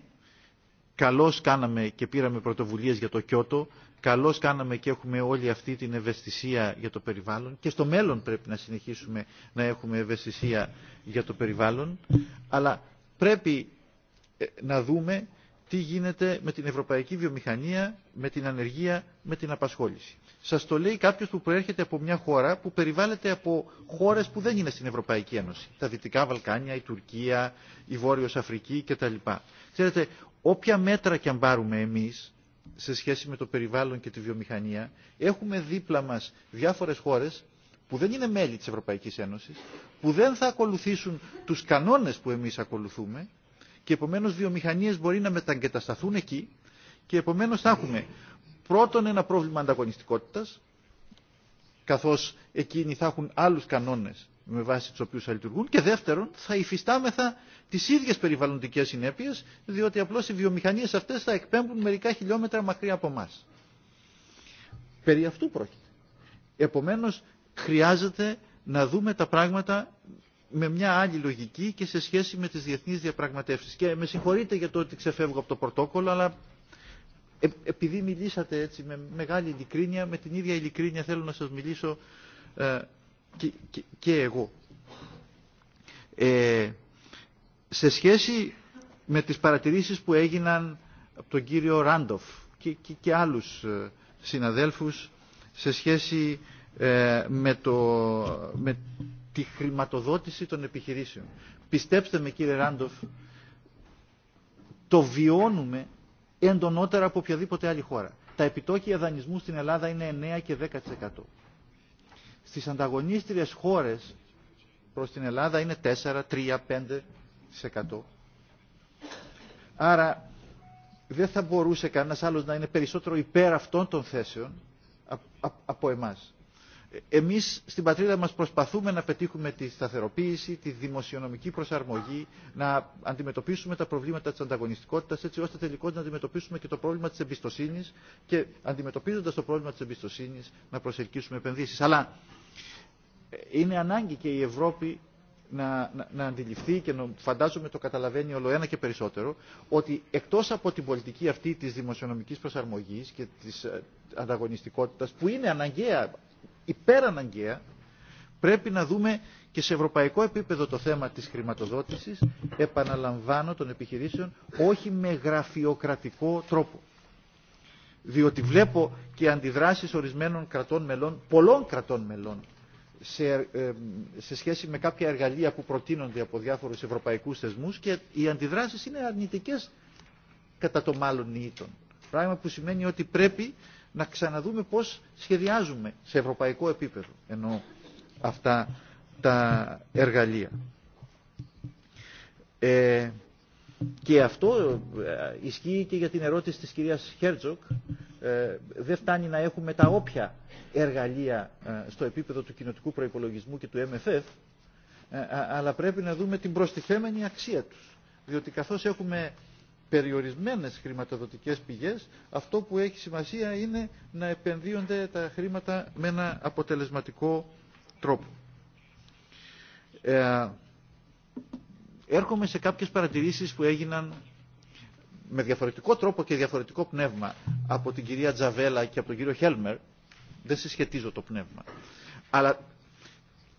H: καλώς κάναμε και πήραμε πρωτοβουλίες για το Κιώτο, καλώς κάναμε και έχουμε όλη αυτή την ευαισθησία για το περιβάλλον και στο μέλλον πρέπει να συνεχίσουμε να έχουμε ευαισθησία για το περιβάλλον, αλλά πρέπει να δούμε τι γίνεται με την ευρωπαϊκή βιομηχανία, με την ανεργία, με την απασχόληση σα το λέει κάποιο που προέρχεται από μια χώρα που περιβάλλεται από χώρε που δεν είναι στην Ευρωπαϊκή Ένωση. Τα Δυτικά Βαλκάνια, η Τουρκία, η Βόρειο Αφρική κτλ. Ξέρετε, όποια μέτρα και αν πάρουμε εμεί σε σχέση με το περιβάλλον και τη βιομηχανία, έχουμε δίπλα μα διάφορε χώρε που δεν είναι μέλη τη Ευρωπαϊκή Ένωση, που δεν θα ακολουθήσουν του κανόνε που εμεί ακολουθούμε και επομένω βιομηχανίε μπορεί να μεταγκατασταθούν εκεί και επομένως θα έχουμε πρώτον ένα πρόβλημα ανταγωνιστικότητας, καθώς εκείνοι θα έχουν άλλους κανόνες με βάση τους οποίους θα λειτουργούν και δεύτερον θα υφιστάμεθα τις ίδιες περιβαλλοντικές συνέπειες διότι απλώς οι βιομηχανίες αυτές θα εκπέμπουν μερικά χιλιόμετρα μακριά από εμά. Περί αυτού πρόκειται. Επομένως χρειάζεται να δούμε τα πράγματα με μια άλλη λογική και σε σχέση με τις διεθνείς διαπραγματεύσεις. Και με συγχωρείτε για το ότι ξεφεύγω από το πρωτόκολλο, αλλά επειδή μιλήσατε έτσι με μεγάλη ειλικρίνεια, με την ίδια ειλικρίνεια θέλω να σας μιλήσω ε, και, και, και εγώ. Ε, σε σχέση με τις παρατηρήσεις που έγιναν από τον κύριο Ράντοφ και, και, και άλλους συναδέλφους σε σχέση ε, με, το, με τη χρηματοδότηση των επιχειρήσεων. Πιστέψτε με κύριε Ράντοφ, το βιώνουμε εντονότερα από οποιαδήποτε άλλη χώρα. Τα επιτόκια δανεισμού στην Ελλάδα είναι 9 και 10%. Στις ανταγωνίστριες χώρες προς την Ελλάδα είναι 4, 3, 5%. Άρα δεν θα μπορούσε κανένας άλλος να είναι περισσότερο υπέρ αυτών των θέσεων από εμάς εμείς στην πατρίδα μας προσπαθούμε να πετύχουμε τη σταθεροποίηση, τη δημοσιονομική προσαρμογή, να αντιμετωπίσουμε τα προβλήματα της ανταγωνιστικότητας έτσι ώστε τελικώς να αντιμετωπίσουμε και το πρόβλημα της εμπιστοσύνης και αντιμετωπίζοντας το πρόβλημα της εμπιστοσύνης να προσελκύσουμε επενδύσεις. Αλλά είναι ανάγκη και η Ευρώπη να, να, να αντιληφθεί και να, φαντάζομαι το καταλαβαίνει όλο ένα και περισσότερο ότι εκτός από την πολιτική αυτή της δημοσιονομικής προσαρμογής και της ανταγωνιστικότητας που είναι αναγκαία υπεραναγκαία πρέπει να δούμε και σε ευρωπαϊκό επίπεδο το θέμα της χρηματοδότησης, επαναλαμβάνω, των επιχειρήσεων, όχι με γραφειοκρατικό τρόπο. Διότι βλέπω και αντιδράσεις ορισμένων κρατών μελών, πολλών κρατών μελών, σε, ε, σε σχέση με κάποια εργαλεία που προτείνονται από διάφορους ευρωπαϊκούς θεσμούς και οι αντιδράσεις είναι αρνητικές κατά το μάλλον νήτων. Πράγμα που σημαίνει ότι πρέπει να ξαναδούμε πώς σχεδιάζουμε σε ευρωπαϊκό επίπεδο ενώ αυτά τα εργαλεία. Ε, και αυτό ε, ισχύει και για την ερώτηση της κυρίας Χέρτζοκ. Ε, δεν φτάνει να έχουμε τα όποια εργαλεία ε, στο επίπεδο του κοινοτικού προϋπολογισμού και του MFF, ε, αλλά πρέπει να δούμε την προστιθέμενη αξία τους. Διότι καθώς έχουμε περιορισμένες χρηματοδοτικές πηγές, αυτό που έχει σημασία είναι να επενδύονται τα χρήματα με ένα αποτελεσματικό τρόπο. Ε, έρχομαι σε κάποιες παρατηρήσεις που έγιναν με διαφορετικό τρόπο και διαφορετικό πνεύμα από την κυρία Τζαβέλα και από τον κύριο Χέλμερ. Δεν συσχετίζω το πνεύμα. Αλλά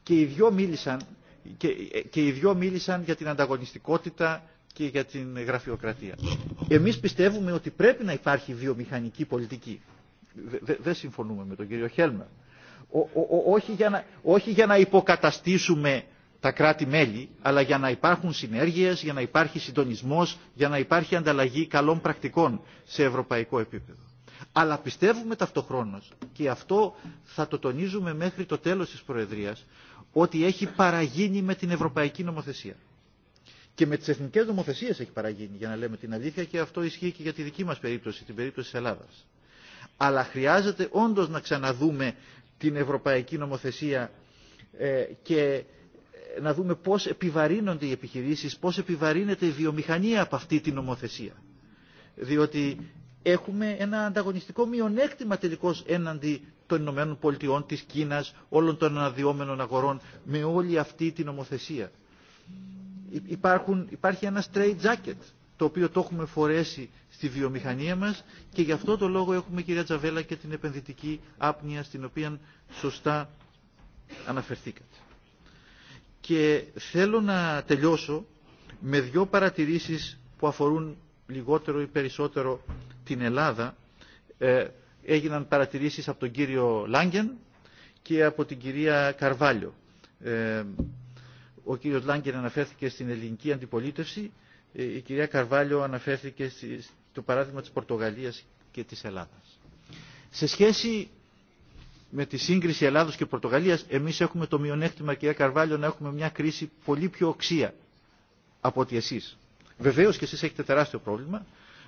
H: και οι δυο μίλησαν, και, και οι δυο μίλησαν για την ανταγωνιστικότητα και για την γραφειοκρατία. Εμείς πιστεύουμε ότι πρέπει να υπάρχει βιομηχανική πολιτική. Δεν δε συμφωνούμε με τον κύριο Χέλμερ. όχι, όχι για να υποκαταστήσουμε τα κράτη-μέλη, αλλά για να υπάρχουν συνέργειες, για να υπάρχει συντονισμός, για να υπάρχει ανταλλαγή καλών πρακτικών σε ευρωπαϊκό επίπεδο. Αλλά πιστεύουμε ταυτοχρόνως, και αυτό θα το τονίζουμε μέχρι το τέλος της Προεδρίας, ότι έχει παραγίνει με την Ευρωπαϊκή Νομοθεσία και με τι εθνικέ νομοθεσίε έχει παραγίνει, για να λέμε την αλήθεια, και αυτό ισχύει και για τη δική μα περίπτωση, την περίπτωση τη Ελλάδα. Αλλά χρειάζεται όντω να ξαναδούμε την ευρωπαϊκή νομοθεσία ε, και να δούμε πώ επιβαρύνονται οι επιχειρήσει, πώ επιβαρύνεται η βιομηχανία από αυτή την νομοθεσία. Διότι έχουμε ένα ανταγωνιστικό μειονέκτημα τελικώ έναντι των Ηνωμένων Πολιτειών, της Κίνας, όλων των αναδυόμενων αγορών με όλη αυτή την νομοθεσία υπάρχουν, υπάρχει ένα straight jacket το οποίο το έχουμε φορέσει στη βιομηχανία μας και γι' αυτό το λόγο έχουμε κυρία Τζαβέλα και την επενδυτική άπνοια στην οποία σωστά αναφερθήκατε. Και θέλω να τελειώσω με δύο παρατηρήσεις που αφορούν λιγότερο ή περισσότερο την Ελλάδα. Ε, έγιναν παρατηρήσεις από τον κύριο Λάγκεν και από την κυρία Καρβάλιο. Ε, ο κύριος Λάγκερ αναφέρθηκε στην ελληνική αντιπολίτευση, η κυρία Καρβάλιο αναφέρθηκε στο παράδειγμα της Πορτογαλίας και της Ελλάδας. Σε σχέση με τη σύγκριση Ελλάδος και Πορτογαλίας, εμείς έχουμε το μειονέκτημα, κυρία Καρβάλιο, να έχουμε μια κρίση πολύ πιο οξία από ότι εσείς. Βεβαίως και εσείς έχετε τεράστιο πρόβλημα,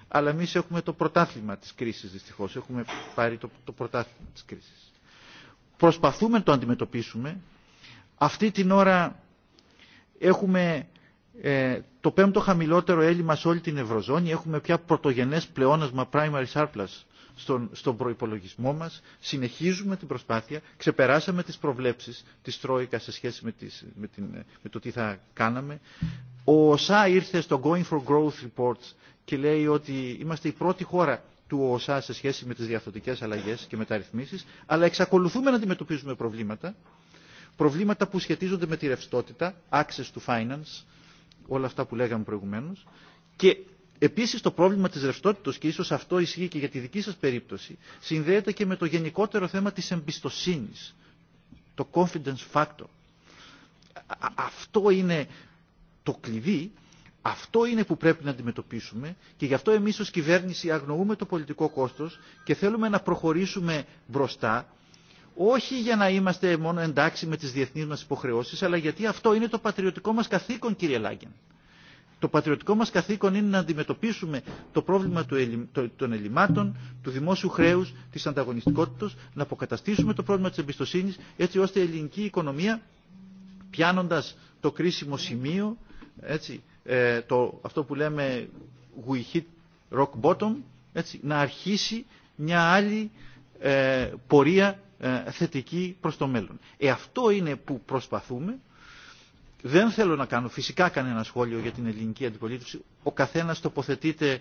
H: αλλά εμείς έχουμε το πρωτάθλημα της κρίσης δυστυχώς. Έχουμε πάρει το, το πρωτάθλημα της κρίσης. Προσπαθούμε να το αντιμετωπίσουμε. Αυτή την ώρα Έχουμε ε, το πέμπτο χαμηλότερο έλλειμμα σε όλη την Ευρωζώνη. Έχουμε πια πρωτογενές πλεόνασμα primary surplus στον, στον προϋπολογισμό μας. Συνεχίζουμε την προσπάθεια. Ξεπεράσαμε τις προβλέψεις της Τρόικα σε σχέση με, τις, με, την, με το τι θα κάναμε. Ο ΩΣΑ ήρθε στο Going for Growth Report και λέει ότι είμαστε η πρώτη χώρα του ΩΣΑ σε σχέση με τις διαθωτικές αλλαγές και μεταρρυθμίσεις, αλλά εξακολουθούμε να αντιμετωπίζουμε προβλήματα προβλήματα που σχετίζονται με τη ρευστότητα, access to finance, όλα αυτά που λέγαμε προηγουμένως, και Επίσης το πρόβλημα της ρευστότητας και ίσως αυτό ισχύει και για τη δική σας περίπτωση συνδέεται και με το γενικότερο θέμα της εμπιστοσύνης, το confidence factor. Α Αυτό είναι το κλειδί, αυτό είναι που πρέπει να αντιμετωπίσουμε και γι' αυτό εμείς ως κυβέρνηση αγνοούμε το πολιτικό κόστος και θέλουμε να προχωρήσουμε μπροστά όχι για να είμαστε μόνο εντάξει με τις διεθνείς μας υποχρεώσεις, αλλά γιατί αυτό είναι το πατριωτικό μας καθήκον, κύριε Λάγκεν. Το πατριωτικό μας καθήκον είναι να αντιμετωπίσουμε το πρόβλημα των ελλημάτων, του δημόσιου χρέους, της ανταγωνιστικότητας, να αποκαταστήσουμε το πρόβλημα της εμπιστοσύνης, έτσι ώστε η ελληνική οικονομία, πιάνοντας το κρίσιμο σημείο, έτσι, ε, το, αυτό που λέμε we hit rock bottom, έτσι, να αρχίσει μια άλλη ε, πορεία θετική προς το μέλλον. Ε, αυτό είναι που προσπαθούμε. Δεν θέλω να κάνω φυσικά κανένα σχόλιο για την ελληνική αντιπολίτευση. Ο καθένας τοποθετείται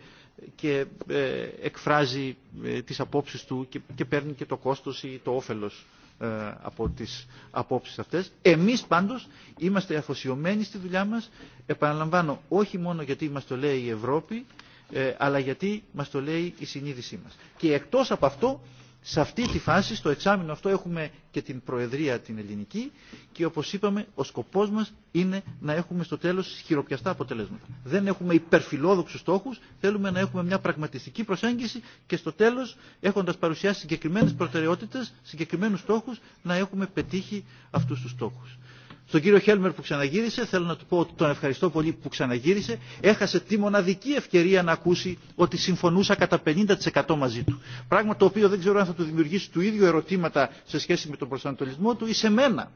H: και ε, εκφράζει ε, τις απόψεις του και, και παίρνει και το κόστος ή το όφελος ε, από τις απόψεις αυτές. Εμείς πάντως είμαστε αφοσιωμένοι στη δουλειά μας. Επαναλαμβάνω, όχι μόνο γιατί μας το λέει η Ευρώπη, ε, αλλά γιατί μας το λέει η συνείδησή μας. Και εκτός από αυτό Σε αυτή τη φάση, στο εξάμεινο αυτό, έχουμε και την Προεδρία την ελληνική και όπως είπαμε, ο σκοπός μας είναι να έχουμε στο τέλος χειροπιαστά αποτελέσματα. Δεν έχουμε υπερφιλόδοξους στόχους, θέλουμε να έχουμε μια πραγματιστική προσέγγιση και στο τέλος, έχοντας παρουσιάσει συγκεκριμένες προτεραιότητες, συγκεκριμένους στόχους, να έχουμε πετύχει αυτούς τους στόχους. Στον κύριο Χέλμερ που ξαναγύρισε, θέλω να του πω ότι τον ευχαριστώ πολύ που ξαναγύρισε, έχασε τη μοναδική ευκαιρία να ακούσει ότι συμφωνούσα κατά 50% μαζί του. Πράγμα το οποίο δεν ξέρω αν θα του δημιουργήσει του ίδιου ερωτήματα σε σχέση με τον προσανατολισμό του ή σε μένα,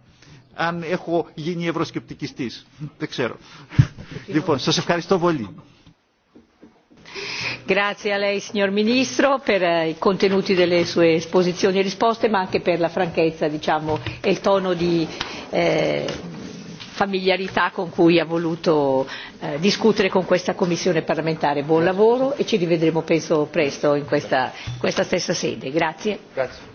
H: αν έχω γίνει ευρωσκεπτικιστής. Δεν ξέρω. Λοιπόν, σας ευχαριστώ πολύ
A: grazie a lei signor ministro per eh, i contenuti delle sue esposizioni e risposte ma anche per la franchezza diciamo e il tono di eh, familiarità con cui ha voluto eh, discutere con questa commissione parlamentare. buon lavoro e ci rivedremo penso presto in questa, in questa stessa sede. grazie. grazie.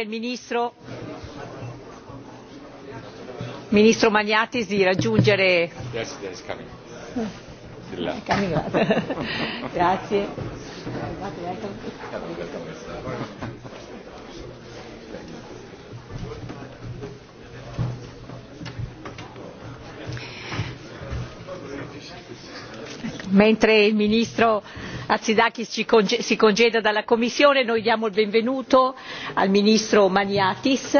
A: il ministro ministro Magnatis di raggiungere yes, yes, [LAUGHS] grazie mentre il ministro hatzidakis si congeda dalla commissione noi diamo il benvenuto al ministro maniatis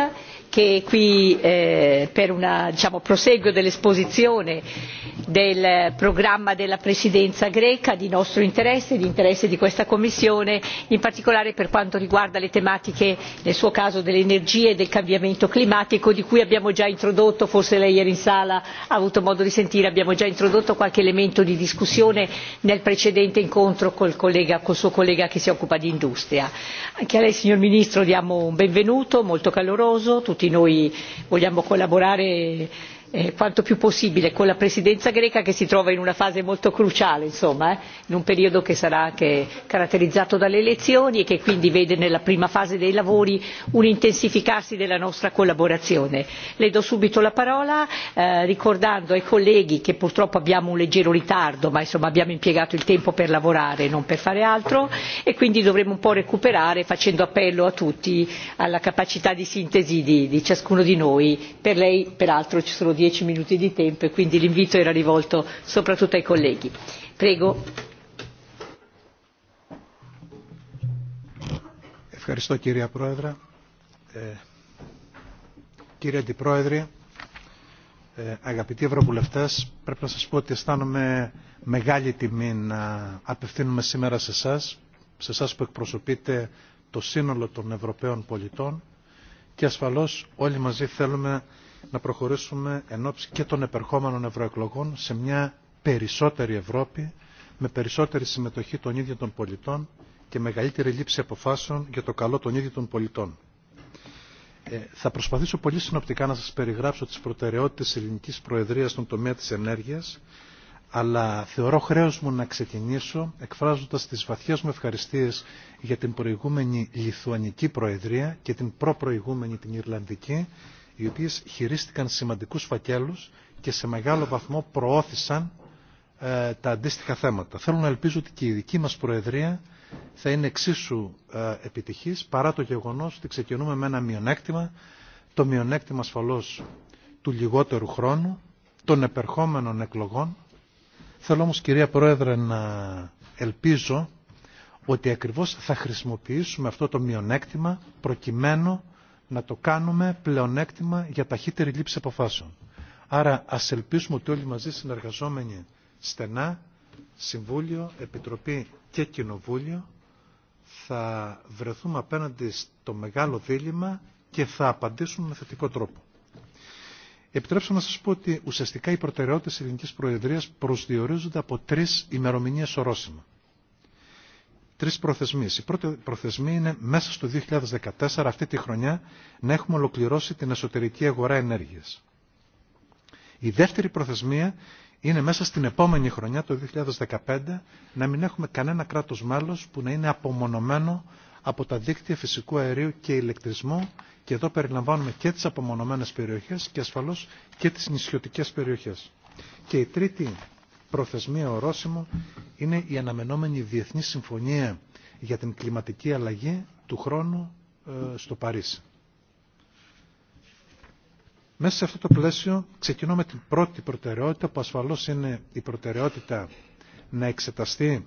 A: che è qui eh, per un diciamo, proseguo dell'esposizione del programma della presidenza greca di nostro interesse e di interesse di questa commissione in particolare per quanto riguarda le tematiche nel suo caso dell'energia e del cambiamento climatico di cui abbiamo già introdotto forse lei era in sala ha avuto modo di sentire abbiamo già introdotto qualche elemento di discussione nel precedente incontro col, collega, col suo collega che si occupa di industria. Anche a lei signor Ministro diamo un benvenuto molto caloroso, tutti noi vogliamo collaborare Eh, quanto più possibile con la presidenza greca che si trova in una fase molto cruciale insomma eh, in un periodo che sarà anche caratterizzato dalle elezioni e che quindi vede nella prima fase dei lavori un intensificarsi della nostra collaborazione. le do subito la parola eh, ricordando ai colleghi che purtroppo abbiamo un leggero ritardo ma insomma abbiamo impiegato il tempo per lavorare non per fare altro e quindi dovremo un po' recuperare facendo appello a tutti alla capacità di sintesi di, di ciascuno di noi per lei peraltro ci sono dieci minuti di tempo e quindi l'invito era rivolto soprattutto ai colleghi. Prego.
Q: Ευχαριστώ κυρία Πρόεδρε. Ε, κύριε Αντιπρόεδρε, ε, αγαπητοί Ευρωβουλευτές, πρέπει να σας πω ότι αισθάνομαι μεγάλη τιμή να απευθύνουμε σήμερα σε εσά, σε εσά που εκπροσωπείτε το σύνολο των Ευρωπαίων πολιτών και ασφαλώς όλοι μαζί θέλουμε να προχωρήσουμε εν ώψη και των επερχόμενων ευρωεκλογών σε μια περισσότερη Ευρώπη με περισσότερη συμμετοχή των ίδιων των πολιτών και μεγαλύτερη λήψη αποφάσεων για το καλό των ίδιων των πολιτών. Ε, θα προσπαθήσω πολύ συνοπτικά να σας περιγράψω τις προτεραιότητες της ελληνικής προεδρίας στον τομέα της ενέργειας, αλλά θεωρώ χρέος μου να ξεκινήσω εκφράζοντας τις βαθιές μου ευχαριστίες για την προηγούμενη Λιθουανική Προεδρία και την προπροηγούμενη την Ιρλανδική οι οποίες χειρίστηκαν σημαντικούς φακέλους και σε μεγάλο βαθμό προώθησαν ε, τα αντίστοιχα θέματα. Θέλω να ελπίζω ότι και η δική μας Προεδρία θα είναι εξίσου ε, επιτυχής παρά το γεγονός ότι ξεκινούμε με ένα μειονέκτημα, το μειονέκτημα ασφαλώς του λιγότερου χρόνου, των επερχόμενων εκλογών. Θέλω όμως κυρία Πρόεδρε να ελπίζω ότι ακριβώς θα χρησιμοποιήσουμε αυτό το μειονέκτημα προκειμένου να το κάνουμε πλεονέκτημα για ταχύτερη λήψη αποφάσεων. Άρα ας ελπίσουμε ότι όλοι μαζί συνεργαζόμενοι στενά, Συμβούλιο, Επιτροπή και Κοινοβούλιο, θα βρεθούμε απέναντι στο μεγάλο δίλημα και θα απαντήσουμε με θετικό τρόπο. Επιτρέψτε να σας πω ότι ουσιαστικά οι προτεραιότητες της Ελληνικής Προεδρίας προσδιορίζονται από τρεις ημερομηνίες ορόσημα τρεις προθεσμίες. Η πρώτη προθεσμία είναι μέσα στο 2014, αυτή τη χρονιά, να έχουμε ολοκληρώσει την εσωτερική αγορά ενέργειας. Η δεύτερη προθεσμία είναι μέσα στην επόμενη χρονιά, το 2015, να μην έχουμε κανένα κράτος μέλος που να είναι απομονωμένο από τα δίκτυα φυσικού αερίου και ηλεκτρισμού και εδώ περιλαμβάνουμε και τις απομονωμένες περιοχές και ασφαλώς και τις νησιωτικές περιοχές. Και η τρίτη προθεσμία ορόσημο είναι η αναμενόμενη Διεθνή Συμφωνία για την Κλιματική Αλλαγή του χρόνου ε, στο Παρίσι. Μέσα σε αυτό το πλαίσιο ξεκινώ με την πρώτη προτεραιότητα που ασφαλώς είναι η προτεραιότητα να εξεταστεί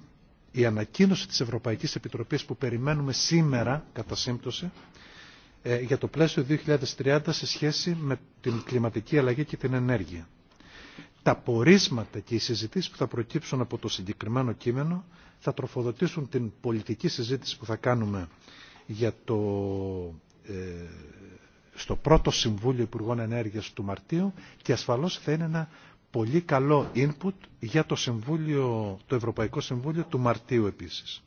Q: η ανακοίνωση της Ευρωπαϊκής Επιτροπής που περιμένουμε σήμερα κατά σύμπτωση ε, για το πλαίσιο 2030 σε σχέση με την κλιματική αλλαγή και την ενέργεια τα πορίσματα και οι συζητήσεις που θα προκύψουν από το συγκεκριμένο κείμενο θα τροφοδοτήσουν την πολιτική συζήτηση που θα κάνουμε για το, ε, στο πρώτο Συμβούλιο Υπουργών Ενέργειας του Μαρτίου και ασφαλώς θα είναι ένα πολύ καλό input για το, Συμβούλιο, το Ευρωπαϊκό Συμβούλιο του Μαρτίου επίσης.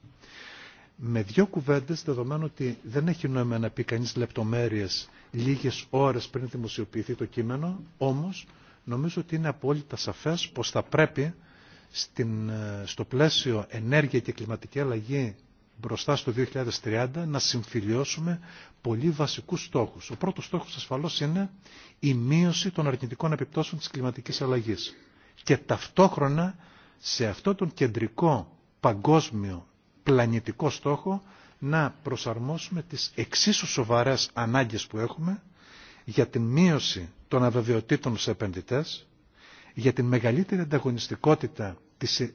Q: Με δύο κουβέντες, δεδομένου ότι δεν έχει νόημα να πει κανείς λεπτομέρειες λίγες ώρες πριν δημοσιοποιηθεί το κείμενο, όμως νομίζω ότι είναι απόλυτα σαφές πως θα πρέπει στην, στο πλαίσιο ενέργεια και κλιματική αλλαγή μπροστά στο 2030 να συμφιλιώσουμε πολύ βασικούς στόχους. Ο πρώτος στόχος ασφαλώς είναι η μείωση των αρνητικών επιπτώσεων της κλιματικής αλλαγής. Και ταυτόχρονα σε αυτό τον κεντρικό παγκόσμιο πλανητικό στόχο να προσαρμόσουμε τις εξίσου σοβαρές ανάγκες που έχουμε για την μείωση των αβεβαιοτήτων στους επενδυτές, για την μεγαλύτερη ανταγωνιστικότητα της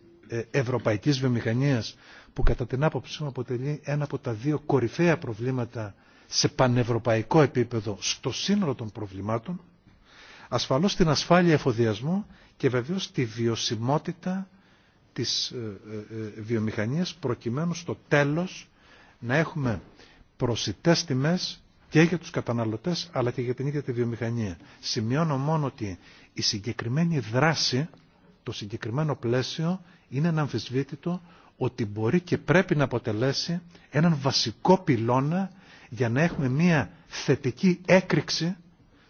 Q: ευρωπαϊκής βιομηχανίας που κατά την άποψή μου αποτελεί ένα από τα δύο κορυφαία προβλήματα σε πανευρωπαϊκό επίπεδο στο σύνολο των προβλημάτων, ασφαλώς την ασφάλεια εφοδιασμού και βεβαίως τη βιωσιμότητα της βιομηχανίας προκειμένου στο τέλος να έχουμε προσιτές τιμές και για τους καταναλωτές αλλά και για την ίδια τη βιομηχανία. Σημειώνω μόνο ότι η συγκεκριμένη δράση, το συγκεκριμένο πλαίσιο είναι αναμφισβήτητο ότι μπορεί και πρέπει να αποτελέσει έναν βασικό πυλώνα για να έχουμε μια θετική έκρηξη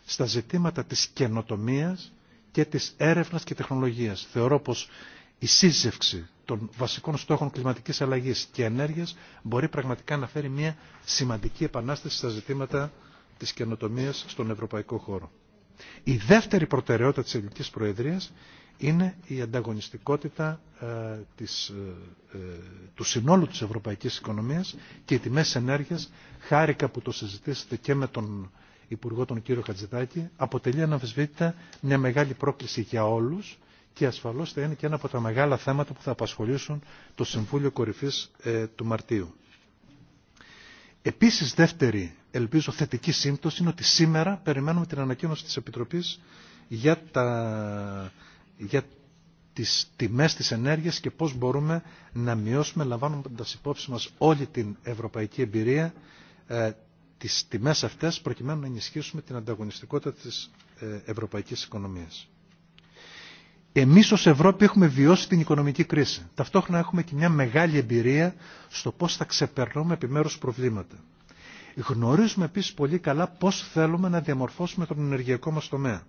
Q: στα ζητήματα της καινοτομίας και της έρευνας και τεχνολογίας. Θεωρώ πως η σύζευξη των βασικών στόχων κλιματικής αλλαγής και ενέργειας μπορεί πραγματικά να φέρει μια σημαντική επανάσταση στα ζητήματα της καινοτομίας στον ευρωπαϊκό χώρο. Η δεύτερη προτεραιότητα της ελληνικής προεδρίας είναι η ανταγωνιστικότητα ε, της, ε, του συνόλου της ευρωπαϊκής οικονομίας και οι τιμές ενέργειας, χάρηκα που το συζητήσετε και με τον Υπουργό τον κύριο Χατζηδάκη, αποτελεί αναμφισβήτητα μια μεγάλη πρόκληση για όλους και ασφαλώς θα είναι και ένα από τα μεγάλα θέματα που θα απασχολήσουν το Συμβούλιο Κορυφής ε, του Μαρτίου. Επίσης δεύτερη, ελπίζω, θετική σύμπτωση είναι ότι σήμερα περιμένουμε την ανακοίνωση της Επιτροπής για, τα, για τις τιμές της ενέργειας και πώς μπορούμε να μειώσουμε, λαμβάνοντας υπόψη μας όλη την ευρωπαϊκή εμπειρία, ε, τις τιμές αυτές προκειμένου να ενισχύσουμε την ανταγωνιστικότητα της ε, ευρωπαϊκής οικονομίας. Εμείς ως Ευρώπη έχουμε βιώσει την οικονομική κρίση. Ταυτόχρονα έχουμε και μια μεγάλη εμπειρία στο πώς θα ξεπερνούμε επιμέρους προβλήματα. Γνωρίζουμε επίσης πολύ καλά πώς θέλουμε να διαμορφώσουμε τον ενεργειακό μας τομέα.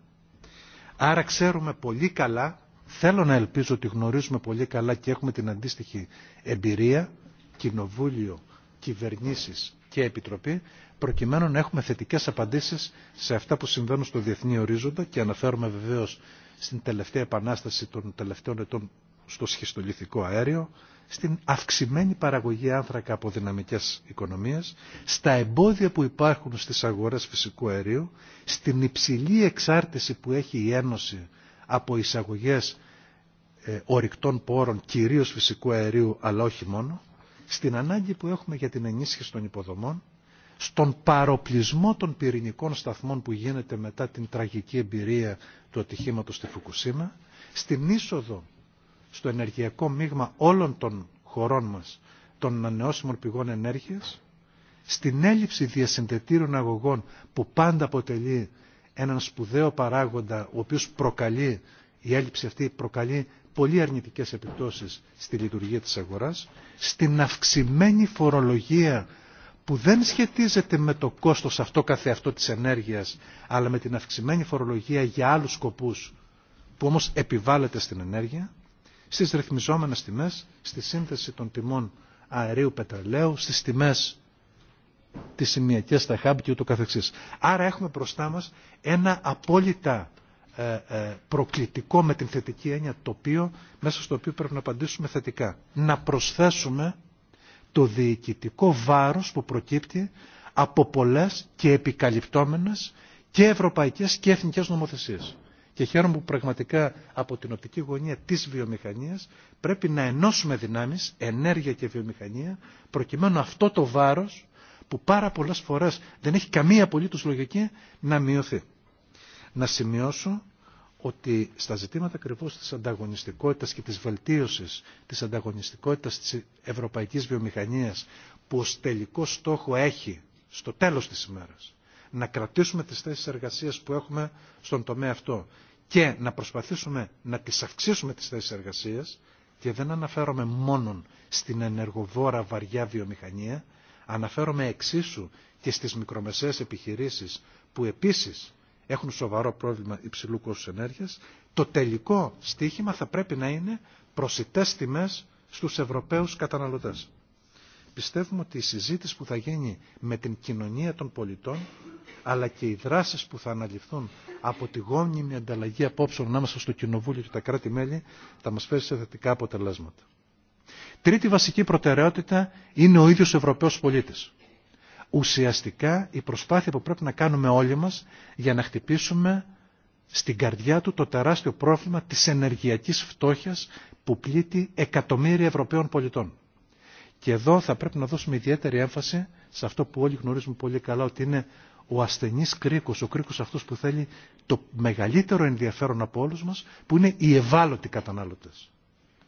Q: Άρα ξέρουμε πολύ καλά, θέλω να ελπίζω ότι γνωρίζουμε πολύ καλά και έχουμε την αντίστοιχη εμπειρία, κοινοβούλιο, κυβερνήσεις και επιτροπή, προκειμένου να έχουμε θετικές απαντήσεις σε αυτά που συμβαίνουν στο διεθνή ορίζοντα και αναφέρουμε βεβαίως στην τελευταία επανάσταση των τελευταίων ετών στο σχιστολιθικό αέριο, στην αυξημένη παραγωγή άνθρακα από δυναμικές οικονομίες, στα εμπόδια που υπάρχουν στις αγορές φυσικού αερίου, στην υψηλή εξάρτηση που έχει η Ένωση από εισαγωγές ε, ορυκτών πόρων, κυρίως φυσικού αερίου, αλλά όχι μόνο, στην ανάγκη που έχουμε για την ενίσχυση των υποδομών στον παροπλισμό των πυρηνικών σταθμών που γίνεται μετά την τραγική εμπειρία του ατυχήματος στη Φουκουσίμα, στην είσοδο στο ενεργειακό μείγμα όλων των χωρών μας των ανανεώσιμων πηγών ενέργειας, στην έλλειψη διασυνδετήρων αγωγών που πάντα αποτελεί έναν σπουδαίο παράγοντα ο οποίος προκαλεί, η έλλειψη αυτή προκαλεί πολύ αρνητικές επιπτώσεις στη λειτουργία της αγοράς, στην αυξημένη φορολογία που δεν σχετίζεται με το κόστος αυτό καθεαυτό της ενέργειας, αλλά με την αυξημένη φορολογία για άλλους σκοπούς, που όμως επιβάλλεται στην ενέργεια, στις ρυθμιζόμενες τιμές, στη σύνθεση των τιμών αερίου πετρελαίου, στις τιμές τις σημειακές στα χάμπ και ούτω καθεξής. Άρα έχουμε μπροστά μας ένα απόλυτα ε, ε, προκλητικό με την θετική έννοια τοπίο μέσα στο οποίο πρέπει να απαντήσουμε θετικά. Να προσθέσουμε το διοικητικό βάρος που προκύπτει από πολλές και επικαλυπτόμενες και ευρωπαϊκές και εθνικές νομοθεσίες. Και χαίρομαι που πραγματικά από την οπτική γωνία της βιομηχανίας πρέπει να ενώσουμε δυνάμεις, ενέργεια και βιομηχανία, προκειμένου αυτό το βάρος που πάρα πολλές φορές δεν έχει καμία απολύτως λογική να μειωθεί. Να σημειώσω ότι στα ζητήματα ακριβώ της ανταγωνιστικότητας και της βελτίωσης της ανταγωνιστικότητας της ευρωπαϊκής βιομηχανίας που ως τελικό στόχο έχει στο τέλος της ημέρας να κρατήσουμε τις θέσεις εργασίας που έχουμε στον τομέα αυτό και να προσπαθήσουμε να τις αυξήσουμε τις θέσεις εργασίας και δεν αναφέρομαι μόνον στην ενεργοβόρα βαριά βιομηχανία, αναφέρομαι εξίσου και στις μικρομεσαίες επιχειρήσεις που επίσης έχουν σοβαρό πρόβλημα υψηλού κόστου ενέργεια, το τελικό στίχημα θα πρέπει να είναι προσιτέ τιμέ στου Ευρωπαίου καταναλωτέ. Πιστεύουμε ότι η συζήτηση που θα γίνει με την κοινωνία των πολιτών αλλά και οι δράσει που θα αναλυφθούν από τη γόμνημη ανταλλαγή απόψεων ανάμεσα στο Κοινοβούλιο και τα κράτη-μέλη θα μα φέρει σε θετικά αποτελέσματα. Τρίτη βασική προτεραιότητα είναι ο ίδιο Ευρωπαίο πολίτη ουσιαστικά η προσπάθεια που πρέπει να κάνουμε όλοι μας για να χτυπήσουμε στην καρδιά του το τεράστιο πρόβλημα της ενεργειακής φτώχειας που πλήττει εκατομμύρια Ευρωπαίων πολιτών. Και εδώ θα πρέπει να δώσουμε ιδιαίτερη έμφαση σε αυτό που όλοι γνωρίζουμε πολύ καλά ότι είναι ο ασθενής κρίκος, ο κρίκος αυτός που θέλει το μεγαλύτερο ενδιαφέρον από όλους μας, που είναι οι ευάλωτοι καταναλωτές.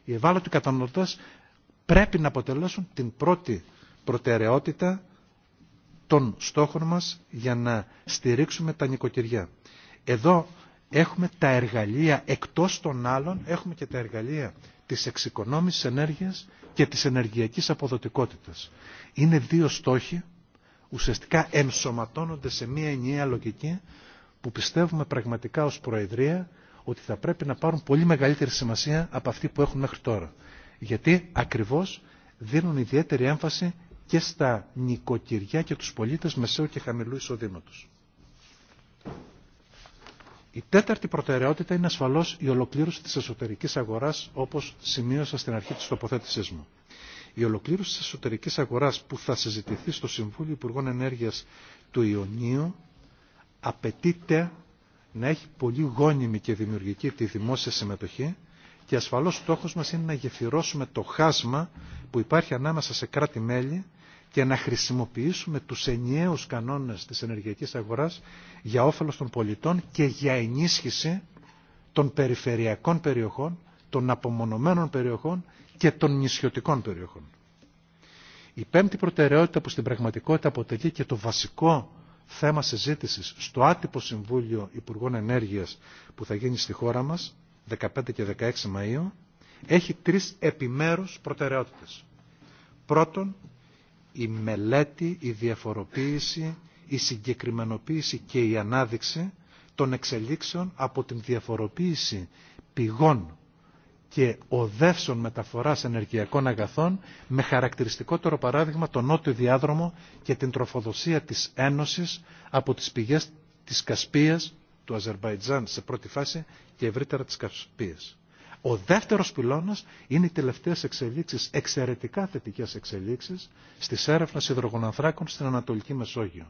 Q: Οι ευάλωτοι καταναλωτές πρέπει να αποτελέσουν την πρώτη προτεραιότητα των στόχων μας για να στηρίξουμε τα νοικοκυριά. Εδώ έχουμε τα εργαλεία, εκτός των άλλων, έχουμε και τα εργαλεία της εξοικονόμησης ενέργειας και της ενεργειακής αποδοτικότητας. Είναι δύο στόχοι, ουσιαστικά ενσωματώνονται σε μία ενιαία λογική που πιστεύουμε πραγματικά ως Προεδρία ότι θα πρέπει να πάρουν πολύ μεγαλύτερη σημασία από αυτή που έχουν μέχρι τώρα. Γιατί ακριβώς δίνουν ιδιαίτερη έμφαση και στα νοικοκυριά και τους πολίτες μεσαίου και χαμηλού εισοδήματος. Η τέταρτη προτεραιότητα είναι ασφαλώς η ολοκλήρωση της εσωτερικής αγοράς όπως σημείωσα στην αρχή της τοποθέτησής μου. Η ολοκλήρωση της εσωτερικής αγοράς που θα συζητηθεί στο Συμβούλιο Υπουργών Ενέργειας του Ιωνίου απαιτείται να έχει πολύ γόνιμη και δημιουργική τη δημόσια συμμετοχή και ασφαλώς στόχος μας είναι να γεφυρώσουμε το χάσμα που υπάρχει ανάμεσα σε κράτη-μέλη και να χρησιμοποιήσουμε τους ενιαίους κανόνες της ενεργειακής αγοράς για όφελος των πολιτών και για ενίσχυση των περιφερειακών περιοχών, των απομονωμένων περιοχών και των νησιωτικών περιοχών. Η πέμπτη προτεραιότητα που στην πραγματικότητα αποτελεί και το βασικό θέμα συζήτησης στο άτυπο Συμβούλιο Υπουργών Ενέργειας που θα γίνει στη χώρα μας 15 και 16 Μαΐου έχει τρεις επιμέρους προτεραιότητες. Πρώτον, η μελέτη, η διαφοροποίηση, η συγκεκριμενοποίηση και η ανάδειξη των εξελίξεων από την διαφοροποίηση πηγών και οδεύσεων μεταφοράς ενεργειακών αγαθών με χαρακτηριστικότερο παράδειγμα τον νότιο διάδρομο και την τροφοδοσία της Ένωσης από τις πηγές της Κασπίας του Αζερβαϊτζάν σε πρώτη φάση και ευρύτερα της Κασπίας. Ο δεύτερος πυλώνας είναι οι τελευταίες εξελίξεις, εξαιρετικά θετικές εξελίξεις στις έρευνας υδρογονανθράκων στην Ανατολική Μεσόγειο.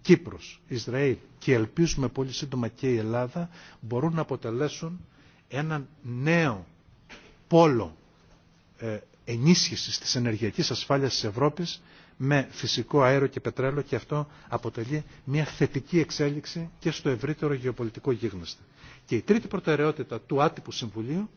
Q: Κύπρος, Ισραήλ και ελπίζουμε πολύ σύντομα και η Ελλάδα μπορούν να αποτελέσουν έναν νέο πόλο ε, ενίσχυσης της ενεργειακής ασφάλειας της Ευρώπης με φυσικό αέριο και πετρέλαιο και αυτό αποτελεί μια θετική εξέλιξη και στο ευρύτερο γεωπολιτικό γίγνεσθε. Και η τρίτη προτεραιότητα του άτυπου Συμβουλίου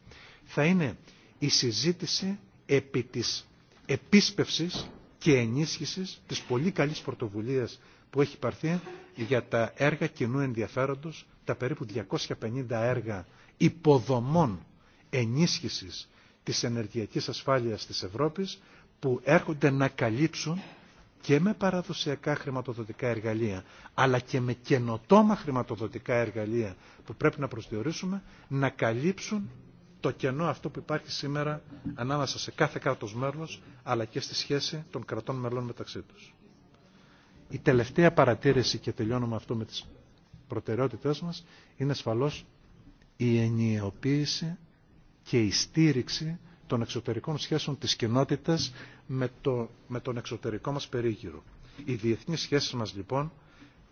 Q: θα είναι η συζήτηση επί της επίσπευσης και ενίσχυσης της πολύ καλής πρωτοβουλίας που έχει πάρθει για τα έργα κοινού ενδιαφέροντος, τα περίπου 250 έργα υποδομών ενίσχυσης της ενεργειακής ασφάλειας της Ευρώπης, που έρχονται να καλύψουν και με παραδοσιακά χρηματοδοτικά εργαλεία, αλλά και με καινοτόμα χρηματοδοτικά εργαλεία που πρέπει να προσδιορίσουμε, να καλύψουν το κενό αυτό που υπάρχει σήμερα ανάμεσα σε κάθε κράτος μέλος, αλλά και στη σχέση των κρατών μελών μεταξύ τους. Η τελευταία παρατήρηση, και τελειώνουμε αυτό με τις προτεραιότητές μας, είναι ασφαλώς η ενιαιοποίηση και η στήριξη των εξωτερικών σχέσεων της κοινότητας με, το, με τον εξωτερικό μας περίγυρο. Οι διεθνείς σχέσεις μας λοιπόν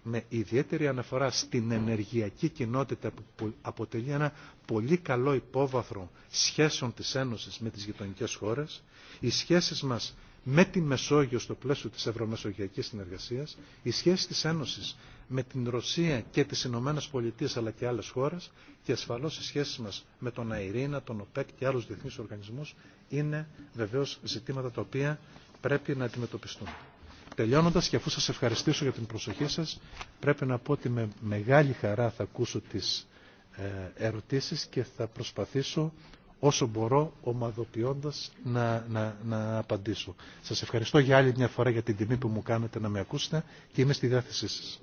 Q: με ιδιαίτερη αναφορά στην ενεργειακή κοινότητα που αποτελεί ένα πολύ καλό υπόβαθρο σχέσεων της Ένωσης με τις γειτονικές χώρες, οι σχέσεις μας με την Μεσόγειο στο πλαίσιο της ευρωμεσογειακής συνεργασίας, οι σχέσεις της Ένωσης με την Ρωσία και τις Ηνωμένε Πολιτείες αλλά και άλλες χώρες και ασφαλώς οι σχέσεις μας με τον ΑΕΡΗΝΑ, τον ΟΠΕΚ και άλλους διεθνείς οργανισμούς είναι βεβαίως ζητήματα τα οποία πρέπει να αντιμετωπιστούν. Τελειώνοντας και αφού σας ευχαριστήσω για την προσοχή σας, πρέπει να πω ότι με μεγάλη χαρά θα ακούσω τις ερωτήσεις και θα προσπαθήσω όσο μπορώ ομαδοποιώντας να, να, να απαντήσω. Σας ευχαριστώ για άλλη μια φορά για την τιμή που μου κάνετε να με ακούσετε και είμαι στη διάθεσή σας.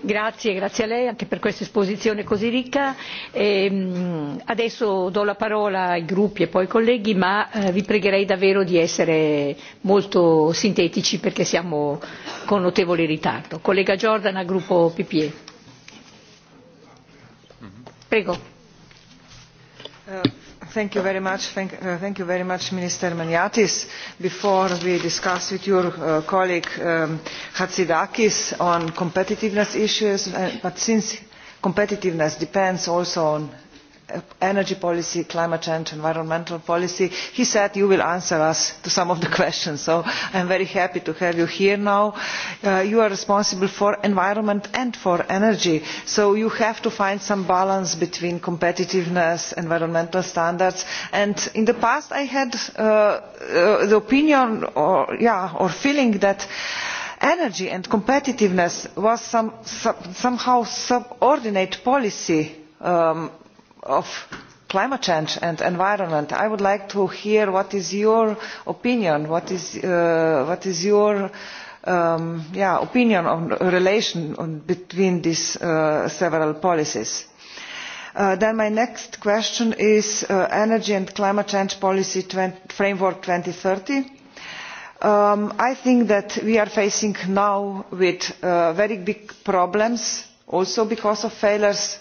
A: Grazie, a lei anche per questa esposizione così ricca. Ehm, adesso do la parola ai gruppi e poi ai colleghi, ma eh, vi pregherei davvero di essere molto sintetici perché siamo con notevole ritardo. Collega jordan al gruppo PPE.
L: Mm-hmm.
J: Prego. Eh, Uh, thank you very much minister meniatis before we discuss with your uh, colleague um, hatzidakis on competitiveness issues uh, but since competitiveness depends also on energy policy climate change environmental policy he said you will answer us to some of the questions so i am very happy to have you here now. Uh, you are responsible for environment and for energy so you have to find some balance between competitiveness environmental standards and in the past i had uh, uh, the opinion or yeah or feeling that energy and competitiveness was some, some, somehow subordinate policy um, of climate change and environment i would like to hear what is your opinion what is, uh, what is your um, yeah, opinion on the relation on, between these uh, several policies. Uh, then my next question is uh, energy and climate change policy 20, framework 2030. Um, i think that we are facing now with uh, very big problems also because of failures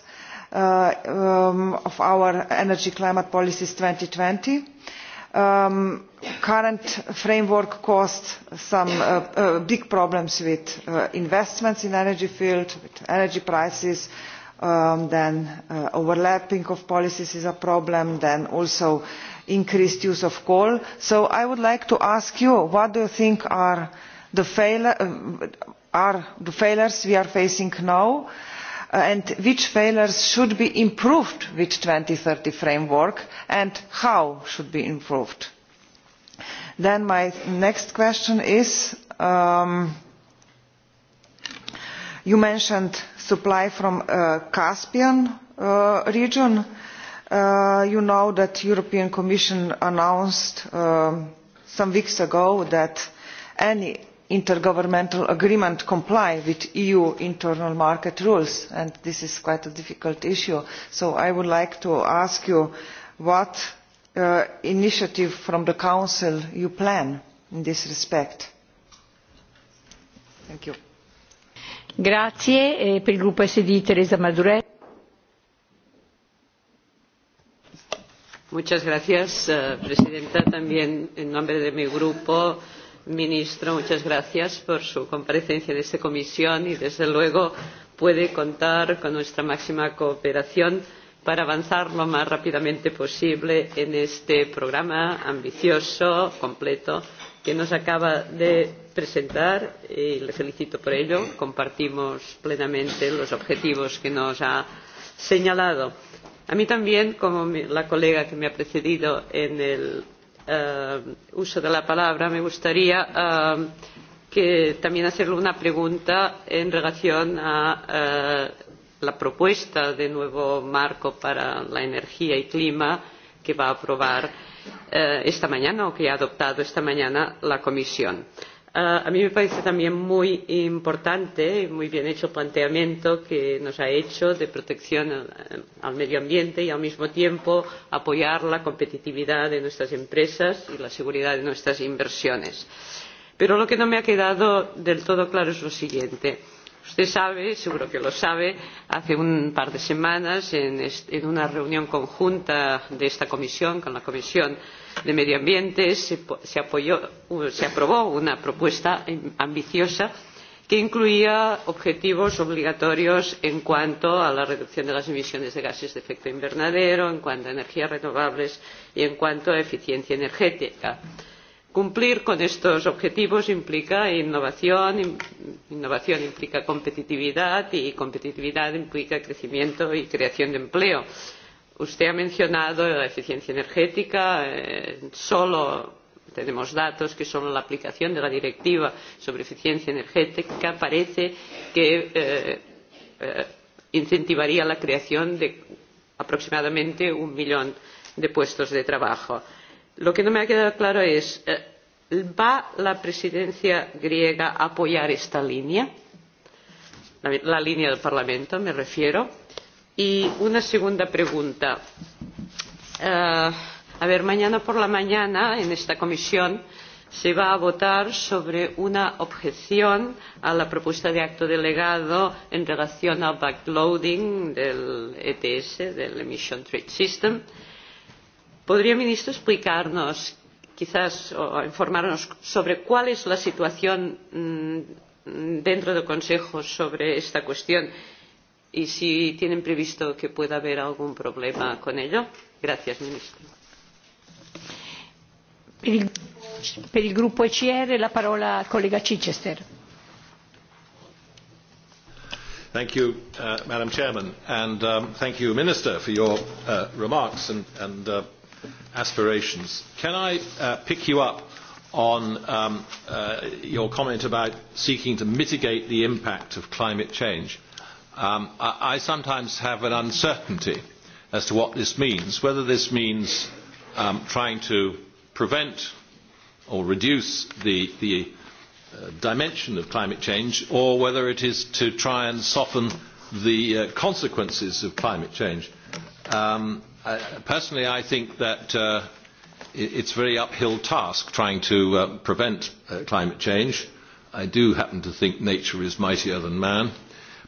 J: Uh, um, of our energy climate policies 2020. the um, current framework caused some uh, uh, big problems with investments in energy field, with energy prices, um, then overlapping of policies is a problem, then also increased use of coal. So I would like to ask you, what do you think are the, failures we are facing now? and Uh, and which failures should be improved with the two thousand and thirty framework and how should be improved. then my next question is um, you mentioned supply from the uh, caspian uh, region. you know that the european commission announced um, some weeks ago that any intergovernmental agreement comply with eu internal market rules and this is quite a difficult issue so i would like to ask you what uh, initiative from the council you plan in this respect. thank you. Grazie, per il gruppo
A: SD, Teresa Madurell.
D: Muchas gracias, eh, Presidenta. También en nombre de mi grupo ministro, muchas gracias por su comparecencia en esta comisión y, desde luego, puede contar con nuestra máxima cooperación para avanzar lo más rápidamente posible en este programa ambicioso, completo, que nos acaba de presentar y le felicito por ello. Compartimos plenamente los objetivos que nos ha señalado. A mí también, como la colega que me ha precedido en el Eh, uso de la palabra, me gustaría eh, que también hacerle una pregunta en relación a eh, la propuesta de nuevo marco para la energía y clima que va a aprobar esta mañana o que ha adoptado esta mañana la Comisión. Eh, Ah, a mí me parece también muy importante y muy bien hecho el planteamiento que nos ha hecho de protección al, medio ambiente y al mismo tiempo apoyar la competitividad de nuestras empresas y la seguridad de nuestras inversiones. Pero lo que no me ha quedado del todo claro es lo siguiente. Usted sabe, seguro que lo sabe, hace un par de semanas en, en una reunión conjunta de esta comisión con la Comisión de Medio Ambiente se, apoyó, se aprobó una propuesta ambiciosa que incluía objetivos obligatorios en cuanto a la reducción de las emisiones de gases de efecto invernadero en cuanto a energías renovables y en cuanto a eficiencia energética. cumplir con estos objetivos implica innovación innovación implica competitividad y competitividad implica crecimiento y creación de empleo y Usted ha mencionado la eficiencia energética. Eh, solo tenemos datos que solo la aplicación de la directiva sobre eficiencia energética parece que eh, eh, incentivaría la creación de aproximadamente un millón de puestos de trabajo. Lo que no me ha quedado claro es, ¿va la presidencia griega a apoyar esta línea? La, la línea del Parlamento, me refiero Y una segunda pregunta. Eh, a ver, mañana por la mañana en esta comisión se va a votar sobre una objeción a la propuesta de acto delegado en relación al backloading del ETS, del Emission Trade System. ¿Podría, ministro, explicarnos quizás o informarnos sobre cuál es la situación mm, dentro del Consejo sobre esta cuestión? y si tienen previsto que pueda haber algún problema con ello. Gracias, ministro.
A: Per il, per il gruppo ECR la parola al collega Chichester.
I: Thank you, uh, Madam Chairman, and um, thank you, Minister, for your uh, remarks and, and uh, aspirations. Can I uh, pick you up on um, uh, your comment about seeking to mitigate the impact of climate change? Um, I, I sometimes have an uncertainty as to what this means, whether this means um, trying to prevent or reduce the, the uh, dimension of climate change or whether it is to try and soften the uh, consequences of climate change. Um, I, personally, I think that uh, it, it's a very uphill task trying to uh, prevent uh, climate change. I do happen to think nature is mightier than man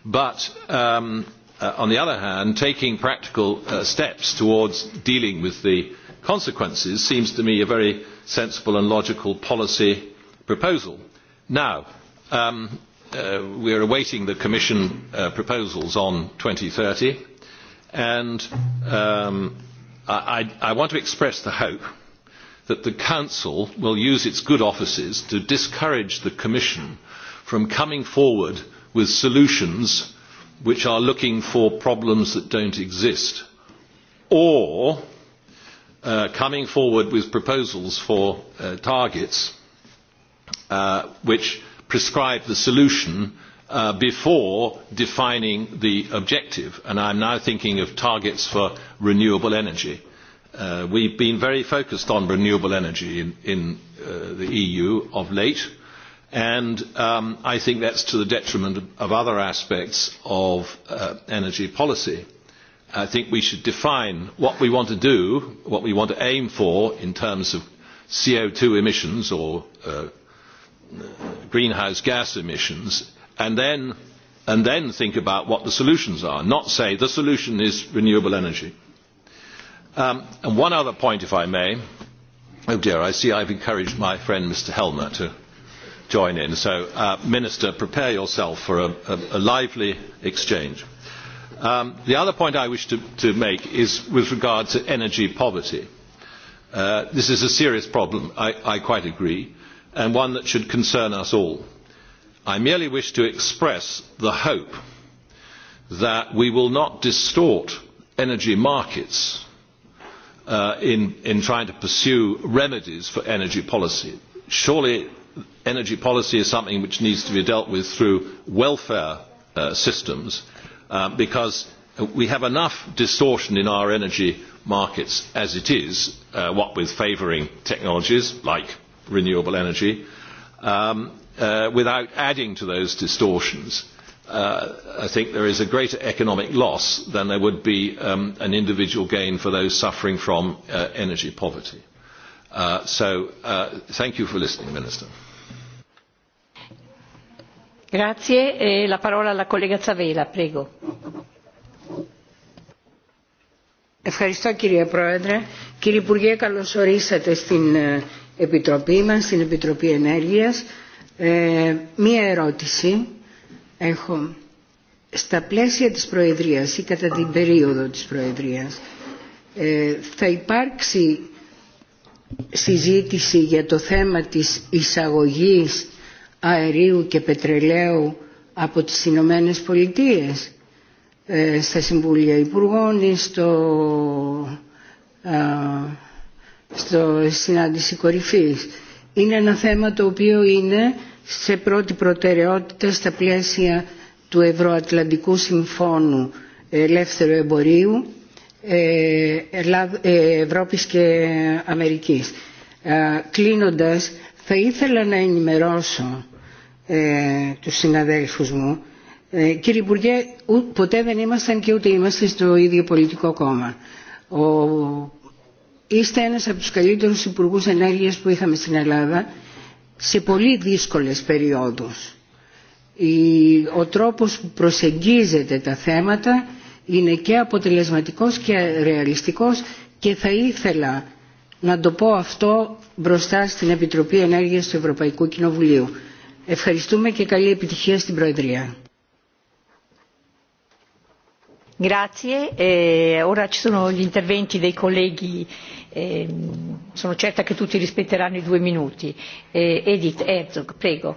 I: but um, uh, on the other hand, taking practical uh, steps towards dealing with the consequences seems to me a very sensible and logical policy proposal. Now, um, uh, we are awaiting the Commission uh, proposals on 2030, and um, I, I, I want to express the hope that the Council will use its good offices to discourage the Commission from coming forward with solutions which are looking for problems that don't exist, or uh, coming forward with proposals for uh, targets uh, which prescribe the solution uh, before defining the objective. And I'm now thinking of targets for renewable energy. Uh, we've been very focused on renewable energy in, in uh, the EU of late. Uh, And um, I think that's to the detriment of other aspects of uh, energy policy. I think we should define what we want to do, what we want to aim for in terms of CO2 emissions or uh, greenhouse gas emissions, and then, and then think about what the solutions are, not say the solution is renewable energy. Um, and one other point, if I may. Oh dear, I see I've encouraged my friend Mr. Helmer to join in. So, uh, Minister, prepare yourself for a, a, a lively exchange. Um, the other point I wish to, to, make is with regard to energy poverty. Uh, this is a serious problem, I, I quite agree, and one that should concern us all. I merely wish to express the hope that we will not distort energy markets uh, in, in trying to pursue remedies for energy policy. Surely energy policy is something which needs to be dealt with through welfare uh, systems um, because we have enough distortion in our energy markets as it is, uh, what with favouring technologies like renewable energy, um, uh, without adding to those distortions. Uh, I think there is a greater economic loss than there would be um, an individual gain for those suffering from uh, energy poverty. Uh, so uh, thank you for listening, Minister.
A: Grazie. E la parola alla collega Zavela, prego.
M: Ευχαριστώ κύριε Πρόεδρε. Κύριε Υπουργέ, καλώς ορίσατε στην Επιτροπή μας, στην Επιτροπή Ενέργειας. Ε, μία ερώτηση έχω. Στα πλαίσια της Προεδρίας ή κατά την περίοδο της Προεδρίας ε, θα υπάρξει συζήτηση για το θέμα της εισαγωγής αερίου και πετρελαίου από τις Ηνωμένες Πολιτείες στα Συμβούλια Υπουργών ή στο, α, στο συνάντηση κορυφής. Είναι ένα θέμα το οποίο είναι σε πρώτη προτεραιότητα στα πλαίσια του Ευρωατλαντικού Συμφώνου Ελεύθερου Εμπορίου Ευρώπης και Αμερικής. Κλείνοντας, θα ήθελα να ενημερώσω τους συναδέλφους μου. Κύριε Υπουργέ, ποτέ δεν ήμασταν και ούτε είμαστε στο ίδιο πολιτικό κόμμα. Είστε ένας από τους καλύτερους υπουργούς ενέργειας που είχαμε στην Ελλάδα σε πολύ δύσκολες περιόδους. Ο τρόπος που προσεγγίζετε τα θέματα είναι και αποτελεσματικός και ρεαλιστικός και θα ήθελα να το πω αυτό μπροστά στην Επιτροπή Ενέργειας του Ευρωπαϊκού Κοινοβουλίου.
A: Ευχαριστούμε
M: και καλή επιτυχία στην Προεδρία.
A: Grazie, eh, ora ci sono gli interventi dei colleghi, eh, sono certa che tutti rispetteranno i due minuti. Eh, Edith Herzog, prego.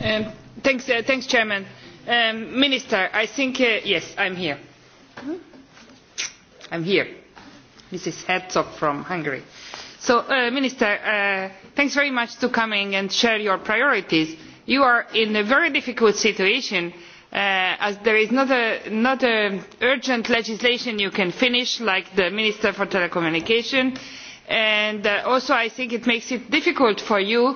F: Eh, thanks, uh, thanks Chairman. Um, minister i think uh, yes i am here i am here mrs herczog from hungary. so uh, minister uh, thanks very much for coming and sharing your priorities. you are in a very difficult situation uh, as there is not, a, not a urgent legislation you can finish like the minister for telecommunications and uh, also i think it makes it difficult for you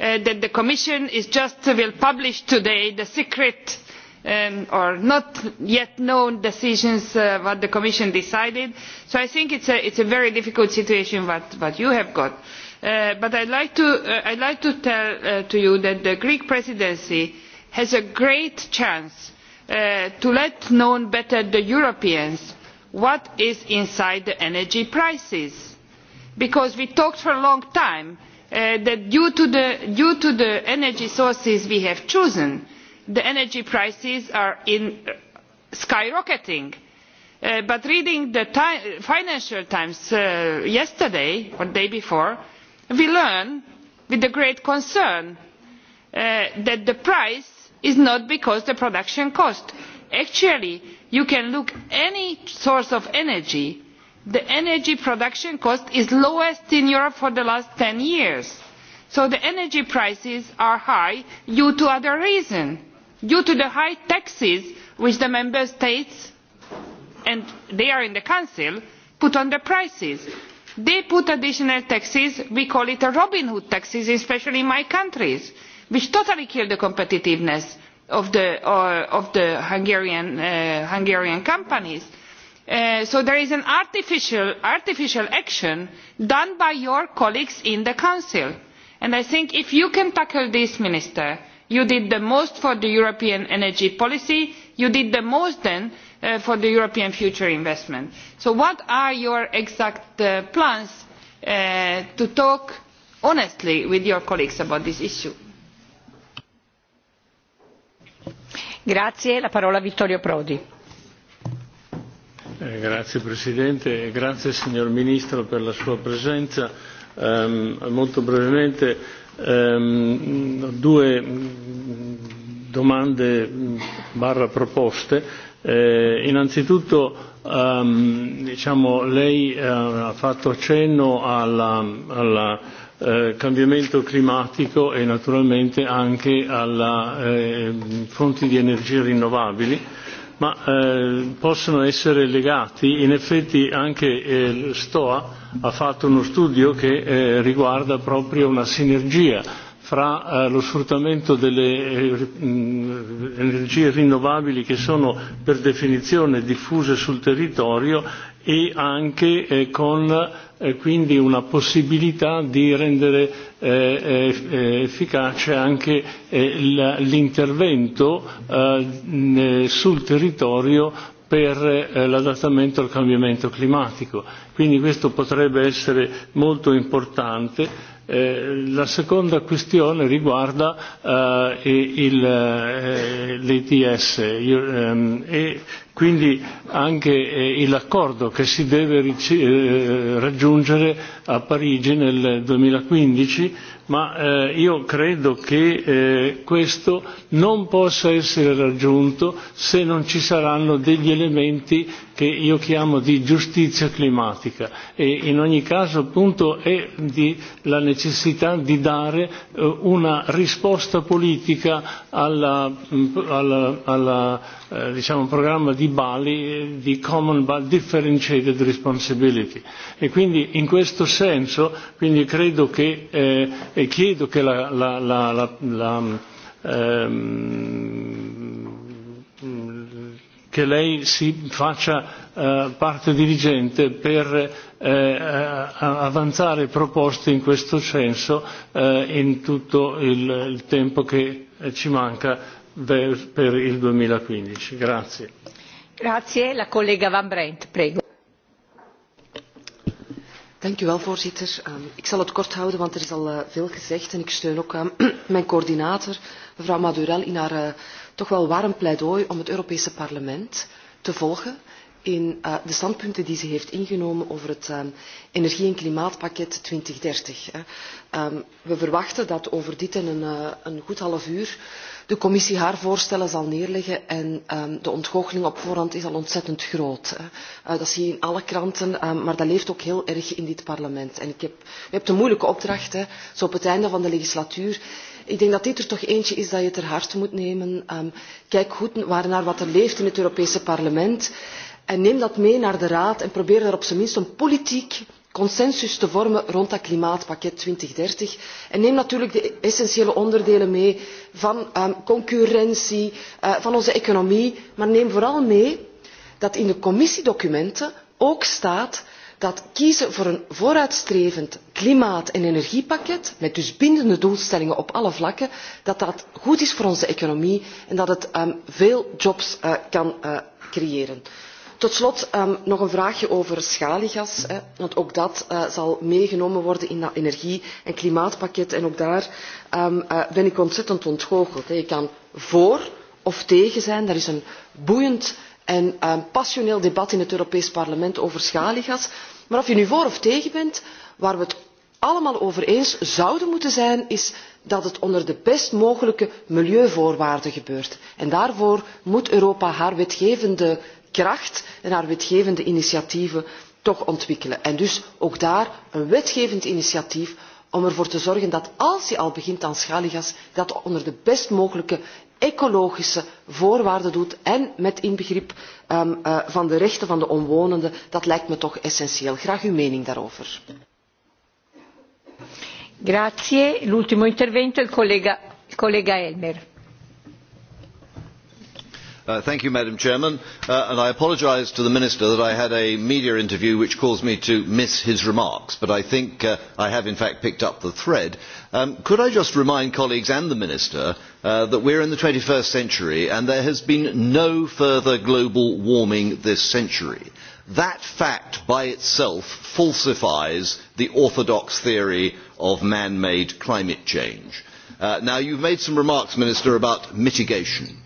F: uh, that the commission just publish today the secret Um, or not yet known decisions that uh, what the commission decided so i think it is a very difficult situation what, you have got uh, but i would uh, like, to tell to you that the greek presidency has a great chance to let known better the europeans what is inside the energy prices because we talked for a long time that due to the energy sources we have chosen the energy prices are uh, skyrocketing. Uh, but reading the financial times uh, yesterday or the day before we learn with great concern that the price is not because of the production cost. actually you can look at any source of energy the energy production cost is the lowest in europe for the last ten years so the energy prices are high due to other reasons due to the high taxes which the member states and they are in the council put on the prices. they put additional taxes we call it robin hood taxes especially in my country which totally kill the competitiveness of the, uh, uh, hungarian, companies. Uh, so there is an artificial action done by your colleagues in the council and i think if you can tackle this minister you did the most for the european energy policy you did the most then uh, for the european future investment. so what are your exact uh, plans uh, to talk honestly with your colleagues about this issue?
A: Grazie, eh,
E: Grazie Presidente e grazie signor Ministro per la sua presenza. Um, molto brevemente Ehm, due domande barra proposte. Eh, innanzitutto ehm, diciamo, lei eh, ha fatto accenno al eh, cambiamento climatico e naturalmente anche alle eh, fonti di energie rinnovabili ma eh, possono essere legati in effetti anche eh, stoa ha fatto uno studio che eh, riguarda proprio una sinergia fra eh, lo sfruttamento delle eh, mm, energie rinnovabili che sono per definizione diffuse sul territorio e anche eh, con eh, quindi una possibilità di rendere eh, eh, efficace anche eh, l'intervento eh, sul territorio per eh, l'adattamento al cambiamento climatico quindi questo potrebbe essere molto importante. Eh, la seconda questione riguarda eh, l'ets ehm, e quindi anche l'accordo che si deve raggiungere a parigi nel duemilaquindici ma eh, io credo che eh, questo non possa essere raggiunto se non ci saranno degli elementi che io chiamo di giustizia climatica e in ogni caso appunto è di, la necessità di dare eh, una risposta politica al mm, alla, alla, eh, diciamo, programma di Bali eh, di Common but Differentiated Responsibility e quindi in questo senso quindi credo che eh, e chiedo che la, la, la, la, la mm, ehm, che lei si faccia eh, parte diligente per eh, eh, avanzare proposte in questo senso in tutto il, tempo che ci manca per il 2015.
R: Van voorzitter. Ehm, ik zal het kort houden, want er is al veel gezegd en ik steun ook ehm, [CLEARS THROAT] mijn coördinator, mevrouw in haar toch wel warm pleidooi om het Europese parlement te volgen in uh, de standpunten die ze heeft ingenomen over het um, energie- en klimaatpakket 2030. Hè. Um, we verwachten dat over dit en een, uh, een goed half uur de commissie haar voorstellen zal neerleggen en um, de ontgoocheling op voorhand is al ontzettend groot. Hè. Uh, dat zie je in alle kranten, um, maar dat leeft ook heel erg in dit parlement. En ik heb, u hebt een moeilijke opdracht, hè. zo op het einde van de legislatuur ik denk dat dit er toch eentje is dat je ter harte moet nemen. Um, kijk goed naar wat er leeft in het Europese parlement en neem dat mee naar de Raad en probeer daar er op zijn minst een politiek consensus te vormen rond dat klimaatpakket 2030. En neem natuurlijk de essentiële onderdelen mee van um, concurrentie, uh, van onze economie, maar neem vooral mee dat in de commissiedocumenten ook staat dat kiezen voor een vooruitstrevend klimaat en energiepakket met dus bindende doelstellingen op alle vlakken goed is voor onze economie en dat het ehm, veel jobs eh, kan eh, creëren. tot slot ehm, nog een vraagje over schaliegas want ook dat eh, zal meegenomen worden in dat energie en klimaatpakket en ook daar ehm, ben ik ontzettend ontgoocheld. je kan voor of tegen zijn er is een boeiend en passioneel debat in het europees parlement over schaliegas maar of je nu voor of tegen bent waar we het allemaal over eens zouden moeten zijn is dat het onder de best mogelijke milieuvoorwaarden gebeurt en daarvoor moet europa haar wetgevende kracht en haar wetgevende initiatieven toch ontwikkelen en dus ook daar een wetgevend initiatief om ervoor te zorgen dat als je al begint aan schaliegas dat onder de best mogelijke ecologische voorwaarden doet en met inbegrip ehm, eh, van de rechten van de omwonenden. Dat lijkt me toch essentieel. Graag uw mening daarover.
P: Uh, madam president uh, i apologise to the minister that i had a media interview which caused me to miss his remarks but i think uh, i have in fact picked up the thread. Um, could i just remind colleagues and the minister that we are in the twenty first century and there has been no further global warming this century. that fact by itself falsifies the orthodox theory of man made climate change. you have made some remarks minister about mitigation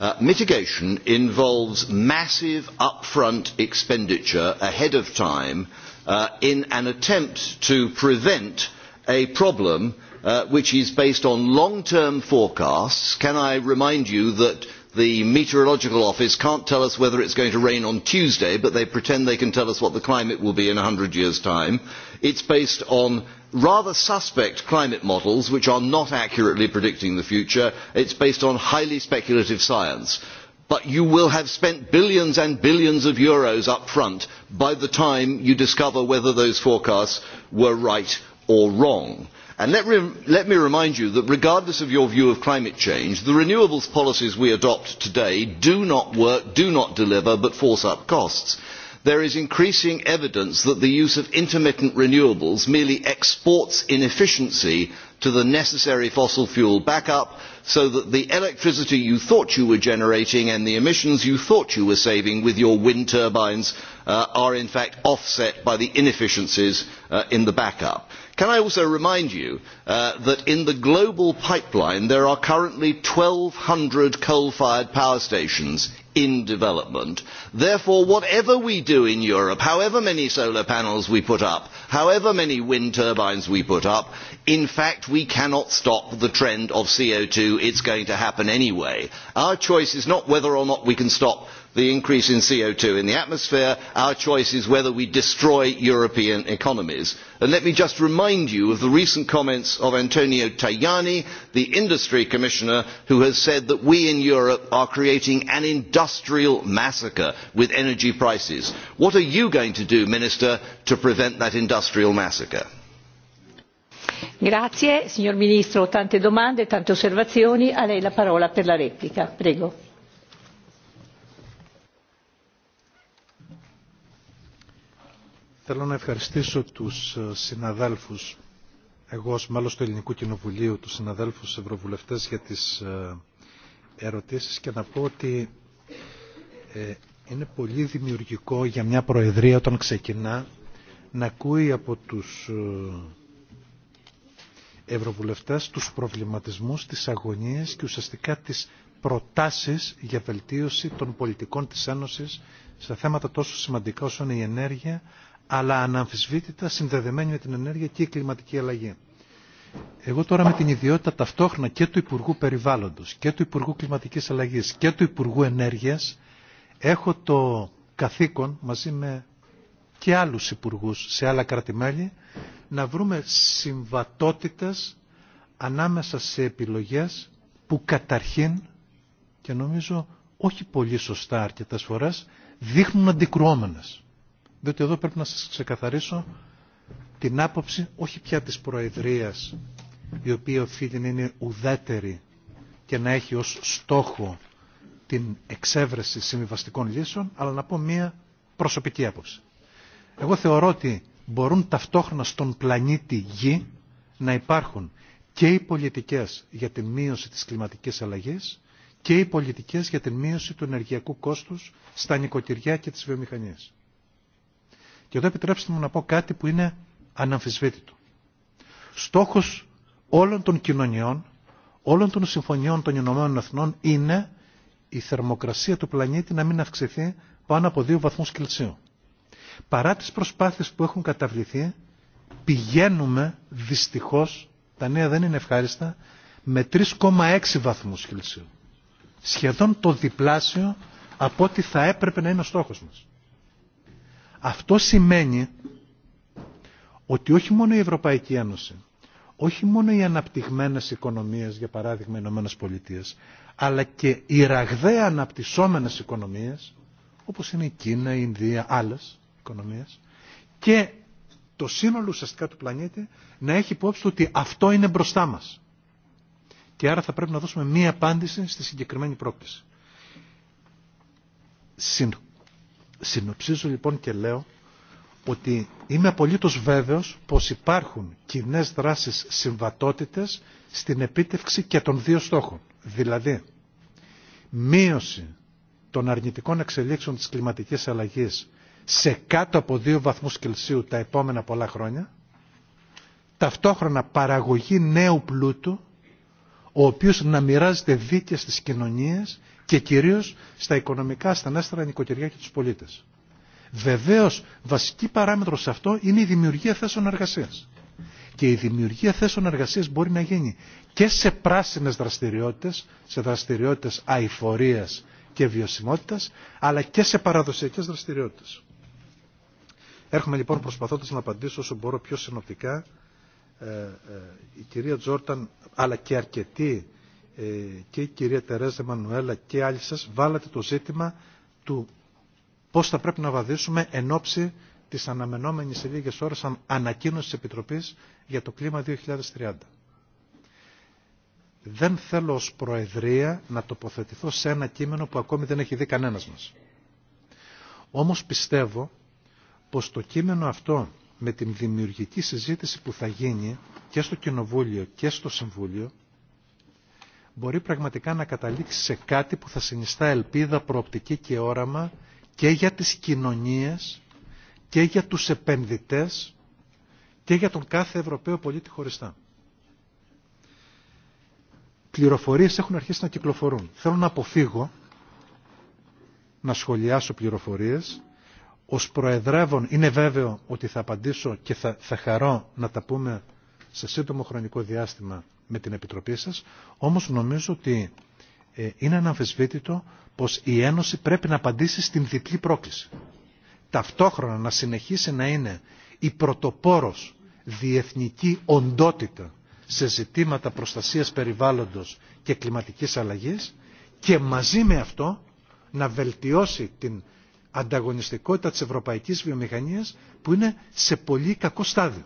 P: Uh, mitigation involves massive upfront expenditure ahead of time uh, in an attempt to prevent a problem uh, which is based on long term forecasts. Can I remind you that the meteorological office cannot tell us whether it is going to rain on Tuesday, but they pretend they can tell us what the climate will be in 100 years' time? It is based on rather suspect climate models which are not accurately predicting the future. it is based on highly speculative science but you will have spent billions and billions of euros up front by the time you discover whether those forecasts were right or wrong. And let me remind you that regardless of your view of climate change the renewables policies we adopt today do not work do not deliver but force up costs there is increasing evidence that the use of intermittent renewables merely exports inefficiency to the necessary fossil fuel backup so that the electricity you thought you were generating and the emissions you thought you were saving with your wind turbines uh, are in fact offset by the inefficiencies uh, in the backup. Can I also remind you uh, that in the global pipeline there are currently 1,200 coal-fired power stations in development. therefore whatever we do in europe however many solar panels we put up however many wind turbines we put up in fact we cannot stop the trend of co two it is going to happen anyway. our choice is not whether or not we can stop the increase in co two in the atmosphere our choice is whether we destroy european economies. And let me just remind you of the recent comments of antonio tajani the industry commissioner who has said that we in europe are creating an industrial massacre with energy prices. what are you going to do minister to prevent that industrial massacre?
A: Grazie, signor ministro tante domande tante osservazioni a lei la parola per la replica prego.
Q: Θέλω να ευχαριστήσω τους συναδέλφους, εγώ ως μέλος του Ελληνικού Κοινοβουλίου, τους συναδέλφους ευρωβουλευτές για τις ερωτήσεις και να πω ότι ε, είναι πολύ δημιουργικό για μια προεδρία όταν ξεκινά να ακούει από τους ευρωβουλευτές τους προβληματισμούς, τις αγωνίες και ουσιαστικά τις προτάσεις για βελτίωση των πολιτικών της Ένωσης σε θέματα τόσο σημαντικά όσο είναι η ενέργεια αλλά αναμφισβήτητα συνδεδεμένη με την ενέργεια και η κλιματική αλλαγή. Εγώ τώρα με την ιδιότητα ταυτόχρονα και του Υπουργού Περιβάλλοντος και του Υπουργού Κλιματικής Αλλαγής και του Υπουργού Ενέργειας έχω το καθήκον μαζί με και άλλους υπουργούς σε άλλα κρατημέλη να βρούμε συμβατότητες ανάμεσα σε επιλογές που καταρχήν και νομίζω όχι πολύ σωστά αρκετές φορές δείχνουν αντικρουόμενες διότι εδώ πρέπει να σας ξεκαθαρίσω την άποψη όχι πια της Προεδρίας η οποία οφείλει να είναι ουδέτερη και να έχει ως στόχο την εξέβρεση συμβιβαστικών λύσεων, αλλά να πω μία προσωπική άποψη. Εγώ θεωρώ ότι μπορούν ταυτόχρονα στον πλανήτη Γη να υπάρχουν και οι πολιτικές για τη μείωση της κλιματικής αλλαγής και οι πολιτικές για τη μείωση του ενεργειακού κόστους στα νοικοκυριά και τις βιομηχανίες. Και εδώ επιτρέψτε μου να πω κάτι που είναι αναμφισβήτητο. Στόχος όλων των κοινωνιών, όλων των συμφωνιών των Ηνωμένων Εθνών είναι η θερμοκρασία του πλανήτη να μην αυξηθεί πάνω από 2 βαθμούς Κελσίου. Παρά τις προσπάθειες που έχουν καταβληθεί, πηγαίνουμε δυστυχώς, τα νέα δεν είναι ευχάριστα, με 3,6 βαθμούς Κελσίου. Σχεδόν το διπλάσιο από ό,τι θα έπρεπε να είναι ο στόχος μας. Αυτό σημαίνει ότι όχι μόνο η Ευρωπαϊκή Ένωση, όχι μόνο οι αναπτυγμένες οικονομίες, για παράδειγμα οι ΗΠΑ, αλλά και οι ραγδαία αναπτυσσόμενες οικονομίες, όπως είναι η Κίνα, η Ινδία, άλλες οικονομίες, και το σύνολο ουσιαστικά του πλανήτη να έχει υπόψη ότι αυτό είναι μπροστά μας. Και άρα θα πρέπει να δώσουμε μία απάντηση στη συγκεκριμένη πρόκληση. Συν Συνοψίζω λοιπόν και λέω ότι είμαι απολύτως βέβαιος πως υπάρχουν κοινέ δράσεις συμβατότητες στην επίτευξη και των δύο στόχων. Δηλαδή, μείωση των αρνητικών εξελίξεων της κλιματικής αλλαγής σε κάτω από δύο βαθμούς Κελσίου τα επόμενα πολλά χρόνια, ταυτόχρονα παραγωγή νέου πλούτου, ο οποίος να μοιράζεται δίκαια στις κοινωνίες και κυρίως στα οικονομικά στα ανάστερα νοικοκυριά και τους πολίτες. Βεβαίως βασική παράμετρος σε αυτό είναι η δημιουργία θέσεων εργασίας. Και η δημιουργία θέσεων εργασίας μπορεί να γίνει και σε πράσινες δραστηριότητες, σε δραστηριότητες αηφορίας και βιωσιμότητας, αλλά και σε παραδοσιακές δραστηριότητες. Έρχομαι λοιπόν προσπαθώντας να απαντήσω όσο μπορώ πιο συνοπτικά. Ε, ε, η κυρία Τζόρταν, αλλά και αρκετοί ε, και η κυρία Τερέζα Μανουέλα και άλλοι σας βάλατε το ζήτημα του πώς θα πρέπει να βαδίσουμε εν ώψη της αναμενόμενης σε λίγες ώρες ανακοίνωσης της Επιτροπής για το κλίμα 2030. Δεν θέλω ως Προεδρία να τοποθετηθώ σε ένα κείμενο που ακόμη δεν έχει δει κανένας μας. Όμως πιστεύω πως το κείμενο αυτό με την δημιουργική συζήτηση που θα γίνει και στο Κοινοβούλιο και στο Συμβούλιο μπορεί πραγματικά να καταλήξει σε κάτι που θα συνιστά ελπίδα, προοπτική και όραμα και για τις κοινωνίες και για τους επενδυτές και για τον κάθε Ευρωπαίο πολίτη χωριστά. Πληροφορίες έχουν αρχίσει να κυκλοφορούν. Θέλω να αποφύγω να σχολιάσω πληροφορίες. Ως Προεδρεύων είναι βέβαιο ότι θα απαντήσω και θα, θα χαρώ να τα πούμε σε σύντομο χρονικό διάστημα με την Επιτροπή σας, όμως νομίζω ότι ε, είναι αναμφισβήτητο πως η Ένωση πρέπει να απαντήσει στην διπλή πρόκληση. Ταυτόχρονα να συνεχίσει να είναι η πρωτοπόρος διεθνική οντότητα σε ζητήματα προστασίας περιβάλλοντος και κλιματικής αλλαγής και μαζί με αυτό να βελτιώσει την ανταγωνιστικότητα της ευρωπαϊκής βιομηχανίας που είναι σε πολύ κακό στάδιο.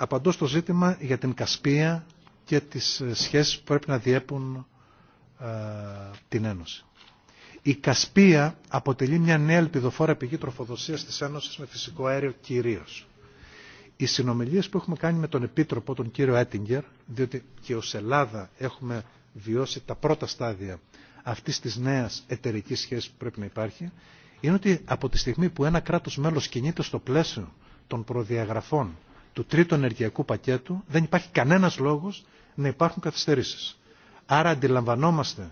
Q: απαντώ στο ζήτημα για την Κασπία και τις σχέσεις που πρέπει να διέπουν ε, την Ένωση. Η Κασπία αποτελεί μια νέα ελπιδοφόρα πηγή τροφοδοσίας της Ένωσης με φυσικό αέριο κυρίως. Οι συνομιλίες που έχουμε κάνει με τον Επίτροπο, τον κύριο Έτιγκερ, διότι και ως Ελλάδα έχουμε βιώσει τα πρώτα στάδια αυτής της νέας εταιρική σχέσης που πρέπει να υπάρχει, είναι ότι από τη στιγμή που ένα κράτος μέλος κινείται στο πλαίσιο των προδιαγραφών του τρίτου ενεργειακού πακέτου δεν υπάρχει κανένας λόγος να υπάρχουν καθυστερήσεις. Άρα αντιλαμβανόμαστε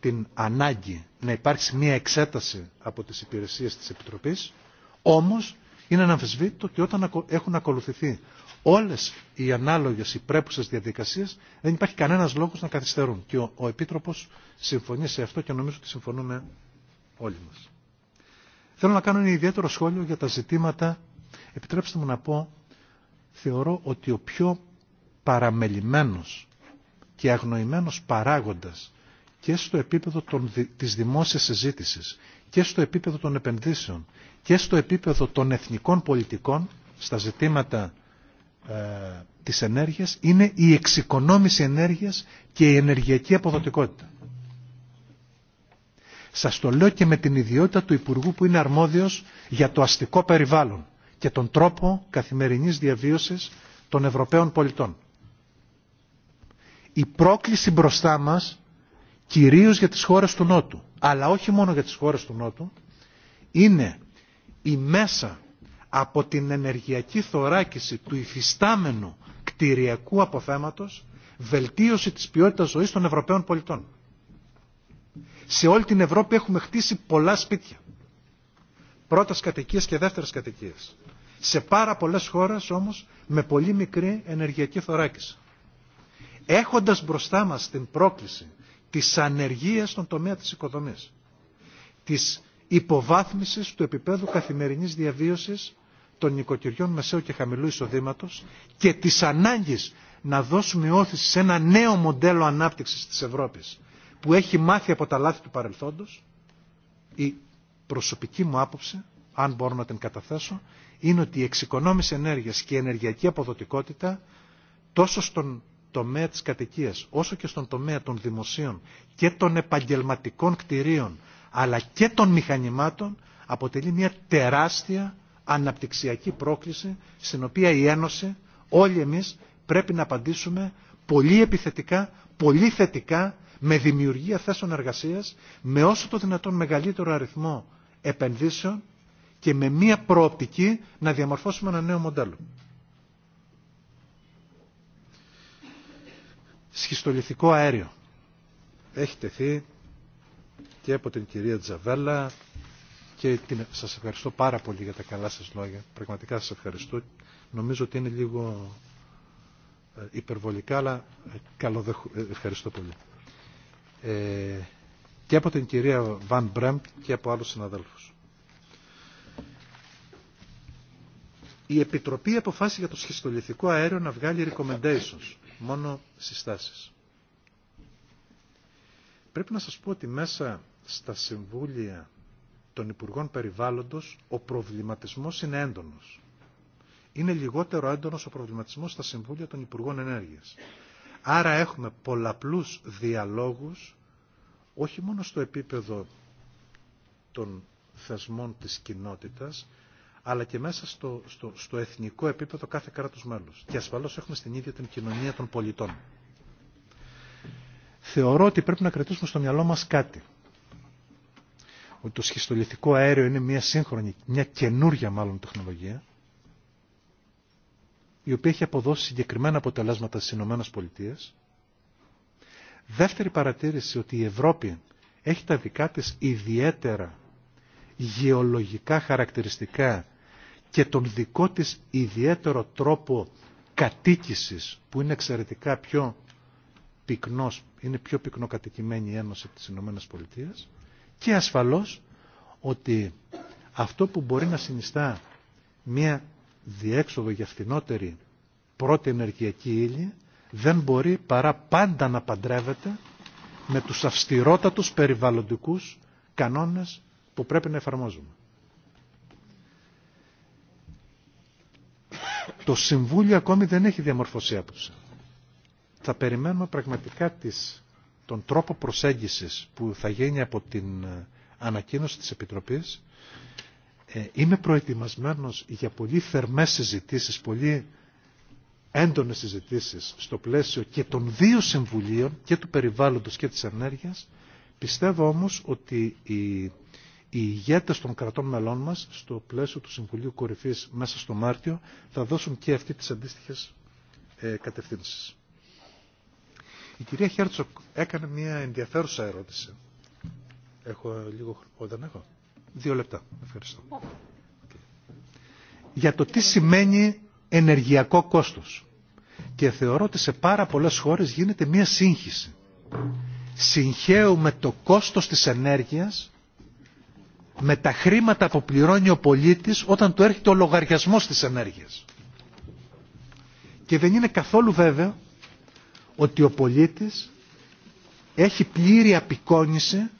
Q: την ανάγκη να υπάρξει μια εξέταση από τις υπηρεσίες της Επιτροπής, όμως είναι αναμφισβήτητο και όταν έχουν ακολουθηθεί όλες οι ανάλογες, οι πρέπουσες διαδικασίες, δεν υπάρχει κανένας λόγος να καθυστερούν. Και ο, ο Επίτροπος συμφωνεί σε αυτό και νομίζω ότι συμφωνούμε όλοι μας. Θέλω να κάνω ένα ιδιαίτερο σχόλιο για τα ζητήματα, επιτρέψτε μου να πω, θεωρώ ότι ο πιο παραμελημένος και αγνοημένος παράγοντας και στο επίπεδο των, της δημόσιας συζήτησης και στο επίπεδο των επενδύσεων και στο επίπεδο των εθνικών πολιτικών στα ζητήματα ε, της ενέργειας είναι η εξοικονόμηση ενέργειας και η ενεργειακή αποδοτικότητα. Σας το λέω και με την ιδιότητα του Υπουργού που είναι αρμόδιος για το αστικό περιβάλλον και τον τρόπο καθημερινής διαβίωσης των Ευρωπαίων πολιτών. Η πρόκληση μπροστά μας, κυρίως για τις χώρες του Νότου, αλλά όχι μόνο για τις χώρες του Νότου, είναι η μέσα από την ενεργειακή θωράκιση του υφιστάμενου κτηριακού αποθέματος βελτίωση της ποιότητας ζωής των Ευρωπαίων πολιτών. Σε όλη την Ευρώπη έχουμε χτίσει πολλά σπίτια. Πρώτας κατοικίες και δεύτερες κατοικίες σε πάρα πολλές χώρες όμως με πολύ μικρή ενεργειακή θωράκιση. Έχοντας μπροστά μας την πρόκληση της ανεργίας στον τομέα της οικοδομής, της υποβάθμισης του επίπεδου καθημερινής διαβίωσης των νοικοκυριών μεσαίου και χαμηλού εισοδήματος και της ανάγκης να δώσουμε όθηση σε ένα νέο μοντέλο ανάπτυξης της Ευρώπης που έχει μάθει από τα λάθη του παρελθόντος, η προσωπική μου άποψη αν μπορώ να την καταθέσω, είναι ότι η εξοικονόμηση ενέργειας και η ενεργειακή αποδοτικότητα τόσο στον τομέα της κατοικίας όσο και στον τομέα των δημοσίων και των επαγγελματικών κτηρίων αλλά και των μηχανημάτων αποτελεί μια τεράστια αναπτυξιακή πρόκληση στην οποία η Ένωση, όλοι εμείς πρέπει να απαντήσουμε πολύ επιθετικά, πολύ θετικά με δημιουργία θέσεων εργασίας, με όσο το δυνατόν μεγαλύτερο αριθμό επενδύσεων και με μία προοπτική να διαμορφώσουμε ένα νέο μοντέλο. Σχιστολιθικό αέριο. Έχει τεθεί και από την κυρία Τζαβέλα και την... σας ευχαριστώ πάρα πολύ για τα καλά σας λόγια. Πραγματικά σας ευχαριστώ. Νομίζω ότι είναι λίγο υπερβολικά, αλλά καλοδεχ... ευχαριστώ πολύ. Ε, και από την κυρία Βαν Μπρέμπ και από άλλους συναδέλφους. η Επιτροπή αποφάσισε για το σχιστολιθικό αέριο να βγάλει recommendations, μόνο συστάσεις. Πρέπει να σας πω ότι μέσα στα συμβούλια των Υπουργών Περιβάλλοντος ο προβληματισμός είναι έντονος. Είναι λιγότερο έντονος ο προβληματισμός στα συμβούλια των Υπουργών Ενέργειας. Άρα έχουμε πολλαπλούς διαλόγους, όχι μόνο στο επίπεδο των θεσμών της κοινότητας, αλλά και μέσα στο, στο, στο εθνικό επίπεδο κάθε κράτος μέλος. Και ασφαλώς έχουμε στην ίδια την κοινωνία των πολιτών. Θεωρώ ότι πρέπει να κρατήσουμε στο μυαλό μας κάτι. Ότι το σχιστολιθικό αέριο είναι μια σύγχρονη, μια καινούρια μάλλον τεχνολογία, η οποία έχει αποδώσει συγκεκριμένα αποτελέσματα στις Ηνωμένες Πολιτείες. Δεύτερη παρατήρηση ότι η Ευρώπη έχει τα δικά της ιδιαίτερα γεωλογικά χαρακτηριστικά και τον δικό της ιδιαίτερο τρόπο κατοίκησης που είναι εξαιρετικά πιο πυκνός, είναι πιο πυκνοκατοικημένη η Ένωση της Ηνωμένες Πολιτείας και ασφαλώς ότι αυτό που μπορεί να συνιστά μια διέξοδο για φθηνότερη πρώτη ενεργειακή ύλη δεν μπορεί παρά πάντα να παντρεύεται με τους αυστηρότατους περιβαλλοντικούς κανόνες που πρέπει να εφαρμόζουμε. Το Συμβούλιο ακόμη δεν έχει διαμορφωθεί άποψη. Θα περιμένουμε πραγματικά τις, τον τρόπο προσέγγισης που θα γίνει από την ανακοίνωση της Επιτροπής. Ε, είμαι προετοιμασμένος για πολύ θερμές συζητήσεις, πολύ έντονες συζητήσεις στο πλαίσιο και των δύο συμβουλίων, και του περιβάλλοντος και της ενέργειας. Πιστεύω όμως ότι η οι ηγέτες των κρατών μελών μας στο πλαίσιο του Συμβουλίου Κορυφής μέσα στο Μάρτιο θα δώσουν και αυτοί τις αντίστοιχες ε, κατευθύνσεις. Η κυρία Χέρτσοκ έκανε μια ενδιαφέρουσα ερώτηση. Έχω λίγο χρόνο, δεν έχω. Δύο λεπτά. Ευχαριστώ. Okay. Για το τι σημαίνει ενεργειακό κόστος. Και θεωρώ ότι σε πάρα πολλές χώρες γίνεται μια σύγχυση. Συγχαίουμε το κόστος της ενέργειας με τα χρήματα που πληρώνει ο πολίτης όταν του έρχεται ο λογαριασμός της ενέργειας. Και δεν είναι καθόλου βέβαιο ότι ο πολίτης έχει πλήρη απεικόνηση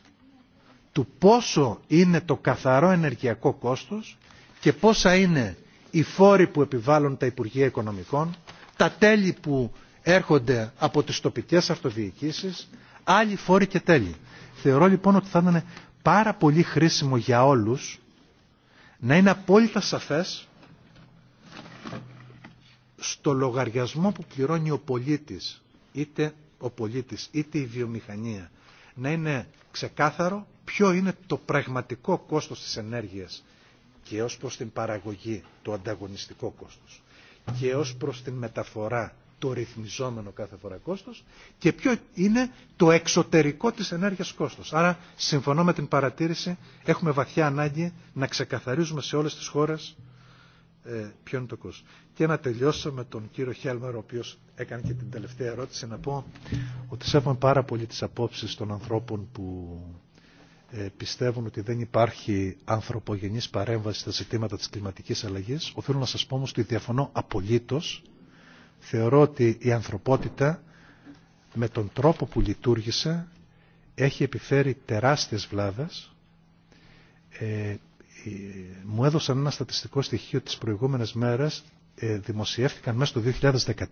Q: του πόσο είναι το καθαρό ενεργειακό κόστος και πόσα είναι οι φόροι που επιβάλλουν τα Υπουργεία Οικονομικών, τα τέλη που έρχονται από τις τοπικές αυτοδιοικήσεις, άλλοι φόροι και τέλη. Θεωρώ λοιπόν ότι θα ήταν πάρα πολύ χρήσιμο για όλους να είναι απόλυτα σαφές στο λογαριασμό που πληρώνει ο πολίτης, είτε ο πολίτης είτε η βιομηχανία, να είναι ξεκάθαρο ποιο είναι το πραγματικό κόστος της ενέργειας και ως προς την παραγωγή, το ανταγωνιστικό κόστος και ως προς την μεταφορά το ρυθμιζόμενο κάθε φορά κόστος και ποιο είναι το εξωτερικό της ενέργειας κόστος. Άρα, συμφωνώ με την παρατήρηση, έχουμε βαθιά ανάγκη να ξεκαθαρίζουμε σε όλες τις χώρες ε, ποιο είναι το κόστος. Και να τελειώσω με τον κύριο Χέλμερ, ο οποίος έκανε και την τελευταία ερώτηση, να πω ότι σέβομαι πάρα πολύ τις απόψεις των ανθρώπων που ε, πιστεύουν ότι δεν υπάρχει ανθρωπογενής παρέμβαση στα ζητήματα της κλιματικής αλλαγής. Οφείλω να σας πω όμως ότι διαφωνώ απολύτως θεωρώ ότι η ανθρωπότητα με τον τρόπο που λειτουργήσε έχει επιφέρει τεράστιες βλάβες. Ε, μου έδωσαν ένα στατιστικό στοιχείο τις προηγούμενες μέρες ε, δημοσιεύτηκαν μέσα στο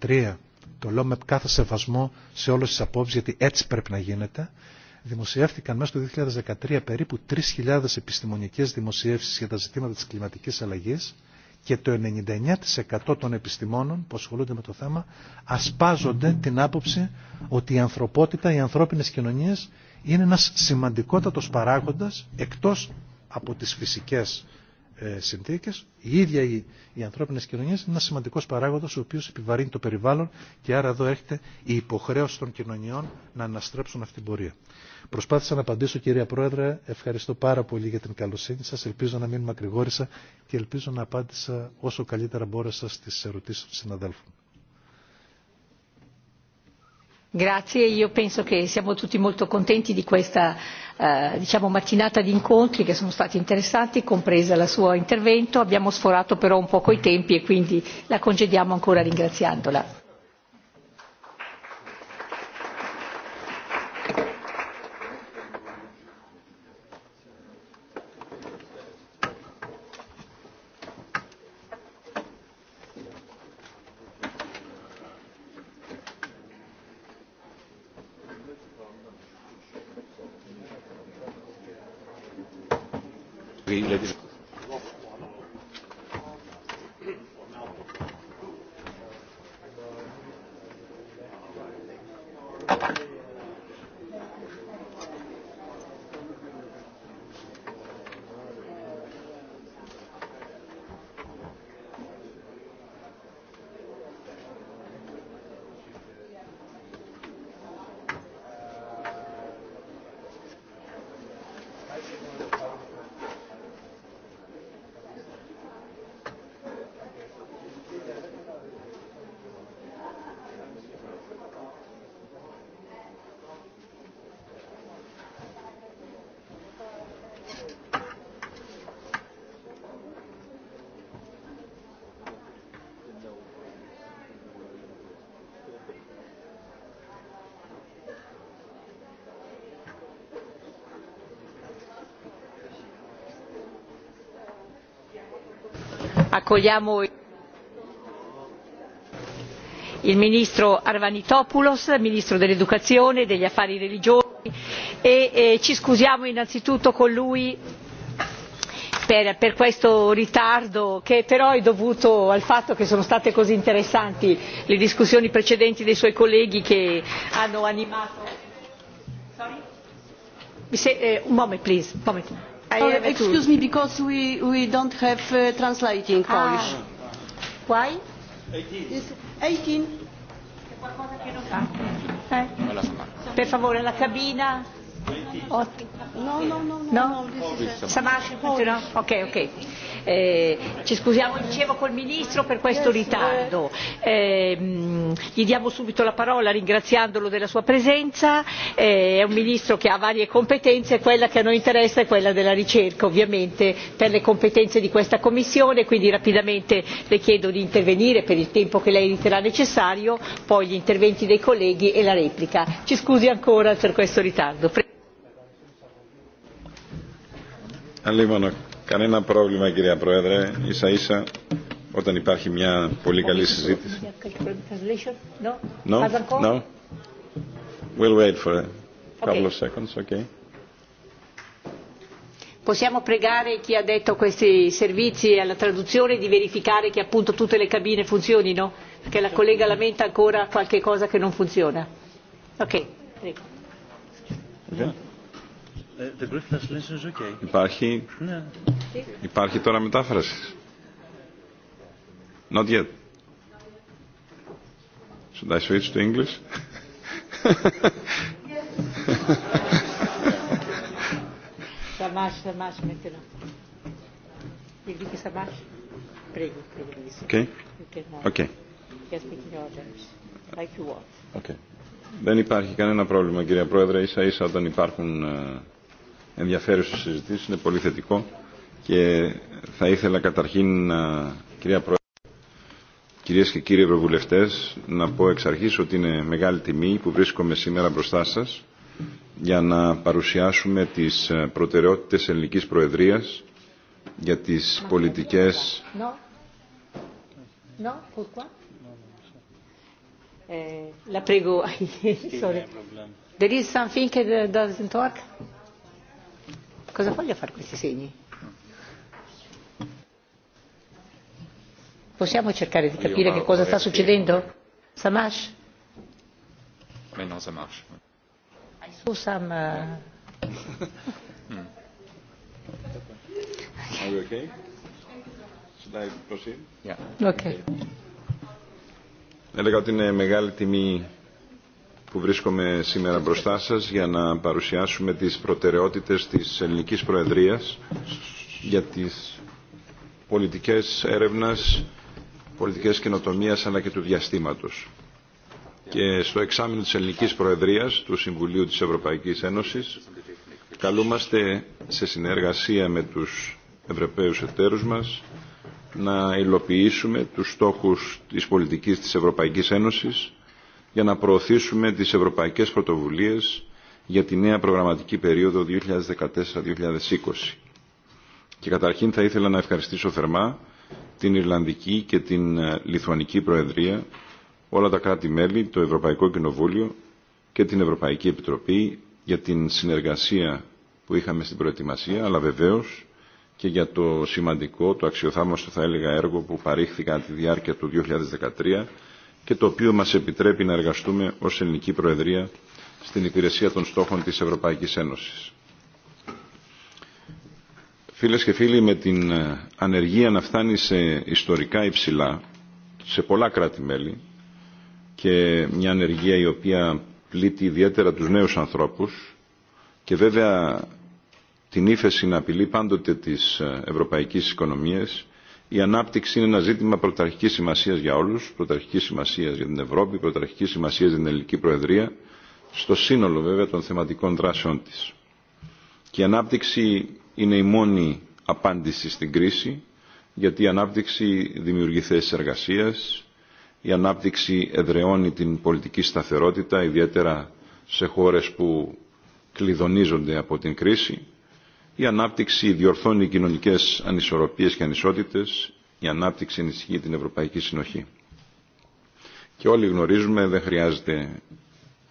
Q: 2013 το λέω με κάθε σεβασμό σε όλες τις απόψεις γιατί έτσι πρέπει να γίνεται δημοσιεύτηκαν μέσα στο 2013 περίπου 3.000 επιστημονικές δημοσιεύσεις για τα ζητήματα της κλιματικής αλλαγής και το 99% των επιστημόνων που ασχολούνται με το θέμα ασπάζονται την άποψη ότι η ανθρωπότητα, οι ανθρώπινες κοινωνίες είναι ένας σημαντικότατος παράγοντας εκτός από τις φυσικές συνθήκε, η ίδια η, η ανθρώπινες κοινωνίες είναι ένα σημαντικό παράγοντα ο οποίο επιβαρύνει το περιβάλλον και άρα εδώ έρχεται η υποχρέωση των κοινωνιών να αναστρέψουν αυτή την πορεία. Προσπάθησα να απαντήσω κυρία Πρόεδρε, ευχαριστώ πάρα πολύ για την καλοσύνη σα. ελπίζω να μην μακρηγόρησα και ελπίζω να απάντησα όσο καλύτερα μπόρεσα στι ερωτήσει των συναδέλφων.
A: Grazie, io penso che siamo tutti molto contenti di questa eh, diciamo, mattinata di incontri che sono stati interessanti, compresa la sua intervento. Abbiamo sforato però un po' coi tempi e quindi la congediamo ancora ringraziandola. accogliamo il ministro Arvanitopoulos, ministro dell'educazione e degli affari religiosi e eh, ci scusiamo innanzitutto con lui per, per questo ritardo che però è dovuto al fatto che sono state così interessanti le discussioni precedenti dei suoi colleghi che hanno animato. Sorry? Se, eh, un moment please. Moment. Oh, excuse me, because we,
S: we don't have uh, translating Polish. Ah. Why? 18.
A: Per favore, la cabina. No, oh, no, no, no. no? no this is a... Uh, Samashi, no? Ok, ok eh, ci scusiamo dicevo col ministro per questo ritardo eh, ehm, gli diamo subito la parola ringraziandolo della sua presenza eh, è un ministro che ha varie competenze quella che a noi interessa è quella della ricerca ovviamente per le competenze di questa commissione quindi rapidamente le chiedo di intervenire per il tempo che lei riterrà necessario poi gli interventi dei colleghi e la replica ci scusi ancora per questo ritardo.
T: Elé vannak Κανένα πρόβλημα κυρία Πρόεδρε, ίσα ίσα όταν υπάρχει μια πολύ καλή συζήτηση.
A: No? No?
T: We'll wait for a couple okay. of seconds, okay?
A: Possiamo pregare chi ha detto questi servizi alla traduzione di verificare che appunto tutte le cabine funzionino? Perché la collega lamenta ancora qualche cosa che non funziona. Ok, prego.
T: Okay. Υπάρχει, ναι. υπάρχει τώρα μετάφραση. Not yet. Should I switch to English?
A: Okay. Okay.
T: Okay. Δεν υπάρχει κανένα πρόβλημα, κυρία Πρόεδρε, ίσα ίσα όταν υπάρχουν ενδιαφέρουσε συζητήσει. είναι πολύ θετικό και θα ήθελα καταρχήν, κυρία Πρόεδρε, κυρίε και κύριοι Ευρωβουλευτέ, να πω εξ αρχή ότι είναι μεγάλη τιμή που βρίσκομαι σήμερα μπροστά σα για να παρουσιάσουμε τι προτεραιότητε ελληνική Προεδρία για τις πολιτικές...
A: No, pourquoi La prego. Sorry. There is something that doesn't work? Cosa voglio fare questi segni? Possiamo cercare di capire che cosa sta succedendo? Samash?
B: Ma eh, non, ça marche.
A: I saw uh, [LAUGHS]
T: mm. [LAUGHS] Are we okay? Should I proceed? Yeah. Okay. Έλεγα ότι είναι μεγάλη τιμή που βρίσκομαι σήμερα μπροστά σας για να παρουσιάσουμε τις προτεραιότητες της ελληνικής προεδρίας για τις πολιτικές έρευνας, πολιτικές καινοτομίας αλλά και του διαστήματος. Και στο εξάμεινο της ελληνικής προεδρίας του Συμβουλίου της Ευρωπαϊκής Ένωσης καλούμαστε σε συνεργασία με τους Ευρωπαίους εταίρους μας να υλοποιήσουμε τους στόχους της πολιτικής της Ευρωπαϊκής Ένωσης για να προωθήσουμε τις ευρωπαϊκές πρωτοβουλίες για τη νέα προγραμματική περίοδο 2014-2020. Και καταρχήν θα ήθελα να ευχαριστήσω θερμά την Ιρλανδική και την Λιθουανική Προεδρία, όλα τα κράτη-μέλη, το Ευρωπαϊκό Κοινοβούλιο και την Ευρωπαϊκή Επιτροπή για την συνεργασία που είχαμε στην προετοιμασία, αλλά βεβαίως και για το σημαντικό, το αξιοθάμαστο θα έλεγα έργο που παρήχθηκαν τη διάρκεια του 2013 και το οποίο μας επιτρέπει να εργαστούμε ως ελληνική Προεδρία στην υπηρεσία των στόχων της Ευρωπαϊκής Ένωσης. Φίλες και φίλοι, με την ανεργία να φτάνει σε ιστορικά υψηλά, σε πολλά κράτη-μέλη, και μια ανεργία η οποία πλήττει ιδιαίτερα τους νέους ανθρώπους και βέβαια την ύφεση να απειλεί πάντοτε τις ευρωπαϊκές οικονομίες, Η ανάπτυξη είναι ένα ζήτημα πρωταρχική σημασία για όλου, πρωταρχική σημασία για την Ευρώπη, πρωταρχική σημασία για την Ελληνική Προεδρία, στο σύνολο βέβαια των θεματικών δράσεών τη. Και η ανάπτυξη είναι η μόνη απάντηση στην κρίση, γιατί η ανάπτυξη δημιουργεί θέσει εργασία, η ανάπτυξη εδραιώνει την πολιτική σταθερότητα, ιδιαίτερα σε χώρε που κλειδονίζονται από την κρίση Η ανάπτυξη διορθώνει κοινωνικέ ανισορροπίες και ανισότητε. Η ανάπτυξη ενισχύει την Ευρωπαϊκή Συνοχή. Και όλοι γνωρίζουμε, δεν χρειάζεται,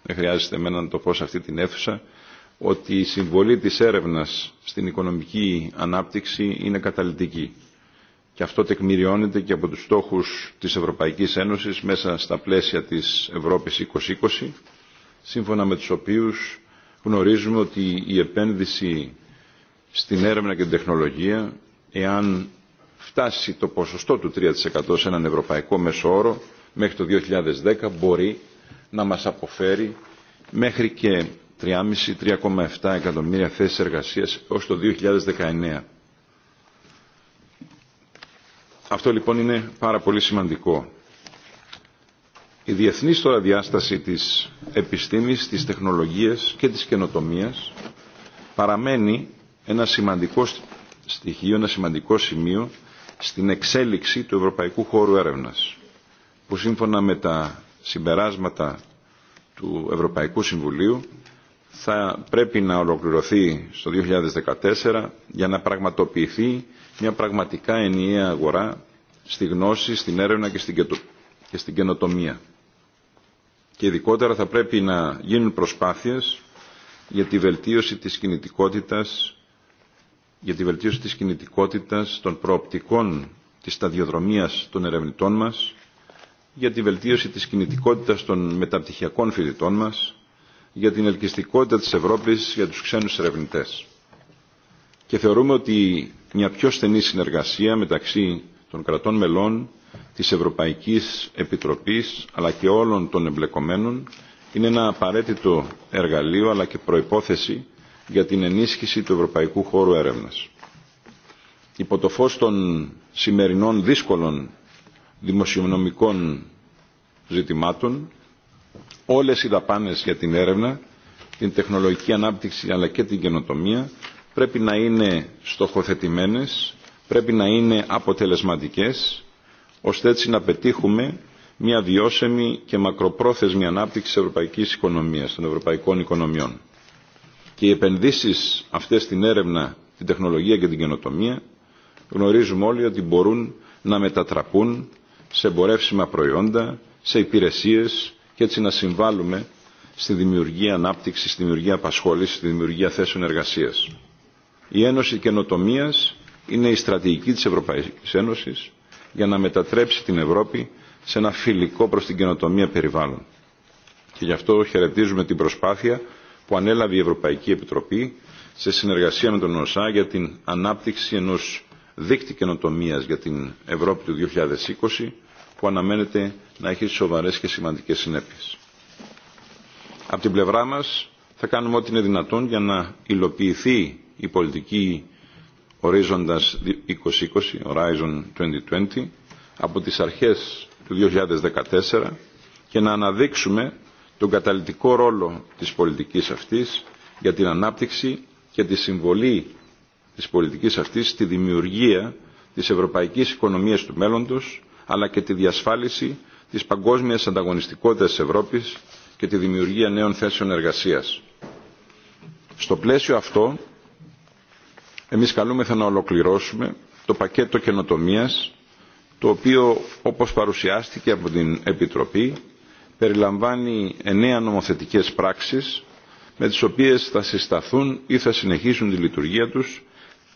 T: δεν χρειάζεται εμένα να το πω σε αυτή την αίθουσα, ότι η συμβολή της έρευνας στην οικονομική ανάπτυξη είναι καταλητική. Και αυτό τεκμηριώνεται και από τους στόχους της Ευρωπαϊκής Ένωσης μέσα στα πλαίσια της Ευρώπης 2020, σύμφωνα με τους οποίους γνωρίζουμε ότι η επένδυση στην έρευνα και την τεχνολογία, εάν φτάσει το ποσοστό του 3% σε έναν ευρωπαϊκό μέσο όρο μέχρι το 2010 μπορεί να μας αποφέρει μέχρι και 3,5-3,7 εκατομμύρια θέσεις εργασίας ως το 2019. Αυτό λοιπόν είναι πάρα πολύ σημαντικό. Η διεθνή τώρα διάσταση της επιστήμης, της τεχνολογίας και της καινοτομίας παραμένει ένα σημαντικό στοιχείο, ένα σημαντικό σημείο στην εξέλιξη του ευρωπαϊκού χώρου έρευνας που σύμφωνα με τα συμπεράσματα του Ευρωπαϊκού Συμβουλίου θα πρέπει να ολοκληρωθεί στο 2014 για να πραγματοποιηθεί μια πραγματικά ενιαία αγορά στη γνώση, στην έρευνα και στην, καιτο... και στην καινοτομία. Και ειδικότερα θα πρέπει να γίνουν προσπάθειες για τη βελτίωση της κινητικότητας για τη βελτίωση της κινητικότητας των προοπτικών της σταδιοδρομίας των ερευνητών μας, για τη βελτίωση της κινητικότητας των μεταπτυχιακών φοιτητών μας, για την ελκυστικότητα της Ευρώπης για τους ξένους ερευνητές. Και θεωρούμε ότι μια πιο στενή συνεργασία μεταξύ των κρατών μελών, της Ευρωπαϊκής Επιτροπής, αλλά και όλων των εμπλεκομένων, είναι ένα απαραίτητο εργαλείο αλλά και προϋπόθεση για την ενίσχυση του ευρωπαϊκού χώρου έρευνας. Υπό το φως των σημερινών δύσκολων δημοσιονομικών ζητημάτων, όλες οι δαπάνες για την έρευνα, την τεχνολογική ανάπτυξη αλλά και την καινοτομία πρέπει να είναι στοχοθετημένες, πρέπει να είναι αποτελεσματικές, ώστε έτσι να πετύχουμε μια βιώσιμη και μακροπρόθεσμη ανάπτυξη της ευρωπαϊκής οικονομίας, των ευρωπαϊκών οικονομιών και οι επενδύσεις αυτές στην έρευνα, την τεχνολογία και την καινοτομία γνωρίζουμε όλοι ότι μπορούν να μετατραπούν σε εμπορεύσιμα προϊόντα, σε υπηρεσίες και έτσι να συμβάλλουμε στη δημιουργία ανάπτυξη, στη δημιουργία απασχόληση, στη δημιουργία θέσεων εργασία. Η Ένωση Καινοτομία είναι η στρατηγική τη Ευρωπαϊκή Ένωση για να μετατρέψει την Ευρώπη σε ένα φιλικό προ την καινοτομία περιβάλλον. Και γι' αυτό χαιρετίζουμε την προσπάθεια που ανέλαβε η Ευρωπαϊκή Επιτροπή σε συνεργασία με τον ΟΣΑ για την ανάπτυξη ενός δίκτυ καινοτομία για την Ευρώπη του 2020 που αναμένεται να έχει σοβαρές και σημαντικές συνέπειες. Από την πλευρά μας θα κάνουμε ό,τι είναι δυνατόν για να υλοποιηθεί η πολιτική ορίζοντας 2020, Horizon 2020, από τις αρχές του 2014 και να αναδείξουμε τον καταλυτικό ρόλο της πολιτικής αυτής για την ανάπτυξη και τη συμβολή της πολιτικής αυτής στη δημιουργία της ευρωπαϊκής οικονομίας του μέλλοντος αλλά και τη διασφάλιση της παγκόσμιας ανταγωνιστικότητας της Ευρώπης και τη δημιουργία νέων θέσεων εργασίας. Στο πλαίσιο αυτό, εμείς καλούμεθα να ολοκληρώσουμε το πακέτο καινοτομίας, το οποίο όπως παρουσιάστηκε από την Επιτροπή περιλαμβάνει εννέα νομοθετικές πράξεις με τις οποίες θα συσταθούν ή θα συνεχίσουν τη λειτουργία τους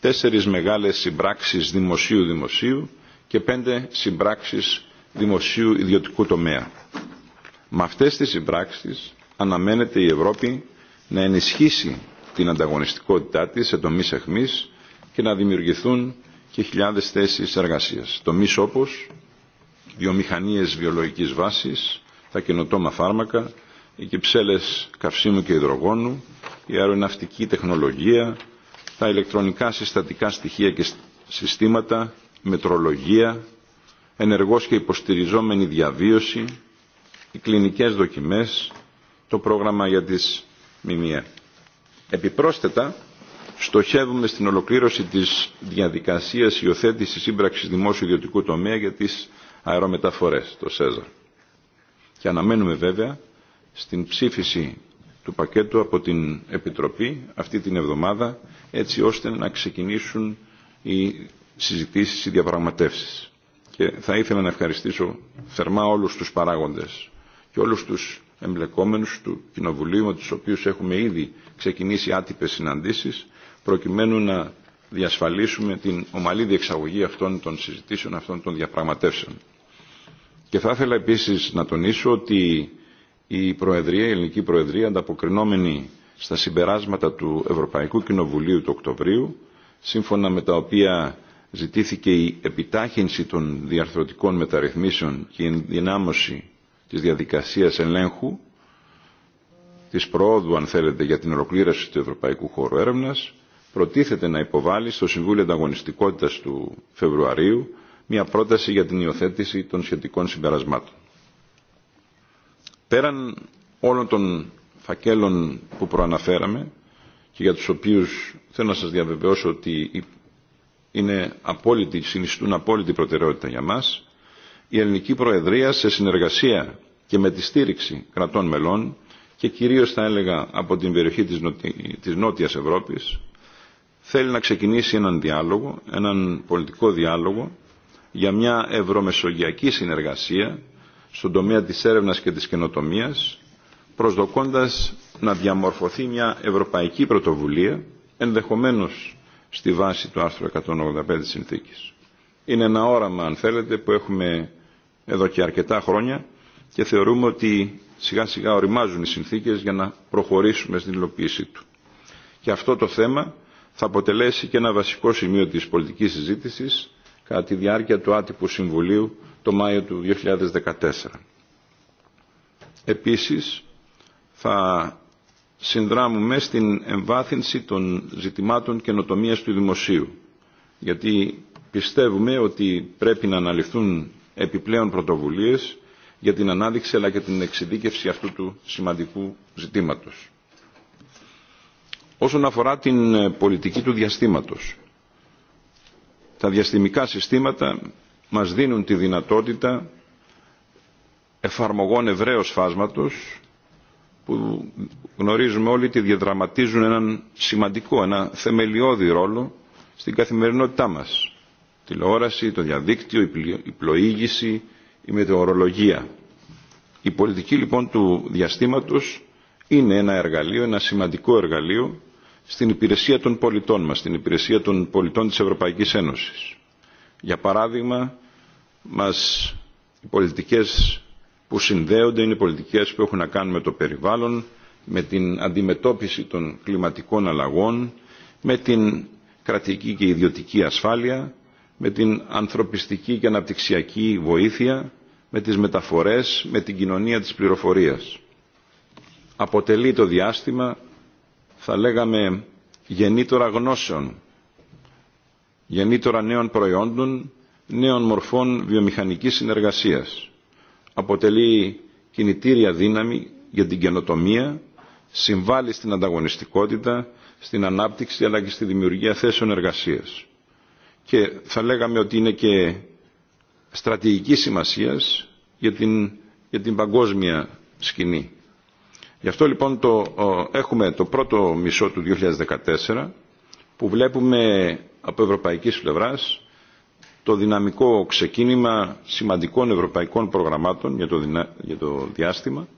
T: τέσσερις μεγάλες συμπράξεις δημοσίου-δημοσίου και πέντε συμπράξεις δημοσίου-ιδιωτικού τομέα. Με αυτές τις συμπράξεις αναμένεται η Ευρώπη να ενισχύσει την ανταγωνιστικότητά της σε τομείς αιχμής και να δημιουργηθούν και χιλιάδες θέσεις εργασίας. Τομείς όπως βιομηχανίες βιολογικής βάσης, τα καινοτόμα φάρμακα, οι κυψέλες καυσίμου και υδρογόνου, η αεροναυτική τεχνολογία, τα ηλεκτρονικά συστατικά στοιχεία και συστήματα, μετρολογία, ενεργός και υποστηριζόμενη διαβίωση, οι κλινικές δοκιμές, το πρόγραμμα για τις ΜΜΕ. Επιπρόσθετα, στοχεύουμε στην ολοκλήρωση της διαδικασίας υιοθέτησης σύμπραξης δημόσιο-ιδιωτικού τομέα για τις αερομεταφορές, το ΣΕΖΑ και αναμένουμε βέβαια στην ψήφιση του πακέτου από την Επιτροπή αυτή την εβδομάδα έτσι ώστε να ξεκινήσουν οι συζητήσεις, οι διαπραγματεύσεις. Και θα ήθελα να ευχαριστήσω θερμά όλους τους παράγοντες και όλους τους εμπλεκόμενους του Κοινοβουλίου με τους οποίους έχουμε ήδη ξεκινήσει άτυπες συναντήσεις προκειμένου να διασφαλίσουμε την ομαλή διεξαγωγή αυτών των συζητήσεων, αυτών των διαπραγματεύσεων. Και θα ήθελα επίσης να τονίσω ότι η Προεδρία, η Ελληνική Προεδρία, ανταποκρινόμενη στα συμπεράσματα του Ευρωπαϊκού Κοινοβουλίου του Οκτωβρίου, σύμφωνα με τα οποία ζητήθηκε η επιτάχυνση των διαρθρωτικών μεταρρυθμίσεων και η ενδυνάμωση της διαδικασίας ελέγχου, της προόδου, αν θέλετε, για την ολοκλήρωση του Ευρωπαϊκού Χώρου Έρευνας, προτίθεται να υποβάλει στο Συμβούλιο Ανταγωνιστικότητας του Φεβρουαρίου μια πρόταση για την υιοθέτηση των σχετικών συμπερασμάτων. Πέραν όλων των φακέλων που προαναφέραμε και για τους οποίους θέλω να σας διαβεβαιώσω ότι είναι απόλυτη, συνιστούν απόλυτη προτεραιότητα για μας, η Ελληνική Προεδρία σε συνεργασία και με τη στήριξη κρατών μελών και κυρίως θα έλεγα από την περιοχή της, Νοτι... της Νότιας Ευρώπης θέλει να ξεκινήσει έναν διάλογο, έναν πολιτικό διάλογο για μια ευρωμεσογειακή συνεργασία στον τομέα της έρευνας και της καινοτομίας, προσδοκώντας να διαμορφωθεί μια ευρωπαϊκή πρωτοβουλία, ενδεχομένως στη βάση του άρθρου 185 της συνθήκης. Είναι ένα όραμα, αν θέλετε, που έχουμε εδώ και αρκετά χρόνια και θεωρούμε ότι σιγά σιγά οριμάζουν οι συνθήκες για να προχωρήσουμε στην υλοποίησή του. Και αυτό το θέμα θα αποτελέσει και ένα βασικό σημείο της πολιτικής συζήτησης κατά τη διάρκεια του άτυπου συμβουλίου το Μάιο του 2014. Επίσης, θα συνδράμουμε στην εμβάθυνση των ζητημάτων καινοτομίας του δημοσίου, γιατί πιστεύουμε ότι πρέπει να αναλυθούν επιπλέον πρωτοβουλίες για την ανάδειξη αλλά και την εξειδίκευση αυτού του σημαντικού ζητήματος. Όσον αφορά την πολιτική του διαστήματος, τα διαστημικά συστήματα μας δίνουν τη δυνατότητα εφαρμογών ευρέως φάσματος που γνωρίζουμε όλοι ότι διαδραματίζουν έναν σημαντικό, ένα θεμελιώδη ρόλο στην καθημερινότητά μας. Τηλεόραση, το διαδίκτυο, η πλοήγηση, η μετεωρολογία. Η πολιτική λοιπόν του διαστήματος είναι ένα εργαλείο, ένα σημαντικό εργαλείο στην υπηρεσία των πολιτών μας, στην υπηρεσία των πολιτών της Ευρωπαϊκής Ένωσης. Για παράδειγμα, μας, οι πολιτικές που συνδέονται είναι οι πολιτικές που έχουν να κάνουν με το περιβάλλον, με την αντιμετώπιση των κλιματικών αλλαγών, με την κρατική και ιδιωτική ασφάλεια, με την ανθρωπιστική και αναπτυξιακή βοήθεια, με τις μεταφορές, με την κοινωνία της πληροφορίας. Αποτελεί το διάστημα θα λέγαμε γεννήτωρα γνώσεων, γεννήτωρα νέων προϊόντων, νέων μορφών βιομηχανικής συνεργασίας. Αποτελεί κινητήρια δύναμη για την καινοτομία, συμβάλλει στην ανταγωνιστικότητα, στην ανάπτυξη αλλά και στη δημιουργία θέσεων εργασίας. Και θα λέγαμε ότι είναι και στρατηγική σημασίας για την, για την παγκόσμια σκηνή. Γι' αυτό λοιπόν το, έχουμε το πρώτο μισό του 2014 που βλέπουμε από ευρωπαϊκής πλευράς το δυναμικό ξεκίνημα σημαντικών ευρωπαϊκών προγραμμάτων για το, δυνα... για το διάστημα,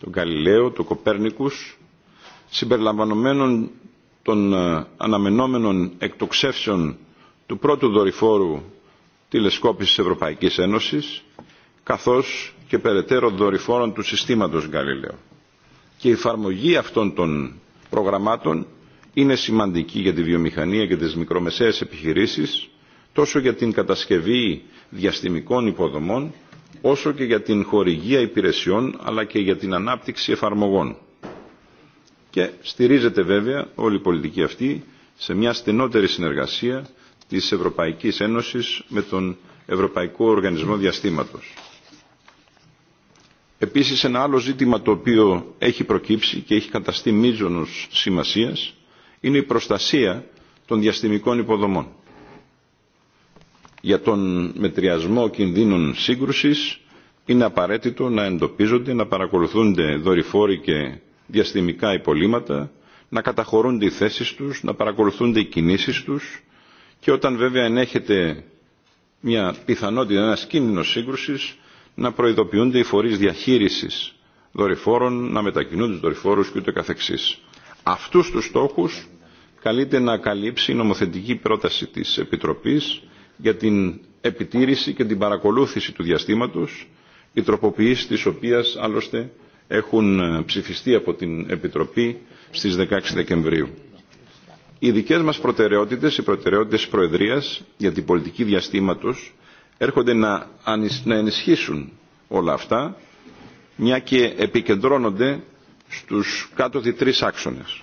T: τον Καλιλαίο, τον Κοπέρνικους, συμπεριλαμβανομένων των αναμενόμενων εκτοξεύσεων του πρώτου δορυφόρου τηλεσκόπησης Ευρωπαϊκής Ένωσης, καθώς και περαιτέρω δορυφόρων του συστήματος Γκαλιλαίου και η εφαρμογή αυτών των προγραμμάτων είναι σημαντική για τη βιομηχανία και τις μικρομεσαίες επιχειρήσεις, τόσο για την κατασκευή διαστημικών υποδομών, όσο και για την χορηγία υπηρεσιών, αλλά και για την ανάπτυξη εφαρμογών. Και στηρίζεται βέβαια όλη η πολιτική αυτή σε μια στενότερη συνεργασία της Ευρωπαϊκής Ένωσης με τον Ευρωπαϊκό Οργανισμό Διαστήματος. Επίσης ένα άλλο ζήτημα το οποίο έχει προκύψει και έχει καταστεί μείζονος σημασίας είναι η προστασία των διαστημικών υποδομών. Για τον μετριασμό κινδύνων σύγκρουσης είναι απαραίτητο να εντοπίζονται, να παρακολουθούνται δορυφόροι και διαστημικά υπολείμματα, να καταχωρούνται οι θέσεις τους, να παρακολουθούνται οι κινήσεις τους και όταν βέβαια ενέχεται μια πιθανότητα, ένας κίνδυνος σύγκρουσης, να προειδοποιούνται οι φορείς διαχείρισης δορυφόρων, να μετακινούν τους δορυφόρους και ούτω καθεξής. Αυτούς τους στόχους καλείται να καλύψει η νομοθετική πρόταση της Επιτροπής για την επιτήρηση και την παρακολούθηση του διαστήματος, η τροποποίηση της οποίας άλλωστε έχουν ψηφιστεί από την Επιτροπή στις 16 Δεκεμβρίου. Οι δικές μας προτεραιότητες, οι προτεραιότητες της Προεδρίας για την πολιτική διαστήματος έρχονται να, να ενισχύσουν όλα αυτά, μια και επικεντρώνονται στους κάτω τρεις άξονες.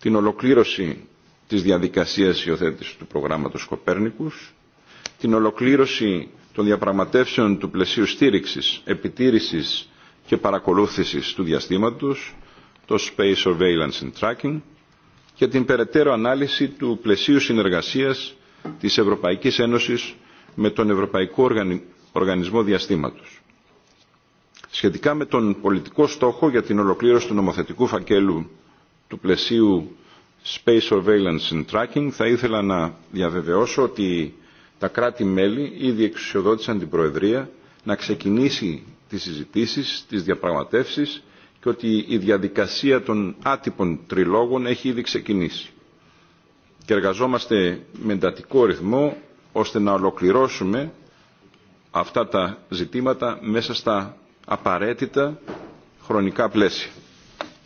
T: Την ολοκλήρωση της διαδικασίας υιοθέτησης του προγράμματος Κοπέρνικους, την ολοκλήρωση των διαπραγματεύσεων του πλαισίου στήριξης, επιτήρησης και παρακολούθησης του διαστήματος, το Space Surveillance and Tracking, και την περαιτέρω ανάλυση του πλαισίου συνεργασίας της Ευρωπαϊκής Ένωσης με τον Ευρωπαϊκό Οργανισμό Διαστήματος. Σχετικά με τον πολιτικό στόχο για την ολοκλήρωση του νομοθετικού φακέλου του πλαισίου Space Surveillance and Tracking θα ήθελα να διαβεβαιώσω ότι τα κράτη-μέλη ήδη εξουσιοδότησαν την Προεδρία να ξεκινήσει τις συζητήσεις, τις διαπραγματεύσεις και ότι η διαδικασία των άτυπων τριλόγων έχει ήδη ξεκινήσει. Και εργαζόμαστε με εντατικό ρυθμό ώστε να ολοκληρώσουμε αυτά τα ζητήματα μέσα στα απαραίτητα χρονικά πλαίσια.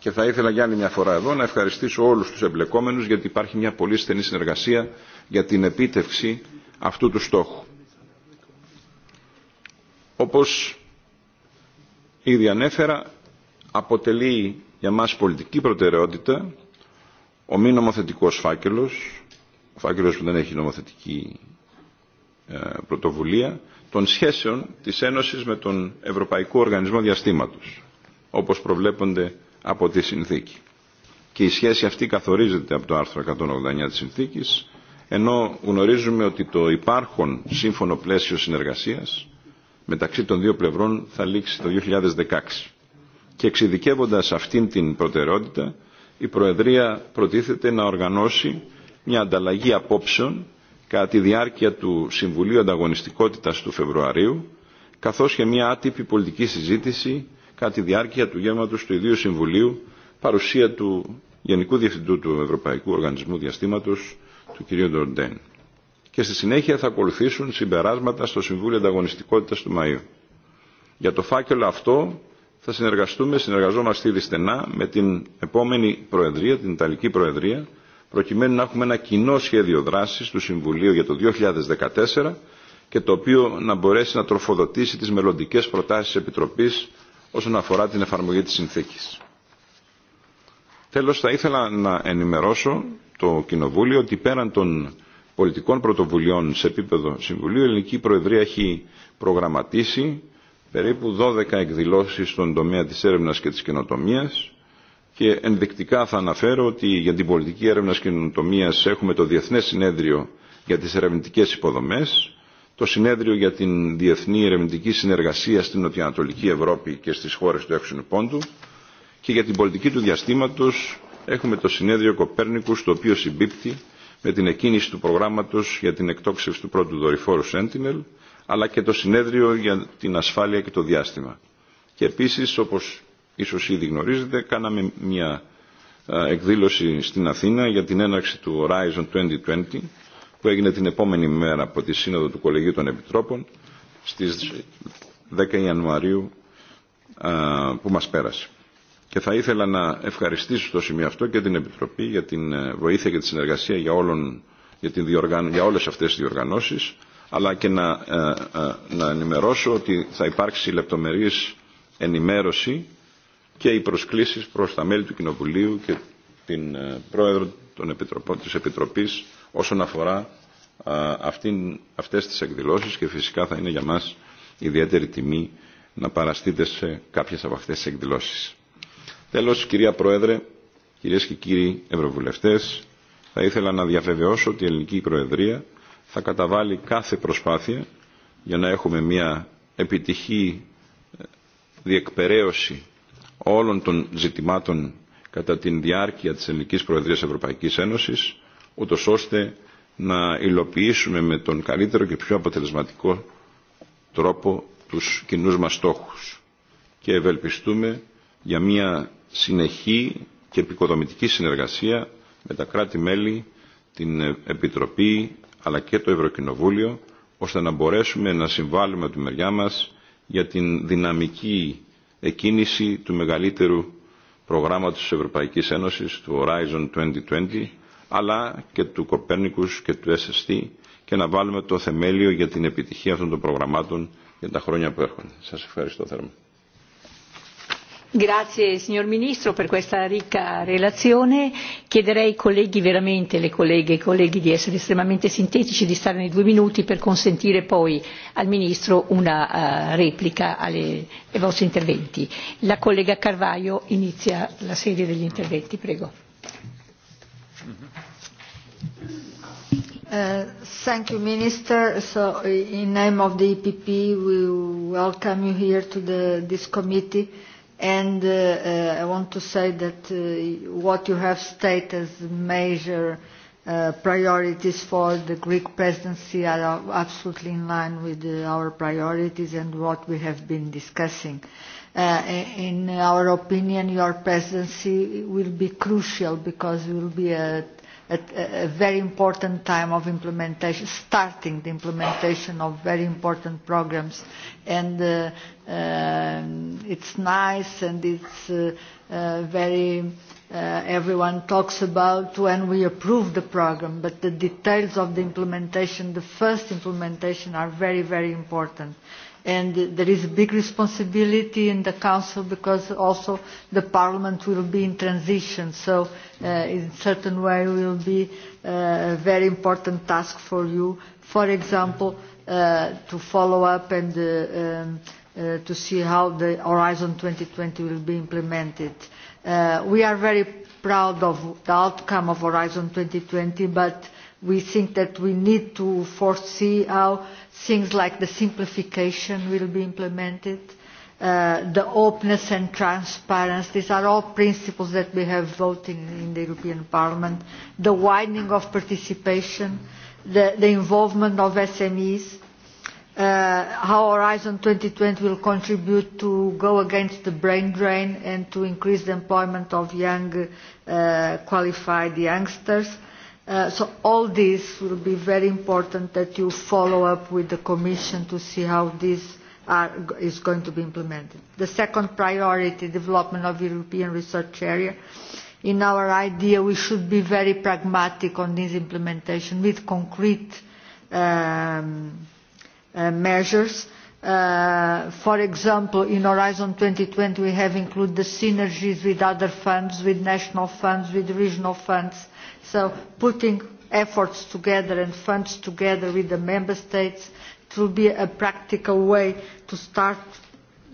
T: Και θα ήθελα για άλλη μια φορά εδώ να ευχαριστήσω όλους τους εμπλεκόμενους γιατί υπάρχει μια πολύ στενή συνεργασία για την επίτευξη αυτού του στόχου. Όπως ήδη ανέφερα, αποτελεί για μας πολιτική προτεραιότητα ο μη νομοθετικός φάκελος, ο φάκελος που δεν έχει νομοθετική πρωτοβουλία των σχέσεων της Ένωσης με τον Ευρωπαϊκό Οργανισμό Διαστήματος, όπως προβλέπονται από τη συνθήκη. Και η σχέση αυτή καθορίζεται από το άρθρο 189 της συνθήκης, ενώ γνωρίζουμε ότι το υπάρχον σύμφωνο πλαίσιο συνεργασίας μεταξύ των δύο πλευρών θα λήξει το 2016. Και εξειδικεύοντας αυτήν την προτεραιότητα, η Προεδρία προτίθεται να οργανώσει μια ανταλλαγή απόψεων κατά τη διάρκεια του Συμβουλίου Ανταγωνιστικότητας του Φεβρουαρίου, καθώς και μια άτυπη πολιτική συζήτηση κατά τη διάρκεια του γεύματος του ιδίου Συμβουλίου, παρουσία του Γενικού Διευθυντού του Ευρωπαϊκού Οργανισμού Διαστήματος, του κ. Ντορντέν. Και στη συνέχεια θα ακολουθήσουν συμπεράσματα στο Συμβούλιο Ανταγωνιστικότητας του Μαΐου. Για το φάκελο αυτό θα συνεργαστούμε, συνεργαζόμαστε ήδη στενά με την επόμενη Προεδρία, την Ιταλική Προεδρία, προκειμένου να έχουμε ένα κοινό σχέδιο δράσης του Συμβουλίου για το 2014 και το οποίο να μπορέσει να τροφοδοτήσει τις μελλοντικές προτάσεις της Επιτροπής όσον αφορά την εφαρμογή της συνθήκης. Τέλος, θα ήθελα να ενημερώσω το Κοινοβούλιο ότι πέραν των πολιτικών πρωτοβουλειών σε επίπεδο Συμβουλίου, η Ελληνική Προεδρία έχει προγραμματίσει περίπου 12 εκδηλώσεις στον τομέα της έρευνας και της καινοτομίας, Και ενδεικτικά θα αναφέρω ότι για την πολιτική έρευνα και κοινωνιτομίας έχουμε το Διεθνές Συνέδριο για τις Ερευνητικές Υποδομές, το Συνέδριο για την Διεθνή Ερευνητική Συνεργασία στην Νοτιοανατολική Ευρώπη και στις χώρες του έξινου πόντου και για την πολιτική του διαστήματος έχουμε το Συνέδριο Κοπέρνικου, το οποίο συμπίπτει με την εκκίνηση του προγράμματος για την εκτόξευση του πρώτου δορυφόρου Sentinel, αλλά και το Συνέδριο για την Ασφάλεια και το Διάστημα. Και επίσης, όπως ίσως ήδη γνωρίζετε, κάναμε μια εκδήλωση στην Αθήνα για την έναρξη του Horizon 2020 που έγινε την επόμενη μέρα από τη Σύνοδο του Κολεγίου των Επιτρόπων στις 10 Ιανουαρίου που μας πέρασε. Και θα ήθελα να ευχαριστήσω στο σημείο αυτό και την Επιτροπή για την βοήθεια και τη συνεργασία για, όλων, για, την διοργαν... για όλες αυτές τις διοργανώσεις, αλλά και να, να ενημερώσω ότι θα υπάρξει λεπτομερής ενημέρωση και οι προσκλήσεις προς τα μέλη του Κοινοβουλίου και την Πρόεδρο των Επιτροπών, της Επιτροπής όσον αφορά αυτήν, αυτές τις εκδηλώσεις και φυσικά θα είναι για μας ιδιαίτερη τιμή να παραστείτε σε κάποιες από αυτές τις εκδηλώσεις. Τέλος, κυρία Πρόεδρε, κυρίες και κύριοι Ευρωβουλευτές, θα ήθελα να διαβεβαιώσω ότι η Ελληνική Προεδρία θα καταβάλει κάθε προσπάθεια για να έχουμε μια επιτυχή διεκπεραίωση όλων των ζητημάτων κατά την διάρκεια της ελληνικής προεδρίας Ευρωπαϊκής Ένωσης, ούτω ώστε να υλοποιήσουμε με τον καλύτερο και πιο αποτελεσματικό τρόπο τους κοινούς μας στόχους και ευελπιστούμε για μια συνεχή και επικοδομητική συνεργασία με τα κράτη-μέλη, την Επιτροπή αλλά και το Ευρωκοινοβούλιο ώστε να μπορέσουμε να συμβάλλουμε από τη μεριά μας για την δυναμική εκκίνηση του μεγαλύτερου προγράμματος της Ευρωπαϊκής Ένωσης, του Horizon 2020, αλλά και του Κοπέρνικους και του SST και να βάλουμε το θεμέλιο για την επιτυχία αυτών των προγραμμάτων για τα χρόνια που έρχονται. Σας ευχαριστώ θερμά
A: grazie signor ministro per questa ricca relazione chiederei ai colleghi veramente alle colleghe e ai colleghi di essere estremamente sintetici di stare nei due minuti per consentire poi al ministro una eh, replica ai vostri interventi. la collega carvalho inizia la serie degli interventi prego.
O: Uh, thank you, Minister. So, in name of the EPP, we welcome you here to the, this committee And uh, uh, I want to say that uh, what you have stated as major uh, priorities for the Greek presidency are absolutely in line with uh, our priorities and what we have been discussing. Uh, in our opinion, your presidency will be crucial because it will be a at a very important time of implementation, starting the implementation of very important programs. And uh, um, it's nice and it's uh, uh, very, uh, everyone talks about when we approve the program, but the details of the implementation, the first implementation are very, very important. Uh, and there is a big responsibility in the council because also the parliament will be in transition so uh, in a certain way will be uh, a very important task for you for example uh, to follow up and uh, um, uh, to see how the horizon 2020 will be implemented we are very proud of the outcome of horizon 2020 but we think that we need to foresee how Things like the simplification will be implemented, uh, the openness and transparency. These are all principles that we have voted in the European Parliament. The widening of participation, the, the involvement of SMEs, uh, how Horizon 2020 will contribute to go against the brain drain and to increase the employment of young, uh, qualified youngsters Uh, so all this will be very important that you follow up with the Commission to see how this are, is going to be implemented. The second priority, development of European research area. In our idea, we should be very pragmatic on this implementation with concrete um, uh, measures. Uh, for example, in Horizon 2020, we have included the synergies with other funds, with national funds, with regional funds, so putting efforts together and funds together with the member states will be a practical way to start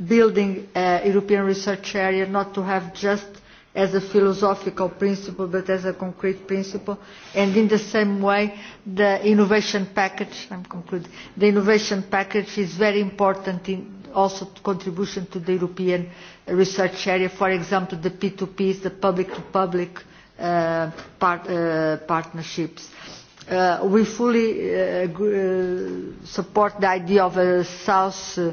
O: building a european research area not to have just as a philosophical principle but as a concrete principle and in the same way the innovation package i am concluding the innovation package is very important in also contribution to the european research area for example the p two p the public to public Uh, part, uh, partnerships. Uh, we fully uh, uh, support the idea of a South uh,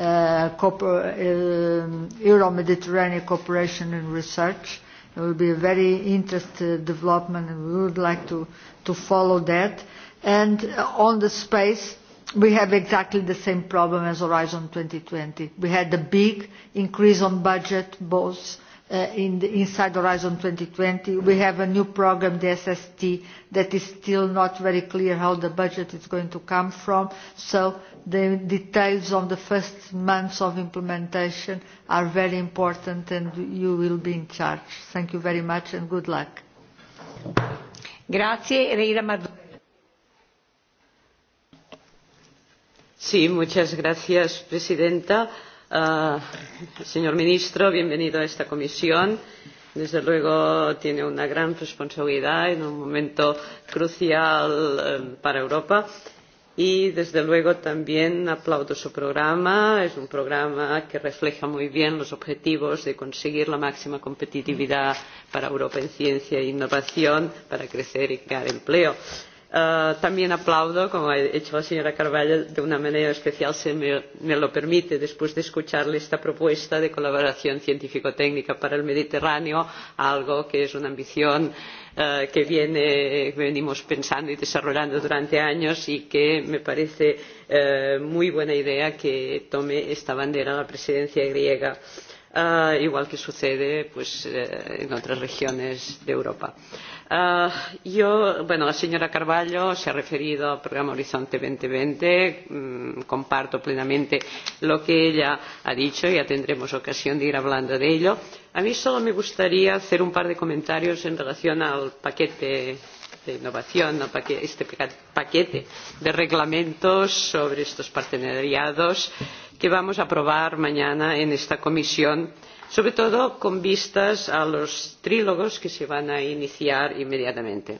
O: uh, Euro-Mediterranean cooperation in research. It will be a very interesting development and we would like to, to follow that. And uh, on the space, we have exactly the same problem as Horizon 2020. We had a big increase on budget, both Uh, in the, inside Horizon 2020. We have a new program, the SST, that is still not very clear how the budget is going to come from. So the details on the first months of implementation are very important and you will be in charge. Thank you very much and good luck. Grazie,
D: Sí, muchas gracias, presidenta. Ah, señor ministro, bienvenido a esta comisión. Desde luego tiene una gran responsabilidad en un momento crucial eh, para Europa y desde luego también aplaudo su programa. Es un programa que refleja muy bien los objetivos de conseguir la máxima competitividad para Europa en ciencia e innovación para crecer y crear empleo. Eh, también aplaudo, como ha hecho la señora Carvalho, de una manera especial, si me, lo permite, después de escucharle esta propuesta de colaboración científico-técnica para el Mediterráneo, algo que es una ambición eh, que venimos pensando y desarrollando durante años y que me parece eh, muy buena idea que tome esta bandera la presidencia griega. Uh, Uh, igual que sucede pues, uh, en otras regiones de Europa. Uh, yo, bueno, la señora Carballo se ha referido al programa Horizonte 2020. Mm, comparto plenamente lo que ella ha dicho. Ya tendremos ocasión de ir hablando de ello. A mí solo me gustaría hacer un par de comentarios en relación al paquete de innovación, al paquete, este paquete de reglamentos sobre estos partenariados que vamos a aprobar mañana en esta comisión sobre todo con vistas a los trílogos que se van a iniciar inmediatamente.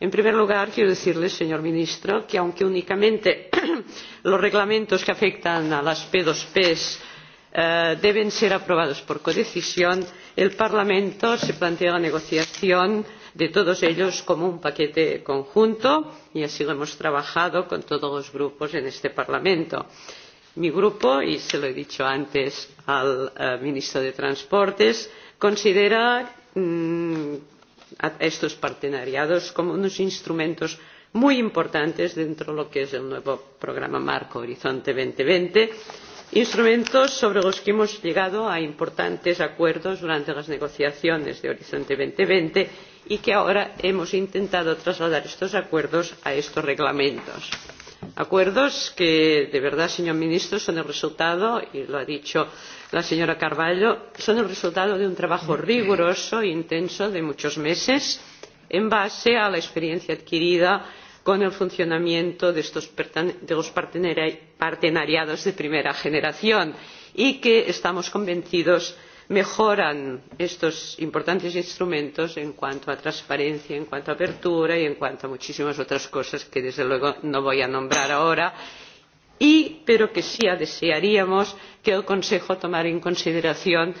D: en primer lugar quiero decirle señor ministro que aunque únicamente [CLEARS THROAT] los reglamentos que afectan a las p dos p eh, deben ser aprobados por codecisión el parlamento se plantea la negociación de todos ellos como un paquete conjunto y así lo hemos trabajado con todos los grupos en este parlamento. en por mi grupo y se lo he dicho antes al eh, ministro de transportes considera mm, a estos partenariados como unos instrumentos muy importantes dentro de lo que es el nuevo programa marco horizonte dos mil veinte instrumentos sobre los que hemos llegado a importantes acuerdos durante las negociaciones de horizonte dos mil veinte y que ahora hemos intentado trasladar estos acuerdos a estos reglamentos. Acuerdos que, de verdad, señor ministro, son el resultado, y lo ha dicho la señora Carvalho, son el resultado de un trabajo riguroso e intenso de muchos meses en base a la experiencia adquirida con el funcionamiento de, estos, de los partenariados de primera generación y que estamos convencidos de mejoran estos importantes instrumentos en cuanto a transparencia en cuanto a apertura y en cuanto a muchísimas otras cosas que desde luego no voy a nombrar ahora pero que sí desearíamos que el consejo tomara en consideración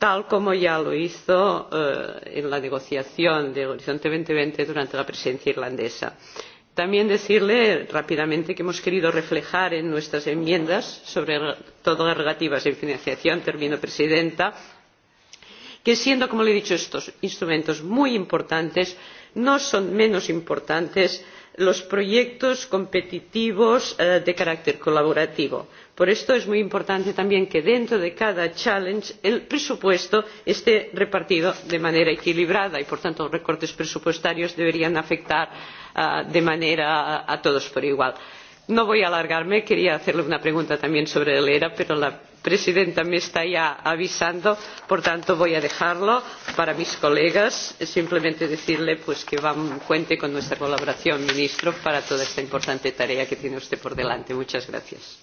D: tal como ya lo hizo eh, en la negociación de horizonte dos mil veinte durante la presidencia irlandesa. por también decirle rápidamente que hemos querido reflejar en nuestras enmiendas sobre todo las relativas a financiación termino presidenta que siendo como le he dicho estos instrumentos muy importantes no son menos importantes los proyectos competitivos eh, de carácter colaborativo por esto es muy importante también que dentro de cada challenge el presupuesto esté repartido de manera equilibrada y por tanto los recortes presupuestarios deberían afectar ah, de manera a todos por igual. no voy a alargarme quería hacerle una pregunta también sobre el era pero la presidenta me está ya avisando por tanto voy a dejarlo para mis colegas simplemente decirle pues, que cuente con nuestra colaboración ministro para toda esta importante tarea que tiene usted por delante. muchas gracias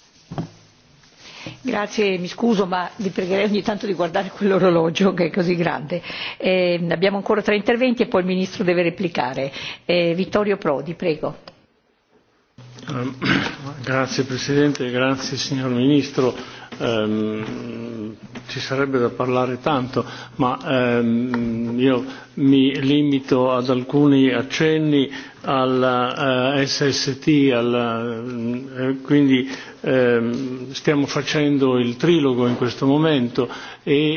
A: mi scuso ma vi pregherei ogni tanto di guardare quell'orologio che è così grande. Eh, abbiamo ancora tre interventi e poi il Ministro deve replicare. Eh, Vittorio Prodi, prego.
E: Um, grazie Presidente, grazie signor Ministro. Um, ci sarebbe da parlare tanto, ma um, io mi limito ad alcuni accenni alla uh, SST, al, uh, quindi Ehm, stiamo facendo il trilogo in questo momento e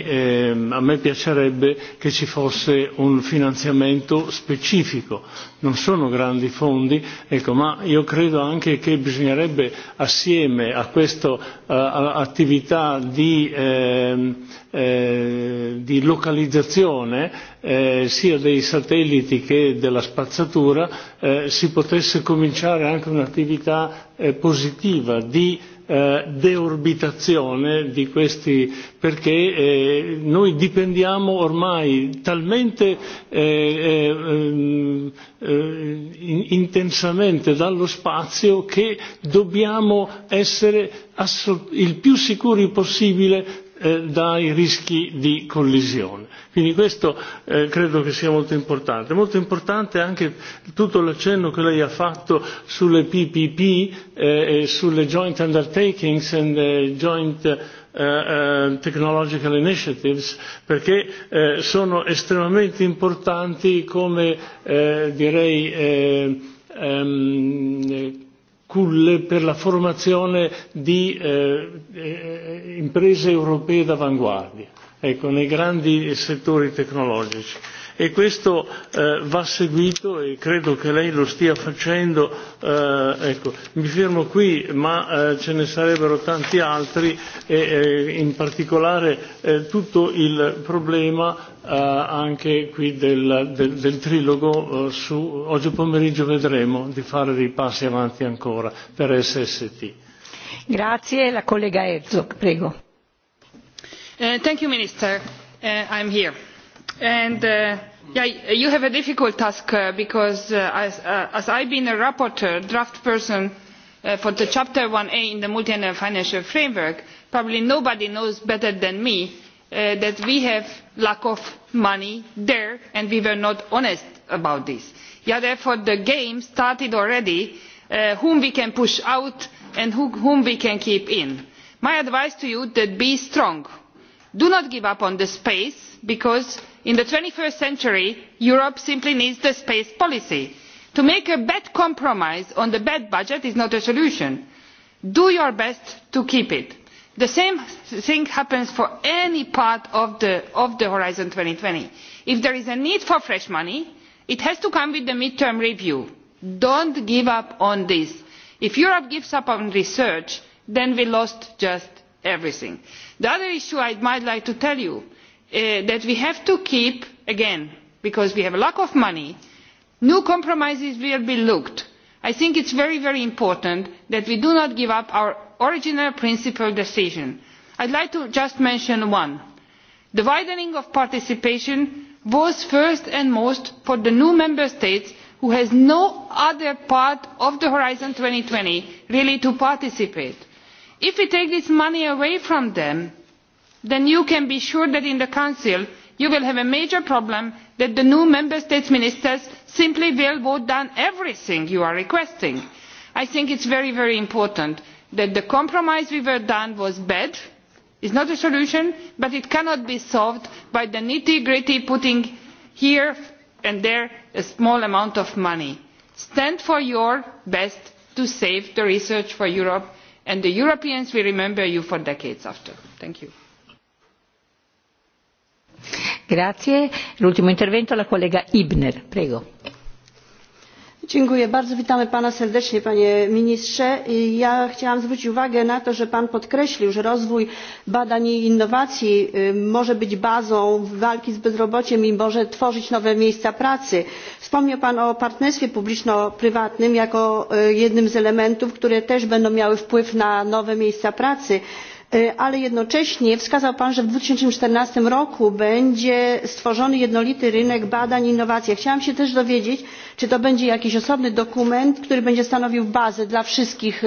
E: ehm, a me piacerebbe che ci fosse un finanziamento specifico. Non sono grandi fondi, ecco, ma io credo anche che bisognerebbe assieme a questa uh, attività di, ehm, eh, di localizzazione eh, sia dei satelliti che della spazzatura eh, si potesse cominciare anche un'attività eh, positiva di eh, deorbitazione di questi perché eh, noi dipendiamo ormai talmente eh, eh, eh, intensamente dallo spazio che dobbiamo essere il più sicuri possibile Eh, dai rischi di collisione. quindi questo eh, credo che sia molto importante. molto importante anche tutto l'accenno che lei ha fatto sulle ppp eh, e sulle joint undertakings and eh, joint Uh, technological initiatives perché uh, sono estremamente importanti come uh, direi um, per la formazione di eh, eh, imprese europee d'avanguardia ecco, nei grandi settori tecnologici e questo eh, va seguito e credo che lei lo stia facendo. Eh, ecco, mi fermo qui, ma eh, ce ne sarebbero tanti altri e eh, in particolare eh, tutto il problema eh, anche qui del, del, del trilogo eh, su oggi pomeriggio vedremo di fare dei passi avanti ancora per SST.
F: Grazie, la collega Herzog, prego. Uh, thank you, Minister. Uh, I'm here and uh, you have a difficult task uh, because uh, as, i have been a rapporteur draft person for the chapter one a in the multiannual financial framework probably nobody knows better than me that we have a lack of money there and we were not honest about this. therefore the game started already whom we can push out and whom we can keep in. my advice to you is that be strong. do not give up on the space because in the twenty first century europe simply needs the space policy. to make a bad compromise on the bad budget is not a solution. do your best to keep it. the same thing happens for any part of, the, horizon. two thousand and twenty if there is a need for fresh money it has to come with the mid term review. do not give up on this. if europe gives up on research then we lost just everything. the other issue i might like to tell you Uh, that we have to keep again because we have a lack of money new compromises will be looked at. i think it is very very important that we do not give up our original principle decision. i would like to just mention one the widening of participation was first and foremost for the new member states who have no other part of horizon two thousand and twenty really to participate in. if we take this money away from them then you can be sure that in the council you will have a major problem that the new member states ministers simply will vote down everything you are requesting. i think it is very very important that the compromise we worked on was bad it is not a solution but it cannot be solved by the nitty gritty putting here and there a small amount of money. stand for your best to save the research for europe and the europeans will remember you for decades after. thank you.
S: Witamy Pana serdecznie, Panie Ministrze. Ja chciałam zwrócić uwagę na to, że Pan podkreślił, że rozwój badań i innowacji może być bazą walki z bezrobociem i może tworzyć nowe miejsca pracy. Wspomniał Pan o partnerstwie publiczno-prywatnym jako jednym z elementów, które też będą miały wpływ na nowe miejsca pracy ale jednocześnie wskazał pan że w dwa tysiące czternaście roku będzie stworzony jednolity rynek badań i innowacji. chciałam się też dowiedzieć czy to będzie jakiś osobny dokument który będzie stanowił bazę dla wszystkich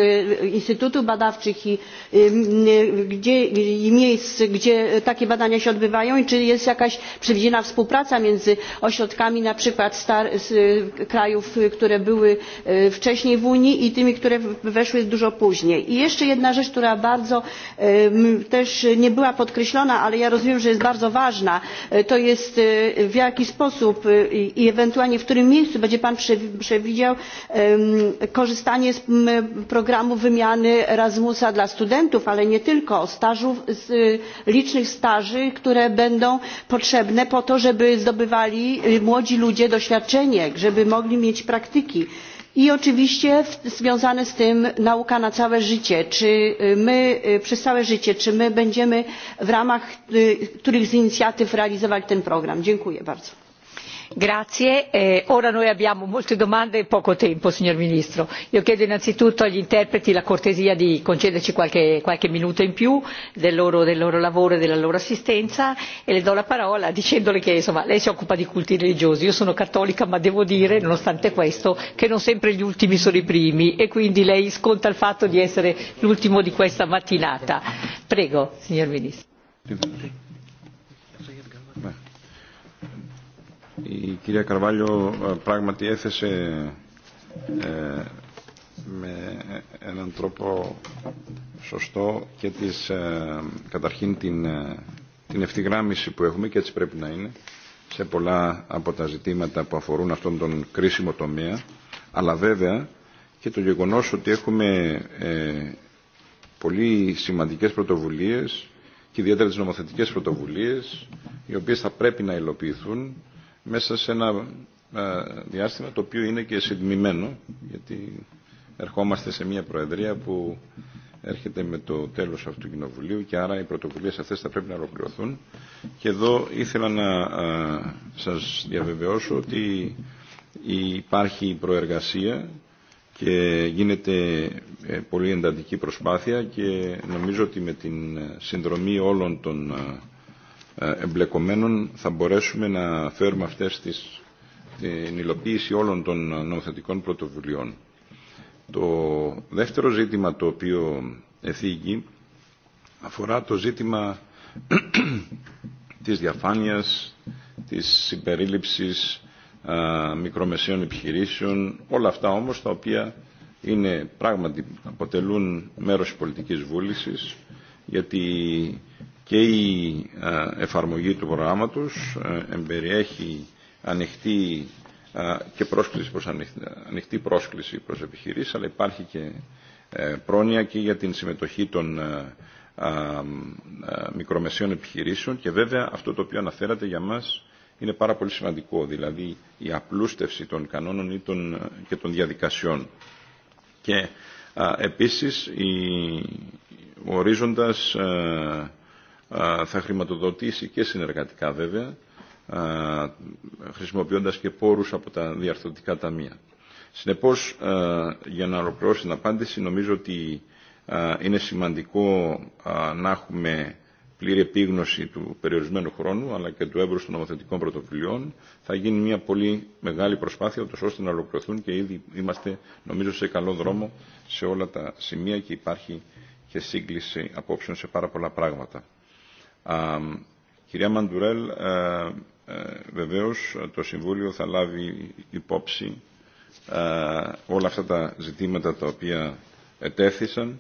S: instytutów badawczych i, miejsc gdzie takie badania się odbywają i czy jest jakaś przewidziana współpraca między ośrodkami na przykład z krajów które były wcześniej w unii i tymi które weszły dużo później. i jeszcze jedna rzecz która bardzo też nie była podkreślona ale ja rozumiem że jest bardzo ważna to jest w jaki sposób i ewentualnie w którym miejscu będzie pan przewidział korzystanie z programu wymiany erasmusa dla studentów ale nie tylko stażów licznych staży które będą potrzebne po to żeby zdobywali młodzi ludzie doświadczenie żeby mogli mieć praktyki i oczywiście związane z tym nauka na całe życie czy my przez całe życie czy my będziemy w ramach których z inicjatyw realizować ten program? dziękuję bardzo
A: grazie eh, ora noi abbiamo molte domande e poco tempo signor ministro io chiedo innanzitutto agli interpreti la cortesia di concederci qualche, qualche minuto in più del loro, del loro lavoro e della loro assistenza e le do la parola dicendole che insomma lei si occupa di culti religiosi io sono cattolica ma devo dire nonostante questo che non sempre gli ultimi sono i primi e quindi lei sconta il fatto di essere l'ultimo di questa mattinata prego signor ministro
T: Η κυρία Καρβάλιο πράγματι έθεσε ε, με έναν τρόπο σωστό και της, ε, καταρχήν την, ε, την ευθυγράμμιση που έχουμε και έτσι πρέπει να είναι σε πολλά από τα ζητήματα που αφορούν αυτόν τον κρίσιμο τομέα αλλά βέβαια και το γεγονός ότι έχουμε ε, πολύ σημαντικές πρωτοβουλίες και ιδιαίτερα τις νομοθετικές πρωτοβουλίες οι οποίες θα πρέπει να υλοποιηθούν μέσα σε ένα ε, διάστημα το οποίο είναι και συντμημένο γιατί ερχόμαστε σε μια προεδρία που έρχεται με το τέλος αυτού του κοινοβουλίου και άρα οι πρωτοβουλίες αυτές θα πρέπει να ολοκληρωθούν και εδώ ήθελα να ε, σας διαβεβαιώσω ότι υπάρχει προεργασία και γίνεται ε, πολύ εντατική προσπάθεια και νομίζω ότι με την συνδρομή όλων των ε, εμπλεκομένων θα μπορέσουμε να φέρουμε αυτές τις, την υλοποίηση όλων των νομοθετικών πρωτοβουλειών. Το δεύτερο ζήτημα το οποίο εθίγει αφορά το ζήτημα της διαφάνειας, της συμπερίληψης α, μικρομεσαίων επιχειρήσεων, όλα αυτά όμως τα οποία είναι πράγματι αποτελούν μέρος πολιτικής βούλησης, γιατί και η εφαρμογή του προγράμματος εμπεριέχει ανοιχτή και πρόσκληση προς ανοιχτή, ανοιχτή πρόσκληση προς επιχειρήσεις, αλλά υπάρχει και πρόνοια και για την συμμετοχή των μικρομεσαίων επιχειρήσεων και βέβαια αυτό το οποίο αναφέρατε για μας είναι πάρα πολύ σημαντικό, δηλαδή η απλούστευση των κανόνων ή των, και των διαδικασιών. Και α, επίσης η, ορίζοντας α, θα χρηματοδοτήσει και συνεργατικά βέβαια, χρησιμοποιώντας και πόρους από τα διαρθρωτικά ταμεία. Συνεπώς, για να ολοκληρώσω την απάντηση, νομίζω ότι είναι σημαντικό να έχουμε πλήρη επίγνωση του περιορισμένου χρόνου αλλά και του έμπρου των νομοθετικών πρωτοβουλειών θα γίνει μια πολύ μεγάλη προσπάθεια ούτως ώστε να ολοκληρωθούν και ήδη είμαστε νομίζω σε καλό δρόμο σε όλα τα σημεία και υπάρχει και σύγκληση απόψεων σε πάρα πολλά πράγματα. Κυρία Μαντουρέλ, βεβαίως το Συμβούλιο θα λάβει υπόψη όλα αυτά τα ζητήματα τα οποία ετέθησαν.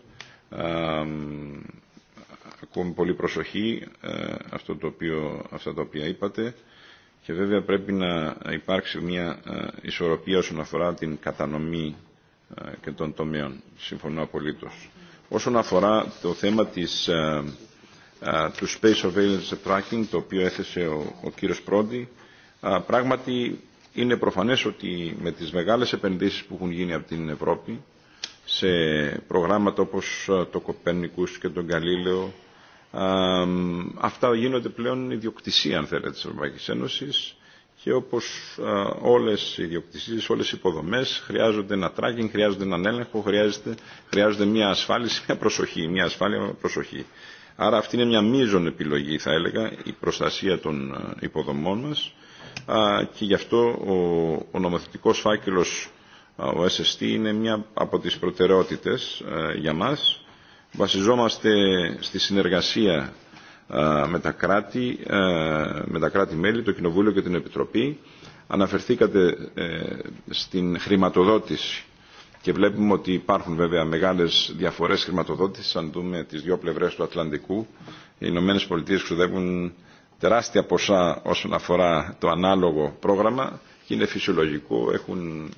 T: Ακούμε πολύ προσοχή αυτό το οποίο, αυτά τα οποία είπατε και βέβαια πρέπει να υπάρξει μια ισορροπία όσον αφορά την κατανομή και των τομέων. Συμφωνώ απολύτως. Όσον αφορά το θέμα της του Space Surveillance Tracking, το οποίο έθεσε ο, ο κύριος Πρόντι. Α, Πράγματι, είναι προφανές ότι με τις μεγάλες επενδύσεις που έχουν γίνει από την Ευρώπη, σε προγράμματα όπως το Κοπέρνικους και τον Καλίλαιο, αυτά γίνονται πλέον ιδιοκτησία, αν θέλετε, της Ευρωπαϊκής Ένωσης και όπως όλες οι ιδιοκτησίες, όλες οι υποδομές χρειάζονται ένα tracking, χρειάζονται έναν έλεγχο, χρειάζεται, χρειάζονται μια ασφάλιση, μια προσοχή, μια ασφάλεια προσοχή. Άρα αυτή είναι μια μείζον επιλογή θα έλεγα η προστασία των υποδομών μας και γι' αυτό ο, ο νομοθετικός φάκελος ο SST είναι μια από τις προτεραιότητες για μας. Βασιζόμαστε στη συνεργασία με τα κράτη, με τα κράτη-μέλη, το Κοινοβούλιο και την Επιτροπή. Αναφερθήκατε στην χρηματοδότηση και βλέπουμε ότι υπάρχουν βέβαια μεγάλες διαφορές χρηματοδότησης. Αν δούμε τις δύο πλευρές του Ατλαντικού, οι Ηνωμένε Πολιτείε ξοδεύουν τεράστια ποσά όσον αφορά το ανάλογο πρόγραμμα και είναι φυσιολογικό, έχουν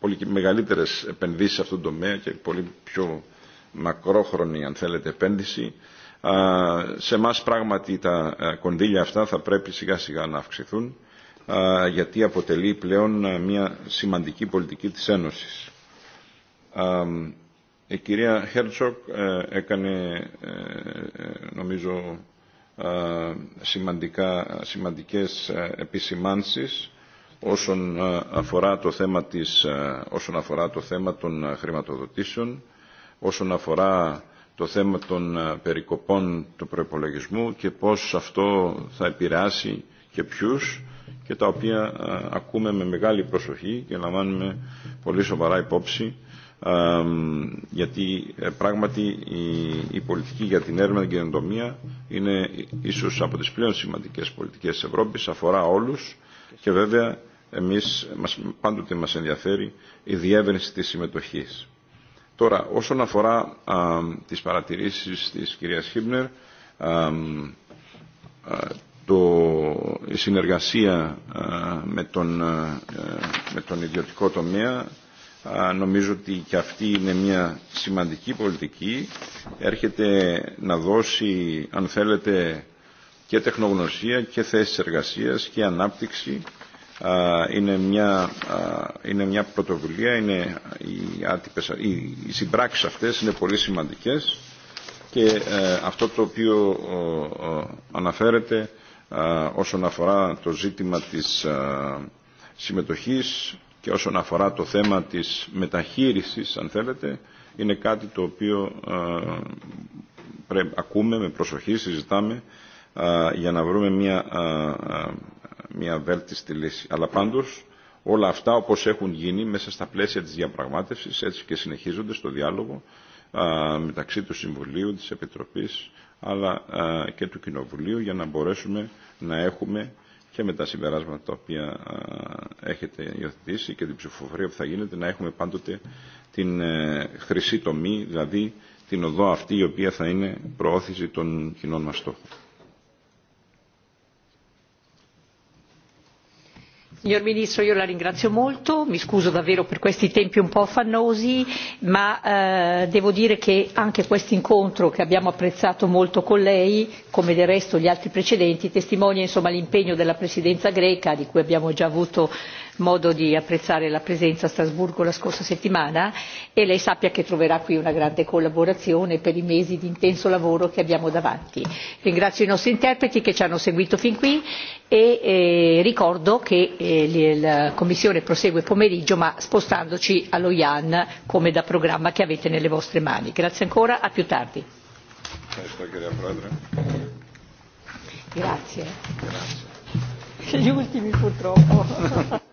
T: πολύ μεγαλύτερες επενδύσεις σε αυτόν τον τομέα και πολύ πιο μακρόχρονη, αν θέλετε, επένδυση. σε εμά πράγματι τα κονδύλια αυτά θα πρέπει σιγά σιγά να αυξηθούν γιατί αποτελεί πλέον μια σημαντική πολιτική της Ένωσης. Η κυρία Χέρτσοκ έκανε νομίζω σημαντικά, σημαντικές επισημάνσεις όσον αφορά το θέμα, της, όσον αφορά το θέμα των χρηματοδοτήσεων, όσον αφορά το θέμα των περικοπών του προϋπολογισμού και πώς αυτό θα επηρεάσει και ποιους και τα οποία ακούμε με μεγάλη προσοχή και λαμβάνουμε πολύ σοβαρά υπόψη γιατί πράγματι η, η πολιτική για την έρευνα και την καινοτομία είναι ίσως από τις πλέον σημαντικές πολιτικές της Ευρώπης, αφορά όλους και βέβαια εμείς μας, πάντοτε μας ενδιαφέρει η διεύρυνση της συμμετοχής. Τώρα, όσον αφορά α, τις παρατηρήσεις της κυρίας Χίμπνερ, α, α, το, η συνεργασία με τον, με τον ιδιωτικό τομέα νομίζω ότι και αυτή είναι μια σημαντική πολιτική έρχεται να δώσει αν θέλετε και τεχνογνωσία και θέσεις εργασίας και ανάπτυξη είναι μια, είναι μια πρωτοβουλία είναι οι, άτυπες, οι, οι συμπράξεις αυτές είναι πολύ σημαντικές και ε, αυτό το οποίο ε, ε, αναφέρεται όσον αφορά το ζήτημα της συμμετοχής και όσον αφορά το θέμα της μεταχείρισης, αν θέλετε, είναι κάτι το οποίο πρέπει, ακούμε με προσοχή, συζητάμε για να βρούμε μια, μια βέλτιστη λύση. Αλλά πάντως όλα αυτά όπως έχουν γίνει μέσα στα πλαίσια της διαπραγμάτευσης έτσι και συνεχίζονται στο διάλογο μεταξύ του Συμβουλίου, της Επιτροπής αλλά α, και του Κοινοβουλίου για να μπορέσουμε να έχουμε και με τα συμπεράσματα τα οποία α, έχετε υιοθετήσει και την ψηφοφορία που θα γίνεται να έχουμε πάντοτε την ε, χρυσή τομή, δηλαδή την οδό αυτή η οποία θα είναι προώθηση των κοινών μας στόχων.
A: signor ministro io la ringrazio molto mi scuso davvero per questi tempi un po' affannosi ma eh, devo dire che anche questo incontro che abbiamo apprezzato molto con lei come del resto gli altri precedenti testimonia l'impegno della presidenza greca di cui abbiamo già avuto modo di apprezzare la presenza a Strasburgo la scorsa settimana e lei sappia che troverà qui una grande collaborazione per i mesi di intenso lavoro che abbiamo davanti. Ringrazio i nostri interpreti che ci hanno seguito fin qui e eh, ricordo che eh, la Commissione prosegue pomeriggio ma spostandoci allo IAN come da programma che avete nelle vostre mani. Grazie ancora, a più tardi. Grazie.
T: Grazie.
A: Gli ultimi purtroppo. [LAUGHS]